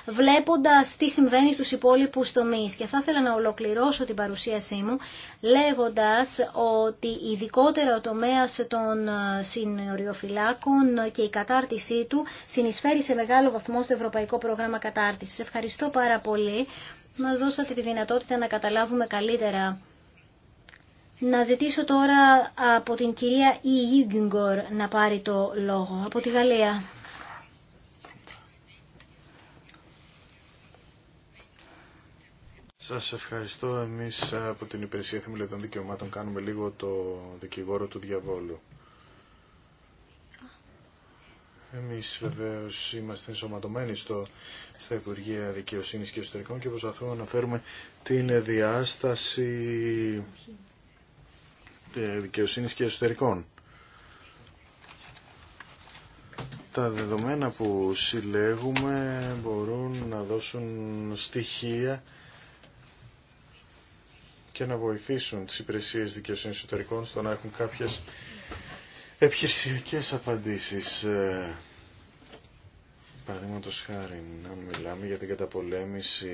Speaker 2: βλέποντας τι συμβαίνει στους υπόλοιπους τομείς. Και θα ήθελα να ολοκληρώσω την παρουσίασή μου λέγοντας ότι ειδικότερα ο τομέας των συνοριοφυλάκων και η κατάρτισή του συνεισφέρει σε μεγάλο βαθμό στο Ευρωπαϊκό Πρόγραμμα Κατάρτισης. Ευχαριστώ πάρα πολύ. Μας δώσατε τη δυνατότητα να καταλάβουμε καλύτερα να ζητήσω τώρα από την κυρία Ιγγιγκορ να πάρει το λόγο από τη Γαλλία.
Speaker 4: Σας ευχαριστώ. Εμείς ε, από την Υπηρεσία Θεμελιωδών Δικαιωμάτων κάνουμε λίγο το δικηγόρο του διαβόλου. Εμείς βεβαίως είμαστε ενσωματωμένοι στο, στα Υπουργεία Δικαιοσύνης και Εσωτερικών και προσπαθούμε να φέρουμε την διάσταση ε, δικαιοσύνης και εσωτερικών. Τα δεδομένα που συλλέγουμε μπορούν να δώσουν στοιχεία και να βοηθήσουν τις υπηρεσίες δικαιοσύνης εσωτερικών στο να έχουν κάποιες επιχειρησιακές απαντήσεις. Ε, Παραδείγματο χάρη, να μιλάμε για την καταπολέμηση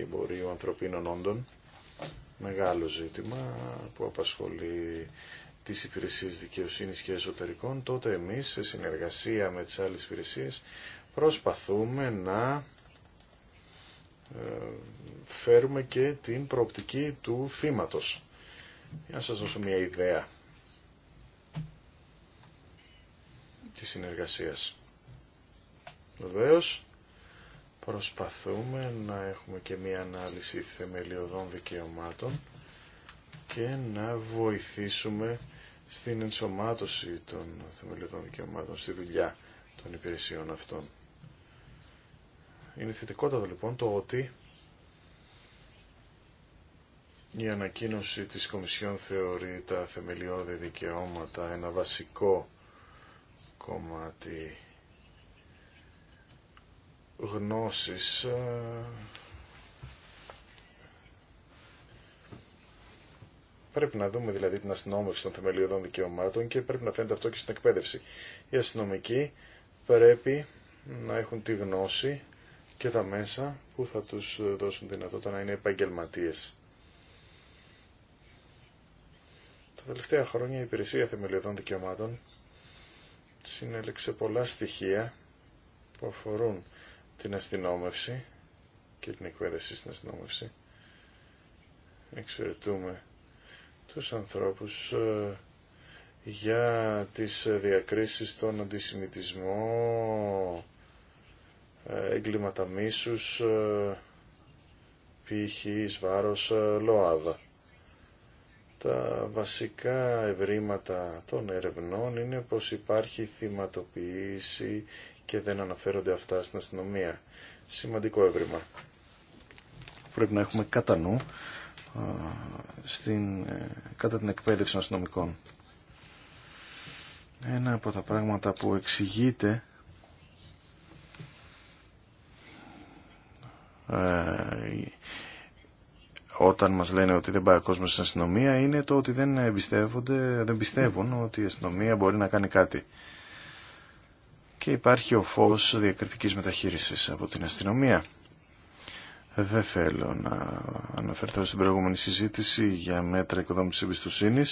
Speaker 4: εμπορίου ανθρωπίνων όντων, μεγάλο ζήτημα που απασχολεί τις υπηρεσίες δικαιοσύνης και εσωτερικών, τότε εμείς σε συνεργασία με τις άλλες υπηρεσίες προσπαθούμε να ε, φέρουμε και την προοπτική του θύματος. Για να σας δώσω μια ιδέα της συνεργασίας. Βεβαίω, προσπαθούμε να έχουμε και μια ανάλυση θεμελιωδών δικαιωμάτων και να βοηθήσουμε στην ενσωμάτωση των θεμελιωδών δικαιωμάτων στη δουλειά των υπηρεσιών αυτών. Είναι θετικότατο λοιπόν το ότι η ανακοίνωση της Κομισιόν θεωρεί τα θεμελιώδη δικαιώματα ένα βασικό κομμάτι γνώσης ε, Πρέπει να δούμε δηλαδή την αστυνόμευση των θεμελιωδών δικαιωμάτων και πρέπει να φαίνεται αυτό και στην εκπαίδευση. Οι αστυνομικοί πρέπει να έχουν τη γνώση και τα μέσα που θα τους δώσουν δυνατότητα να είναι επαγγελματίες. Τα τελευταία χρόνια η Υπηρεσία Θεμελιωδών Δικαιωμάτων συνέλεξε πολλά στοιχεία που αφορούν την αστυνόμευση και την εκπαίδευση στην αστυνόμευση. Εξαιρετούμε τους ανθρώπους ε, για τις διακρίσεις, τον αντισημιτισμών ε, εγκλήματα μίσους, ε, π.χ. εις βάρος ε, ΛΟΑΔΑ. Τα βασικά ευρήματα των ερευνών είναι πως υπάρχει θυματοποίηση και δεν αναφέρονται αυτά στην αστυνομία. Σημαντικό εύρημα. Πρέπει να έχουμε κατά νου στην, κατά την εκπαίδευση των αστυνομικών. Ένα από τα πράγματα που εξηγείται Ε, όταν μας λένε ότι δεν πάει ο κόσμος στην αστυνομία είναι το ότι δεν, δεν πιστεύουν ότι η αστυνομία μπορεί να κάνει κάτι. Και υπάρχει ο φως διακριτικής μεταχείρισης από την αστυνομία. Δεν θέλω να αναφερθώ στην προηγούμενη συζήτηση για μέτρα οικοδόμησης εμπιστοσύνη,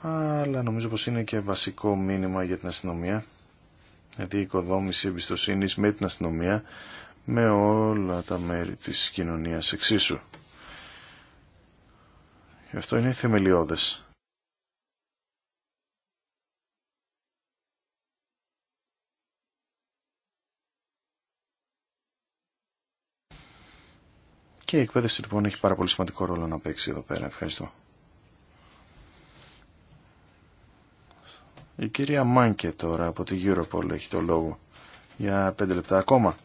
Speaker 4: αλλά νομίζω πως είναι και βασικό μήνυμα για την αστυνομία, γιατί η οικοδόμηση εμπιστοσύνη με την αστυνομία με όλα τα μέρη της κοινωνίας εξίσου. Γι' αυτό είναι θεμελιώδες. Και η εκπαίδευση λοιπόν έχει πάρα πολύ σημαντικό ρόλο να παίξει εδώ πέρα. Ευχαριστώ. Η κυρία Μάνκε τώρα από τη Europol έχει το λόγο για πέντε λεπτά ακόμα.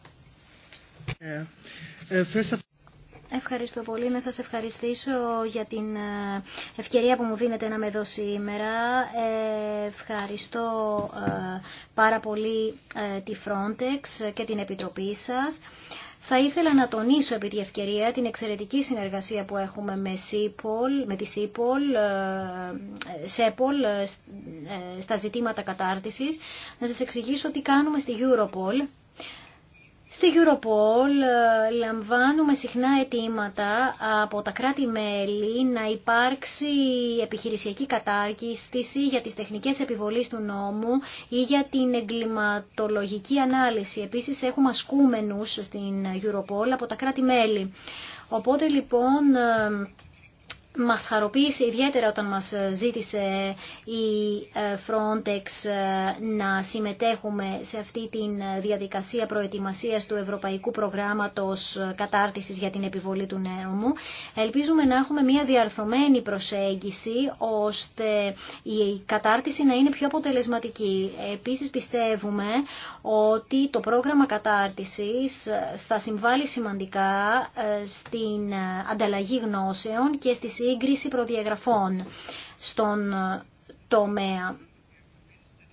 Speaker 1: Uh,
Speaker 2: ευχαριστώ πολύ. Να σας ευχαριστήσω για την ε, ευκαιρία που μου δίνετε να με εδώ σήμερα. Ε, ευχαριστώ ε, πάρα πολύ τη Frontex και την Επιτροπή σας. Θα ήθελα να τονίσω επί τη ευκαιρία την εξαιρετική συνεργασία που έχουμε με, CIPOL, με τη ΣΥΠΟΛ, ΣΕΠΟΛ στα ζητήματα κατάρτισης. Να σας εξηγήσω τι κάνουμε στη Europol Στη Europol ε, λαμβάνουμε συχνά αιτήματα από τα κράτη-μέλη να υπάρξει επιχειρησιακή κατάρκιστηση για τις τεχνικές επιβολής του νόμου ή για την εγκληματολογική ανάλυση. Επίσης έχουμε ασκούμενους στην Europol από τα κράτη-μέλη. Οπότε λοιπόν ε, μας χαροποίησε ιδιαίτερα όταν μας ε, ζήτησε η ε, Frontex ε, να συμμετέχουμε σε αυτή τη διαδικασία προετοιμασίας του Ευρωπαϊκού Προγράμματος Κατάρτισης για την Επιβολή του Νέου. Μου. Ελπίζουμε να έχουμε μια διαρθωμένη προσέγγιση ώστε η κατάρτιση να είναι πιο αποτελεσματική. Επίσης πιστεύουμε ότι το πρόγραμμα κατάρτισης θα συμβάλλει σημαντικά στην ανταλλαγή γνώσεων και στη σύγκριση προδιαγραφών στον τομέα.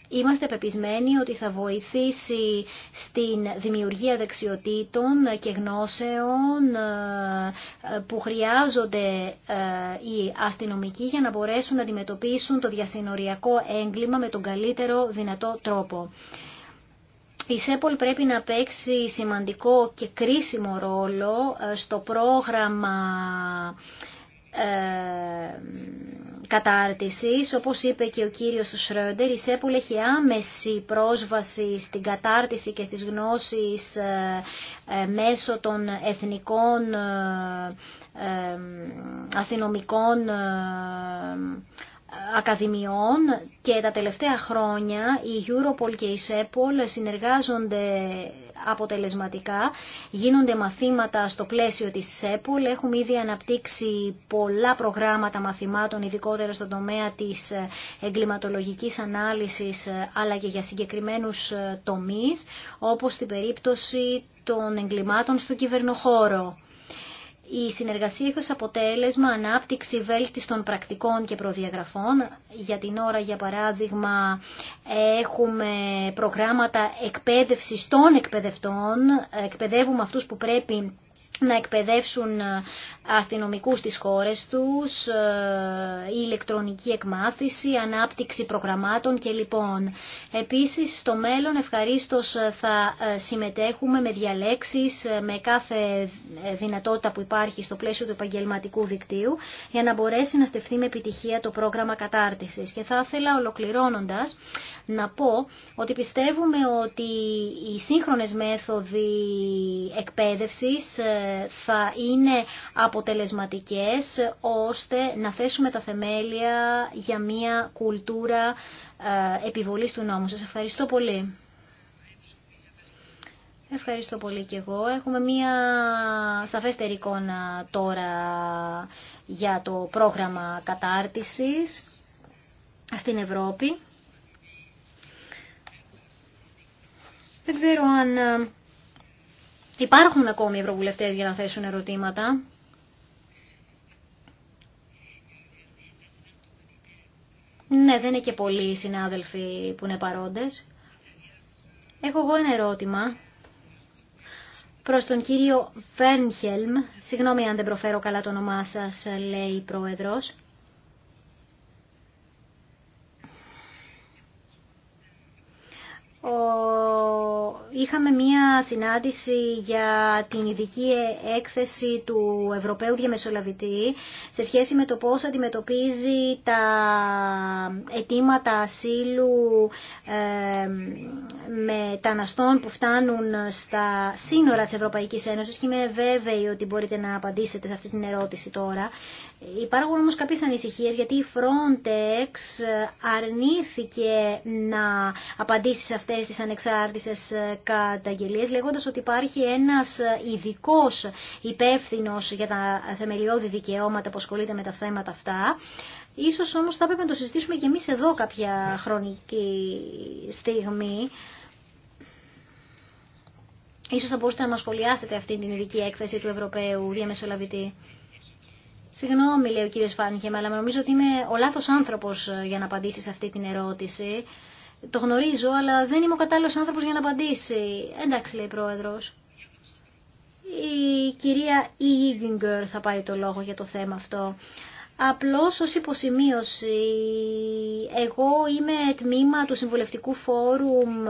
Speaker 2: Είμαστε πεπισμένοι ότι θα βοηθήσει στην δημιουργία δεξιοτήτων και γνώσεων ε, που χρειάζονται ε, οι αστυνομικοί για να μπορέσουν να αντιμετωπίσουν το διασυνοριακό έγκλημα με τον καλύτερο δυνατό τρόπο. Η ΣΕΠΟΛ πρέπει να παίξει σημαντικό και κρίσιμο ρόλο ε, στο πρόγραμμα ε, κατάρτισης. Όπως είπε και ο κύριος Σρόντερ, η ΣΕΠΟΛ έχει άμεση πρόσβαση στην κατάρτιση και στις γνώσεις ε, ε, μέσω των εθνικών αστυνομικών ακαδημιών και τα τελευταία χρόνια η Europol και η ΣΕΠΟΛ συνεργάζονται αποτελεσματικά. Γίνονται μαθήματα στο πλαίσιο της ΣΕΠΟΛ. Έχουμε ήδη αναπτύξει πολλά προγράμματα μαθημάτων, ειδικότερα στον τομέα της εγκληματολογικής ανάλυσης, αλλά και για συγκεκριμένους ε, τομείς, όπως στην περίπτωση των εγκλημάτων στο κυβερνοχώρο. Η συνεργασία έχει ως αποτέλεσμα ανάπτυξη βέλτιστων πρακτικών και προδιαγραφών. Για την ώρα, για παράδειγμα, έχουμε προγράμματα εκπαίδευσης των εκπαιδευτών. Εκπαιδεύουμε αυτούς που πρέπει να εκπαιδεύσουν ε, αστυνομικούς στις χώρες τους, η ε, ηλεκτρονική εκμάθηση, ανάπτυξη προγραμμάτων και λοιπόν. Επίσης στο μέλλον ευχαρίστως ε, θα συμμετέχουμε με διαλέξεις, με κάθε δυνατότητα που υπάρχει στο πλαίσιο του επαγγελματικού δικτύου για να μπορέσει να στεφθεί με επιτυχία το πρόγραμμα κατάρτισης. Και θα ήθελα ολοκληρώνοντας να πω ότι πιστεύουμε ότι οι σύγχρονες μέθοδοι εκπαίδευσης θα είναι αποτελεσματικές ώστε να θέσουμε τα θεμέλια για μια κουλτούρα ε, επιβολής του νόμου. Σας ευχαριστώ πολύ. Ευχαριστώ πολύ και εγώ. Έχουμε μία σαφέστερη εικόνα τώρα για το πρόγραμμα κατάρτισης στην Ευρώπη. Δεν ξέρω αν Υπάρχουν ακόμη ευρωβουλευτές για να θέσουν ερωτήματα. Ναι, δεν είναι και πολλοί οι συνάδελφοι που είναι παρόντες. Έχω εγώ ένα ερώτημα προς τον κύριο Βέρνχελμ. Συγγνώμη αν δεν προφέρω καλά το όνομά σας, λέει η Πρόεδρος. είχαμε μία συνάντηση για την ειδική έκθεση του Ευρωπαίου Διαμεσολαβητή σε σχέση με το πώς αντιμετωπίζει τα αιτήματα ασύλου ε, μεταναστών που φτάνουν στα σύνορα της Ευρωπαϊκής Ένωσης και είμαι βέβαιη ότι μπορείτε να απαντήσετε σε αυτή την ερώτηση τώρα. Υπάρχουν όμως κάποιες ανησυχίες γιατί η Frontex αρνήθηκε να απαντήσει σε αυτές αυτές τις ανεξάρτησες ε, καταγγελίες λέγοντας ότι υπάρχει ένας ε, ειδικό υπεύθυνο για τα θεμελιώδη δικαιώματα που ασχολείται με τα θέματα αυτά. Ίσως όμως θα έπρεπε να το συζητήσουμε και εμείς εδώ κάποια χρονική στιγμή. Ίσως θα μπορούσατε να μας σχολιάσετε αυτή την ειδική έκθεση του Ευρωπαίου Διαμεσολαβητή. Συγγνώμη, λέει ο κύριος Φάνιχεμ, αλλά νομίζω ότι είμαι ο λάθος άνθρωπος ε, για να απαντήσει σε αυτή την ερώτηση. Το γνωρίζω, αλλά δεν είμαι ο κατάλληλο άνθρωπο για να απαντήσει. Εντάξει, λέει η πρόεδρος. Η κυρία Ιγγινγκερ θα πάρει το λόγο για το θέμα αυτό. Απλώς ως υποσημείωση, εγώ είμαι τμήμα του Συμβουλευτικού Φόρουμ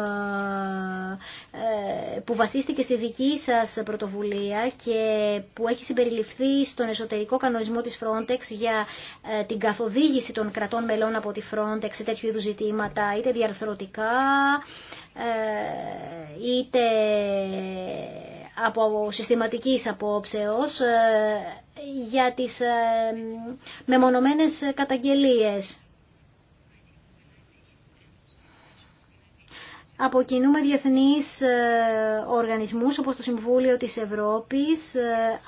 Speaker 2: ε, που βασίστηκε στη δική σας πρωτοβουλία και που έχει συμπεριληφθεί στον εσωτερικό κανονισμό της Frontex για ε, την καθοδήγηση των κρατών μελών από τη Frontex σε τέτοιου είδους ζητήματα, είτε διαρθρωτικά, ε, είτε από συστηματικής απόψεως ε, για τις ε, μεμονωμένες καταγγελίες. Αποκινούμε διεθνείς ε, οργανισμούς όπως το Συμβούλιο της Ευρώπης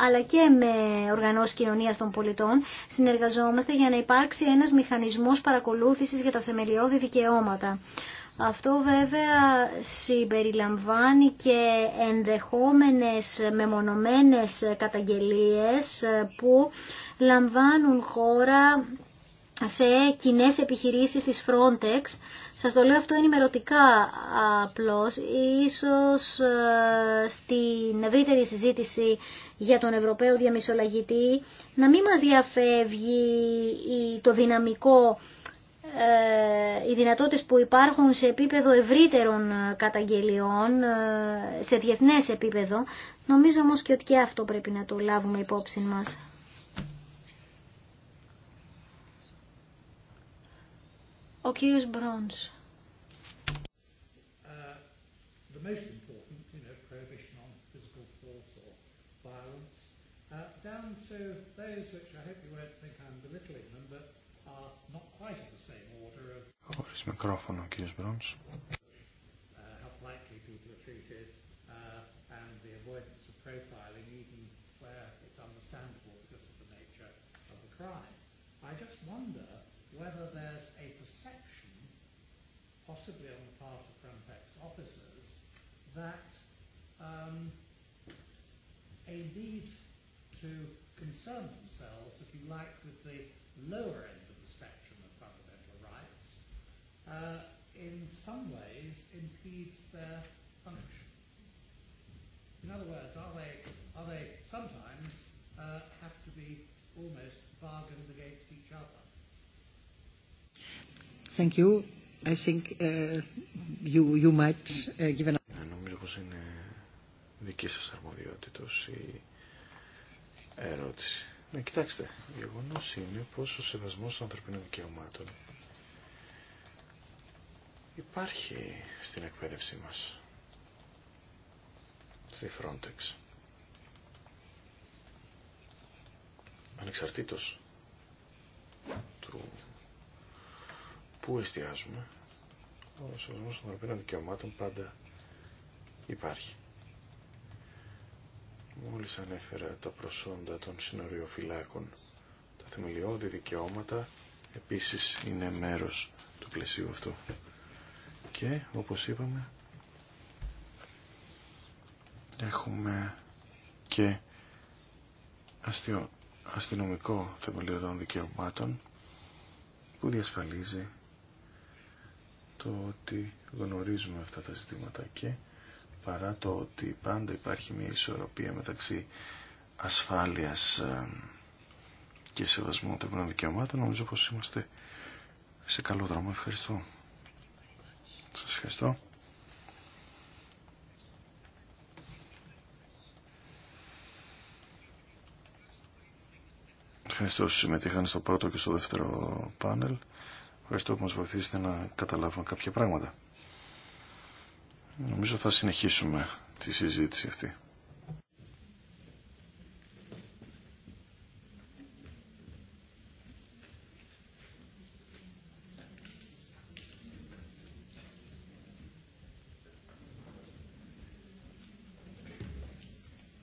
Speaker 2: αλλά και με οργανώσεις κοινωνίας των πολιτών συνεργαζόμαστε για να υπάρξει ένας μηχανισμός παρακολούθησης για τα θεμελιώδη δικαιώματα. Αυτό βέβαια συμπεριλαμβάνει και ενδεχόμενες μεμονωμένες καταγγελίες που λαμβάνουν χώρα σε κοινέ επιχειρήσεις της Frontex. Σας το λέω αυτό ενημερωτικά απλώς. Ίσως ε, στην ευρύτερη συζήτηση για τον Ευρωπαίο Διαμισολαγητή να μην μας διαφεύγει το δυναμικό ε, οι δυνατότητες που υπάρχουν σε επίπεδο ευρύτερων ε, καταγγελιών, ε, σε διεθνές επίπεδο. Νομίζω όμως και ότι και αυτό πρέπει να το λάβουμε υπόψη μας. Ο κύριος Μπρόντς.
Speaker 5: Uh, uh, down to those which
Speaker 4: How brightly
Speaker 5: people are treated and the avoidance of profiling even where it's understandable because of the nature of the crime. I just wonder whether there's a perception, possibly on the part of Frontex officers, that a need to concern themselves, if you like, with the lower end in some ways impedes their function. In other words, are they, are they sometimes uh, have to be almost bargained against each other?
Speaker 1: Thank you. I think uh, you, you might uh, give an... Νομίζω πως είναι δική σας αρμοδιότητος
Speaker 4: η ερώτηση. Ναι, κοιτάξτε, η γεγονός είναι πως ο σεβασμός των ανθρωπίνων δικαιωμάτων υπάρχει στην εκπαίδευσή μας, στη Frontex. Ανεξαρτήτως του που εστιάζουμε, ο σεβασμός των ανθρωπίνων δικαιωμάτων πάντα υπάρχει. Μόλις ανέφερα τα προσόντα των συνοριοφυλάκων, τα θεμελιώδη δικαιώματα επίσης είναι μέρος του πλαισίου αυτού και όπως είπαμε έχουμε και αστυο, αστυνομικό θεμελιωδών δικαιωμάτων που διασφαλίζει το ότι γνωρίζουμε αυτά τα ζητήματα και παρά το ότι πάντα υπάρχει μια ισορροπία μεταξύ ασφάλειας ε, και σεβασμού των δικαιωμάτων νομίζω πως είμαστε σε καλό δρόμο. Ευχαριστώ. Σας ευχαριστώ. Ευχαριστώ όσους συμμετείχαν στο πρώτο και στο δεύτερο πάνελ. Ευχαριστώ που μας βοηθήσετε να καταλάβουμε κάποια πράγματα. Νομίζω θα συνεχίσουμε τη συζήτηση αυτή.